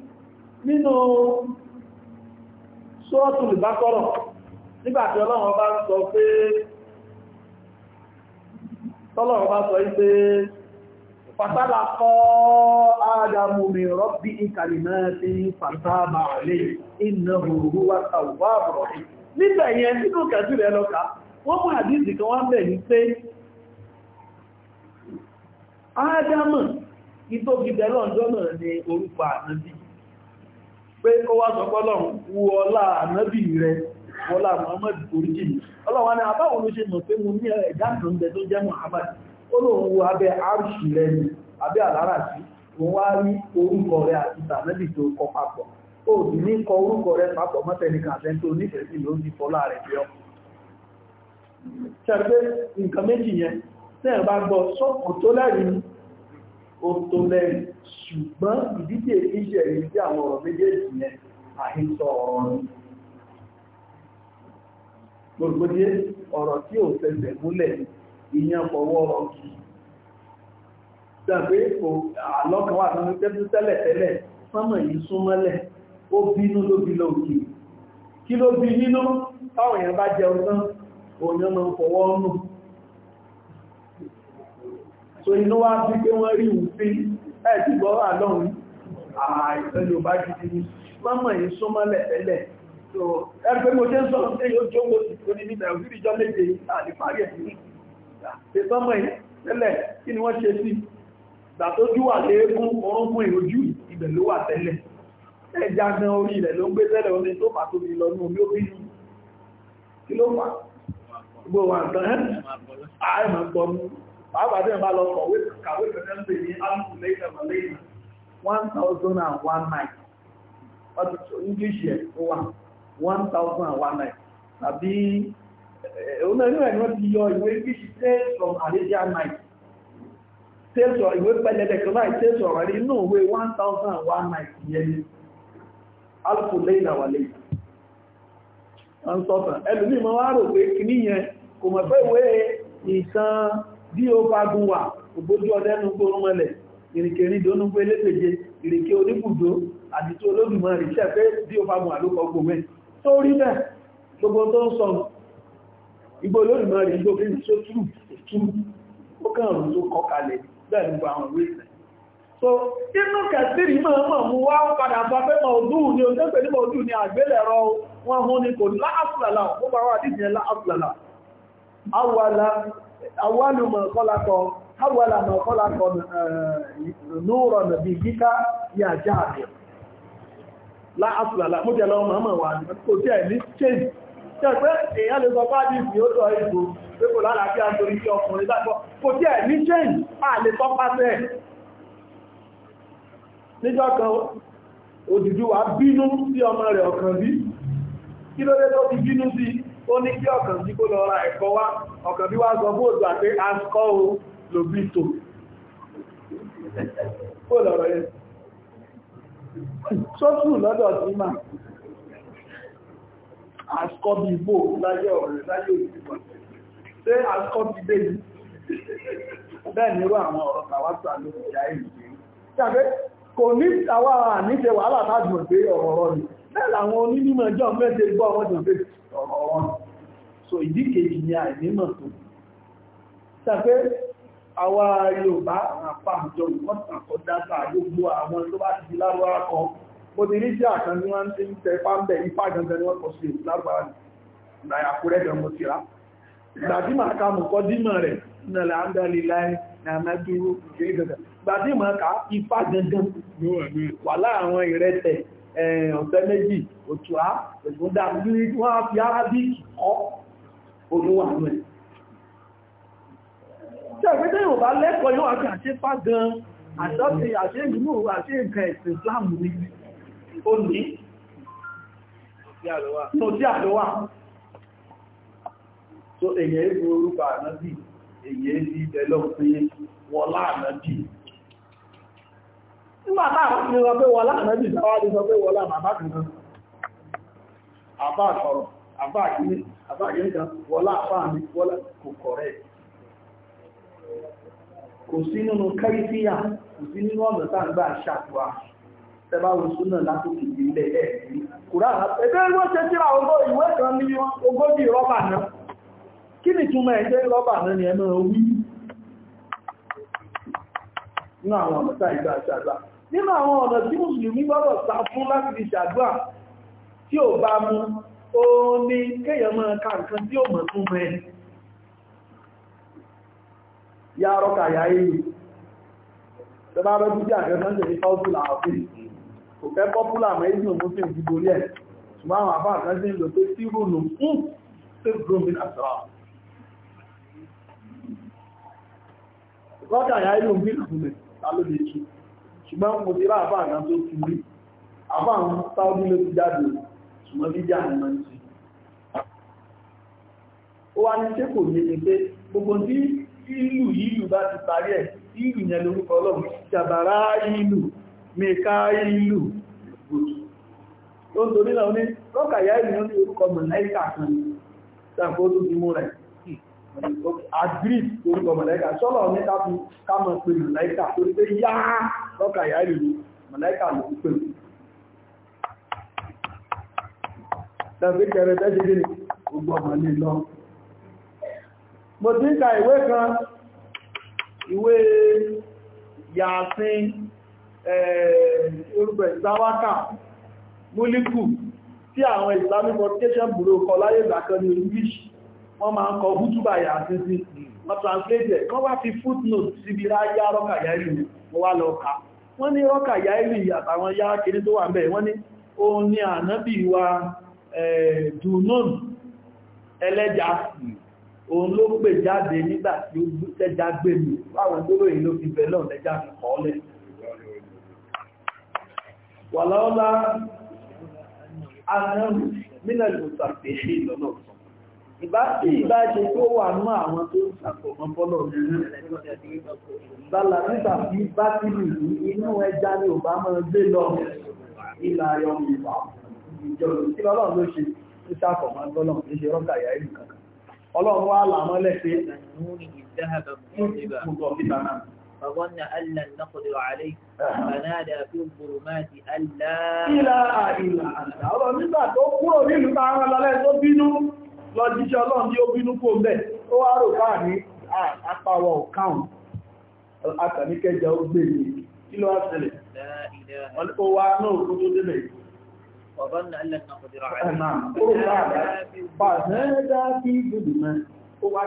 nínú sọ́ọ̀tù ìbákọ́rọ̀ nígbàtí ọlọ́run bá ń sọ pé tọ́lọ́run bá sọ pé fàtàlà kọ́ ádámù mi rọ́bí ìkàlìmọ́ tí fàtàbà lè iná hùrù wá tàwà bọ̀ nígbà yẹn nínú kẹsì rẹ̀ lọ́ka wọ́n mú àdíjì kan wọ́n bẹ̀ ní pé ádámù ìtóbi bẹ̀lọ́njọ́ náà ni orúkọ ànábì pé ó wá sọ pọ́lọ́run wo ọlá ànábì rẹ wọlá Muhammad oríjì ọlọ́wọ́ ni àbáwọn ló ṣe mọ̀ pé mo ní ẹ̀dá kan bẹ tó jẹ́ Muhammad ó lóun abẹ́ arṣì rẹ ni abẹ́ sí mo wá rí orúkọ rẹ àti tó kọ papọ̀ ó sì ní kọ orúkọ rẹ papọ̀ sí ló ń di fọlá nǹkan méjì yẹn tẹ́ẹ̀ ṣùgbọ́n ìdíje ìṣẹ̀rí sí àwọn ọ̀rọ̀ méjèèjì yẹn àhísọ ọ̀rọ̀ ni gbogbogbé ọ̀rọ̀ tí ò fẹsẹ̀ múlẹ̀ ìyẹn fọwọ́ ọ̀rọ̀ kì í dàgbé àlọ́kan wà fún tẹ́lú tẹ́lẹ̀ tẹ́lẹ̀ sánmọ̀ yìí súnmọ́lẹ̀ ó bínú ló bí lóòkè kí ló bí nínú táwọn èèyàn bá jẹun tán òyìn ọmọ fọwọ́ nù so inú wá bí pé wọ́n rí ìwúfin ẹ̀ tí gbọ́ wà lọ́hùn àìsẹ́lẹ̀ ọba gidi ni mọ́mọ̀ yìí súnmọ́lẹ̀ tẹ́lẹ̀ tó ẹgbẹ́ mo jẹ́ sọ́rọ̀ tẹ́ yóò jókòó sí tó ní nígbà òfin ìjọ méje àdìparí ẹ̀ sí ìtọ́mọ̀ yìí tẹ́lẹ̀ kí ni wọ́n ṣe sí ìgbà tó jú wà léégún orúnkún ìrojú ibẹ̀ ló wà tẹ́lẹ̀ ẹja gan orí rẹ̀ ló ń gbé tẹ́lẹ̀ orin tó fà tóbi lọ ní omi ó bí kí ló fà gbogbo pàápàá bẹ́ẹ̀ bá lọ kọ̀wé kàwé kẹ̀kẹ́ ń pè ní alùpùpù lẹ́yìn ẹ̀mọ̀ lẹ́yìn one thousand and one night ọdún tó english yẹ ó wà one thousand and one night tàbí ọ̀nà inú ẹ̀ ni wọ́n ti yọ ìwé english from arabian night tales from ìwé pẹlẹbẹ kan láì tales from ọ̀rẹ́ inú ìwé one thousand and one night yẹn ni alùpùpù lẹ́yìn àwọn lẹ́yìn wọ́n sọ̀tàn ẹlòmíì máa wá rò pé kìnnìyẹn kò mọ̀ pé ìwé ìtàn bí ó bá gún wà ògbójú ọdẹ́nu gbórúnmọ́lẹ̀ ìrìnkè ní ìdónúgbó elépèje ìrìnkè oníbùdó àdìtú olódùmọ̀ rí ṣẹ́ pé bí ó bá gún àlókọ gbòmẹ́ tó rí bẹ́ẹ̀ gbogbo tó ń sọ igbó olódùmọ̀ rí igbó kí tó túrù gbogbo so inú kẹsìrì máa mọ̀ mú wá padà sọ pé mọ̀ ọdún ni oúnjẹ pẹ̀lú mọ̀ ọdún ni àgbélẹ̀rọ wọn hún ni kò láàpùlàlà ó bá wà dídìyàn láàpùlàlà awàlá awwalu ma khalaqa awwala ma khalaqa nura nabiyyika ya Jabir láàpùlàlà mújẹ lọ mọ̀mọ̀ wà ní kò tí ẹ̀ ní change tí ẹ̀ pé èyàn lè sọ pàdé ìfì ó tọ́ ìbò pé kò lára kí a ń torí kí ọkùnrin dákọ́ kò tí ẹ̀ ní change a lè sọ pàtẹ́ ẹ̀ níjọ́ kan Odùduwà bínú sí ó ní kí ọ̀kàn sí kó lọ ra ẹ̀kọ́ wá ọ̀kàn bí wá sọ bóòdù àti askọ́ o lòbítò kó lọ̀rọ̀ yẹn sótù lọ́dọ̀ sí mà askọ́ bí bò láyé ọ̀rẹ́ láyé òsìkọ̀ ṣé askọ́ bí dé yìí bẹ́ẹ̀ ni àwọn ọ̀rọ̀ tàwátà ló ti àwọn ọ̀rọ̀ ni bẹ́ẹ̀ làwọn onímọ̀ ìjọ mẹ́sẹ̀ gbọ́ ọmọdé ọ̀rọ̀ ọ̀rọ̀ so ìdí kejì ni àìnímọ̀ tó tàbí àwa Yorùbá àpá àjọ ìkọ́tàkọ́dáta gbogbo àwọn tó bá ti di lárúbáwá kan mo ti rí sí àkan ní wọ́n ti ń tẹ pàmbẹ̀ ipá gangan ni wọ́n kọ̀ sí lárúbáwá ní àkúrẹ́ gan mo ti rá gbàdí màá ka mọ̀kọ́ dímọ̀ rẹ̀ nílẹ̀ àndàlélàí ní kọ́ olúwà ní ẹ̀. Ṣé ìpínlẹ̀ Yorùbá lẹ́kọ̀ọ́ yóò àti àṣẹ́fà gan àṣọ́sí àṣẹ́ ìlú àṣẹ́ nǹkan ẹ̀sìn Islam ní ó tí àlọ́wà. So èyẹ ìlú orúkọ ànábì, èyẹ ìlú ìbẹ̀lọ́ àbá àkọrọ̀, àbá àkíní àbáyé nǹkan wọlá àfáà mi wọlá kò kọ̀rẹ́ kò sí nínú kẹ́rífíà kò sí nínú ọ̀nà tá à ń gbà ṣàdùà tẹ́báwo súnà látòkè ìbílẹ̀ ẹ̀ ní kùrá ẹgbẹ́ wọ́n ṣe síra ogó ìwé kan ní ogójì rọ́bà náà kí ni túnmọ̀ ẹgbẹ́ rọ́bà náà ni ẹmọ orí nínú àwọn ọ̀nà tá ìgbà ṣàdùà nínú àwọn ọ̀nà tí mùsùlùmí gbọ́dọ̀ sá fún láti fi ṣàdùà tí ò bá mú ó ní kéèyàn máa ka nǹkan tí ó mọ̀ tún mẹ́ ya rọ́kà ya ilú tẹbá rẹ̀ bí àjẹ́ mẹ́jẹ̀ ní pọ́pùlà ọ̀fẹ́ kò fẹ́ pọ́pùlà mẹ́jì òmúfin ìdìbò lẹ́ ṣùgbọ́n àwọn àbá kan sí ìlò pé sí rúnù fún sí gómìn àtàrà rọ́kà ya ilú bí ṣùgbọ́n bídíà ni wọ́n ti ó wá ní ṣé kò yé ni pé gbogbo tí ìlú ìlú bá ti parí ẹ̀ ìlú yẹn lórúkọ ọlọ́run jàbàrá ìlú mẹ́ká ìlú ó ń torí náà ní lọ́kàyà ìlú ní orúkọ mọ̀láíkà kan ṣàkó tó ti mú rẹ̀ agrip orúkọ tàbí kẹrẹ tẹ́ṣe gíní gbogbo ọmọ lè lọ mo ti ń ka ìwé kan ìwé yàásín eh, orúgbẹ̀ ìsáwákà múlíkù tí àwọn Islamic Education Bureau kọ láyé ìdákan ní English wọ́n máa ń kọ hútúbà yàásín sí wọ́n translate ẹ̀ kọ́ wá fi footnote síbi ráyá rọ́kà yá ìlú ka wọ́n ní rọ́kà yá ìlú àtàwọn yá kiri tó wà ń bẹ̀ wa dùnún eh, ẹlẹ́jà òun ló pè jáde nígbà tí ó tẹ́já gbé mi láwọn gbóró èyí ló fi bẹ̀lọ́ lẹ́jà fi kọ́ lẹ́ wàláọ́lá anáhùn mílẹ̀lù sàfẹ́ṣẹ́ lọ́nà ọ̀sán ìbá sí ìbá ṣe tó wà ní àwọn tó sàkọ̀mọ́ bọ́lọ̀ bala nígbà tí bá sílù inú ẹja ni ò bá mọ́ gbé lọ ìlà ayọ̀ ìjọ tí ọlọ́run ló ṣe tó ṣàfọ̀mọ́ tọ́lọ́run ló ṣe rọ́kà ìyá ìlú kankan ọlọ́run wá là mọ́ lẹ́sẹ̀ فظن أن لن نقدر عليه فنادى في الظلمات أن لا إله إلا أنت ọ̀rọ̀ nígbà tó kúrò nílùú táwọn lọ́lẹ́ tó bínú lọ jíṣẹ́ ọlọ́run tí ó bínú kó bẹ̀ ó wá rò káà ní àpàwọ̀ káùn akàníkẹjọ ó gbé ní kí ló wá ṣẹlẹ̀ ó wá náà kó tó débẹ̀ yìí فظن أن لن نقدر عليه نعم في ظلمة ó wá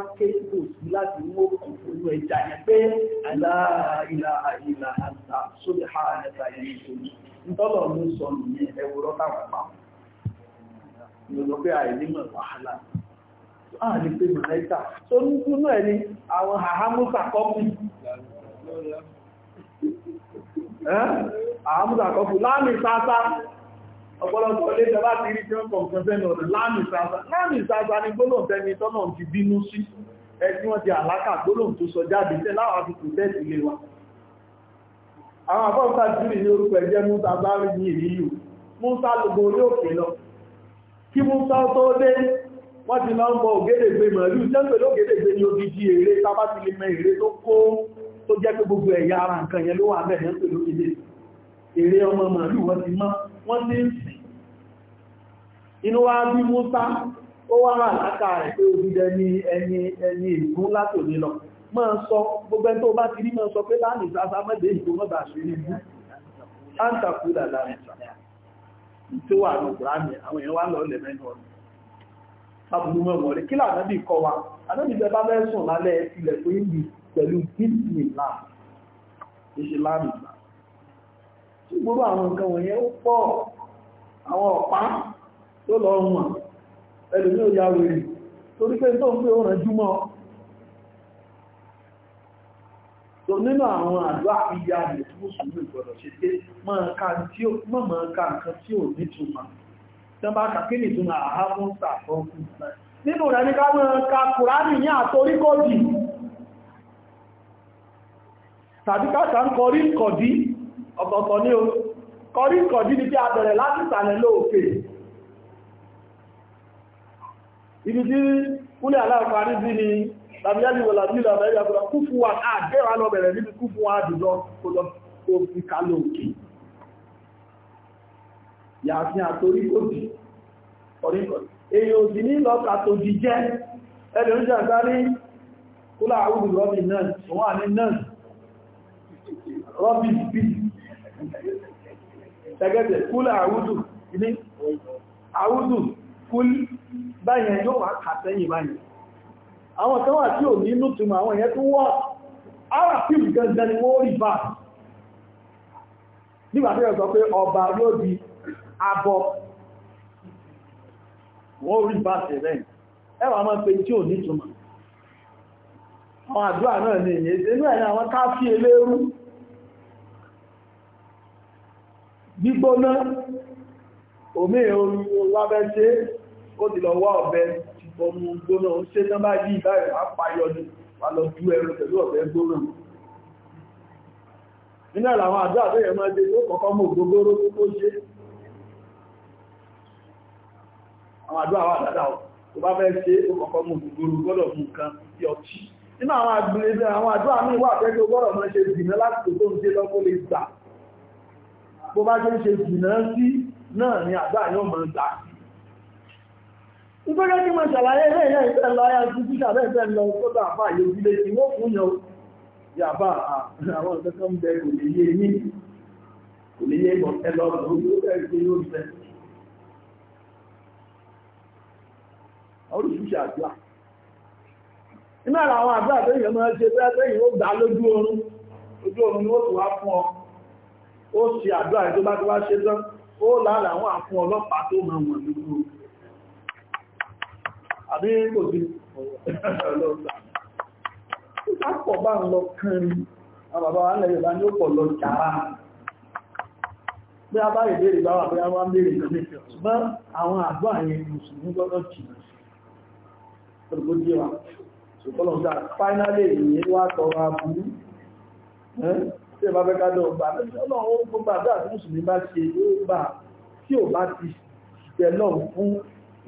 ọ̀pọ̀lọpọ̀ ilé tẹ́bá ti rí tí ó kọ̀ọ̀kan sẹ́nu ọ̀dọ̀ láàmì sáàsá láàmì sáàsá ni gbólóhùn tẹ́ni tọ́nà ti bínú sí ẹtí wọ́n ti àlákà gbólóhùn tó sọ jáde tẹ́ láwọn àfikù tẹ́ẹ̀tì ilé wa àwọn afọ́nká júrì ní orúkọ ẹ̀jẹ̀ Musa bá rí ní ìlú Musa lógo orí òkè lọ kí Musa tó dé wọ́n ti lọ ń bọ ògédègbè mọ̀lú jẹ́pẹ̀ lógédègbè ní odidi èrè tábá ti lè mẹ èrè tó kó tó jẹ́ pé gbogbo ẹ̀yà ara nǹkan ọmọ mọ̀lú wọ́n ti mọ́ wọ́n ní sí inú wá bí Músá ó wá rà láta rẹ̀ pé òbídẹ ní ẹni ẹni ìgún látò nílọ máa sọ gbogbo ẹni tó bá ti rí máa sọ pé láàrín ìsáfá mẹ́dẹ̀ ìgbó mọ́bà ṣe ní bú áńtàkù dàdà tí wà ní ọ̀gbọ̀nàmì àwọn èèyàn wá lọ lẹ̀ mẹ́nu ọ̀rọ̀ sábùrú mẹ́wọ̀n rẹ̀ kí lànàbì kọ wa anábìbẹ̀ bá mẹ́sùn lálẹ́ ilẹ̀ tó ń bì pẹ̀lú disney land ìṣe láàrín ìgbà tí gbogbo àwọn nǹkan wọ̀nyẹn ó pọ̀ àwọn ọ̀pá tó lọ wọn ẹlòmí ò yá wèrè torí pé tó ń pè òrùn júmọ́ tó nínú àwọn àjọ àfíyà rẹ̀ tí ó sùn ìgbọ̀dọ̀ ṣe pé mọ́ nǹkan tí ò nítumà tí wọ́n bá kàkí nìtumà àhámọ́ sàfọ́ nínú rẹ̀ ní ká mọ́ ka kùránì ní àtoríkọ́jì tàbí ká sàǹkọrí kọ̀dí ọ̀tọ̀ọ̀tọ̀ ní o kọrí ìkọ̀dí ni kí a bẹ̀rẹ̀ láti ìsàlẹ̀ lóòkè ibi tí kúlẹ̀ aláàfáàrí sí ni tàbíyàjì wọ̀lá sí ilẹ̀ àmẹ́rí àbúrà kúfù wa àgbẹ́wà lọ bẹ̀rẹ̀ níbi kúfù wa àdùjọ kó lọ fi ká lóòkè yàáfin àtorí kòdì ọ̀rí kòdì èyí ò sí ní lọ́ta tó di jẹ́ ẹni oúnjẹ àgbárí kúlà àwùjọ rọ́bì náà wọ́n ní náà a kúlù àwúdù ní àwúdù kuli báyẹn yóò wá kàtẹ́yìn báyẹn àwọn tó wà tí ò ní nútùmọ̀ àwọn èyẹ tó wọ́ ara fíìmù gẹ́gẹ́ ni wọ́n rí bá nígbàtí ẹ̀ pé ọba ló di abọ wọ́n rí bá ẹwà gbígbóná omi orí wábẹ́ ṣe ó ti lọ wá ọ̀bẹ ọmọ gbóná ó ṣe tán bá yí ìbáyìí wá payọdù wà lọ ju ẹrù pẹ̀lú ọ̀bẹ gbóná nínú àwọn àjọ àbẹ́yẹ̀ máa ṣe tó kọ́kọ́ mọ̀ gbogbooro tó ṣe àwọn àjọ àwọn àdádá tó bá fẹ́ ṣe ó kọ́kọ́ mọ̀ gbogbooro gbọ́dọ̀ mú nǹkan tí ọtí bó bá jẹ́ ṣe jìnà sí náà ni àgbà yóò mọ̀ gbà ìgbẹ́gẹ́ tí mo ṣàlàyé lẹ́yìn ìfẹ́ lọ ayá tí títà bẹ́ẹ̀ lọ sọ́dọ̀ àfà yóò fi lè tí wọ́n fún yàn yàbá àwọn ìfẹ́kọ́ ń bẹ kò lè yé ní kò lè yé ìbọn ẹlọ oríṣiríṣi àdúrà iná àwọn àdúrà tó yẹ mọ́ ṣe bẹ́ẹ̀ tó yìí ó gbà lójú oorun ojú oorun ni ó tó wá fún ọ ó ṣe àdúrà tó bá tó wá ṣe tán ó lára àwọn àfún ọlọ́pàá tó mọ̀ wọ̀n lókúrò àbí kò sí ọ̀pọ̀ bá ń lọ kán ní àbàbá wa lẹ́yìn bá ní ó pọ̀ lọ jàrá bí a bá ìbéèrè bá wà bí a wá ń ṣùgbọ́n àwọn àdúrà tí ẹ bá fẹ́ kádọ̀ ọgbà lọ́nà ó gbogbo àdúrà tí mùsùlùmí bá ṣe yóò gbà tí ò bá ti ṣẹ náà fún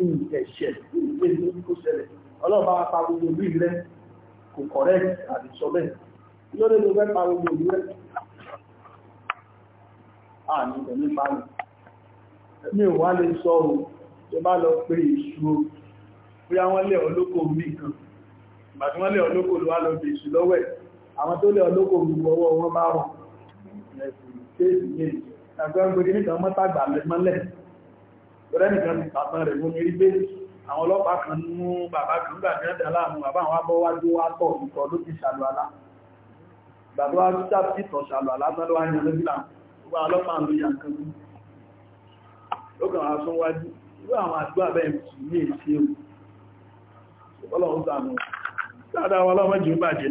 ìkẹ̀ṣẹ̀ ìgbé ní kó ṣẹlẹ̀ ọlọ́ọ̀bá wa pa gbogbo ìlú rẹ kò kọ̀rẹ́ àdìsọ bẹ́ẹ̀ lórí ló fẹ́ pa gbogbo ìlú rẹ àmì ìtẹ̀lé pàánù mi ò wá lè sọ ohun tó bá lọ pé ìṣú bóyá wọ́n lé olóko mi kan ìgbà wọ́n lé olóko ló wá lọ lọ́wọ́ ẹ̀ àwọn tó lé ọlọ́kọ̀ gbogbo ọwọ́ wọn bá rọ̀ àgbẹ́gbẹ́gbẹ́ nìkan mọ́tàgbà mẹ́mọ́lẹ̀ rẹ́ nìkan ìtàtàn rẹ̀ mú ní rí bẹ́ẹ̀ àwọn ọlọ́pàá kan mú bàbá kan gbà jẹ́ dà láàmú bàbá àwọn abọ́wájú wá tọ̀ ìtọ̀ ló ti ṣàlù àlá bàbá wá títà sí ìtọ̀ ṣàlù àlá tọ́lọ́ wá ní ọlọ́bìlà wá ọlọ́pàá ló yà kan ó kàn wá sún wájú irú àwọn àgbà bẹ́ẹ̀ mùsùlùmí èsì ewu ọlọ́run sàmù sáadà wọn ọlọ́mọ jù bàjẹ́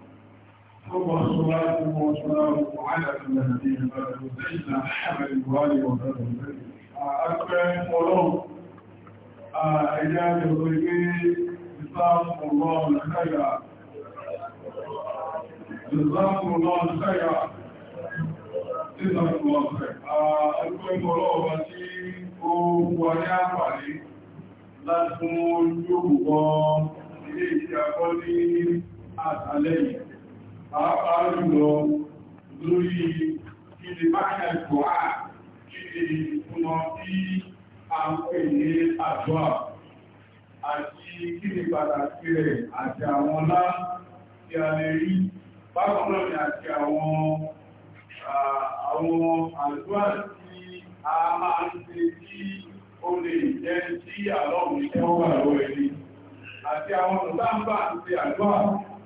ثم الصلاة والسلام على النبي سيدنا محمد وآله وصحبه أكرم ولو إجابة الغيبي جزاكم الله خيرا جزاكم الله خيرا جزاكم الله خيرا أكرم ولو باتي وقواني أفعلي لكم يوم ilé ìṣẹ́ akọ́ ní àtàlẹ́yìn pàápàá jùlọ lórí ilé máa ẹ̀kọ́ à ilé ìfúnmọ́ tí a ń pè ní àjọ́ àti kíni pàtàkì rẹ̀ àti àwọn ńlá tí a lè rí bákan náà ni àti àwọn àwọn àjọ́ àti a máa ń ṣe kí ó lè jẹ́ sí àlọ́run tẹ́wọ́ àlọ́ ẹni àti àwọn ọ̀dọ́ bá ń bá ń ṣe àjọ́ àti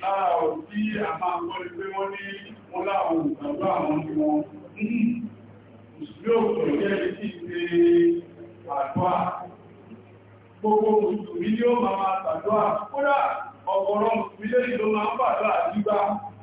lára ọ̀ tí a máa ń gbọ́lé pé wọ́n ní wọ́n láwọn ìgbàgbọ́ àwọn tí wọ́n ìṣúlòpọ̀ jẹ́ ìsí ṣe àdúrà gbogbo mùsùlùmí yóò máa tàdúrà kódà ọ̀pọ̀rọ̀ mùsùlùmí lè ló máa ń pàdúrà nígbà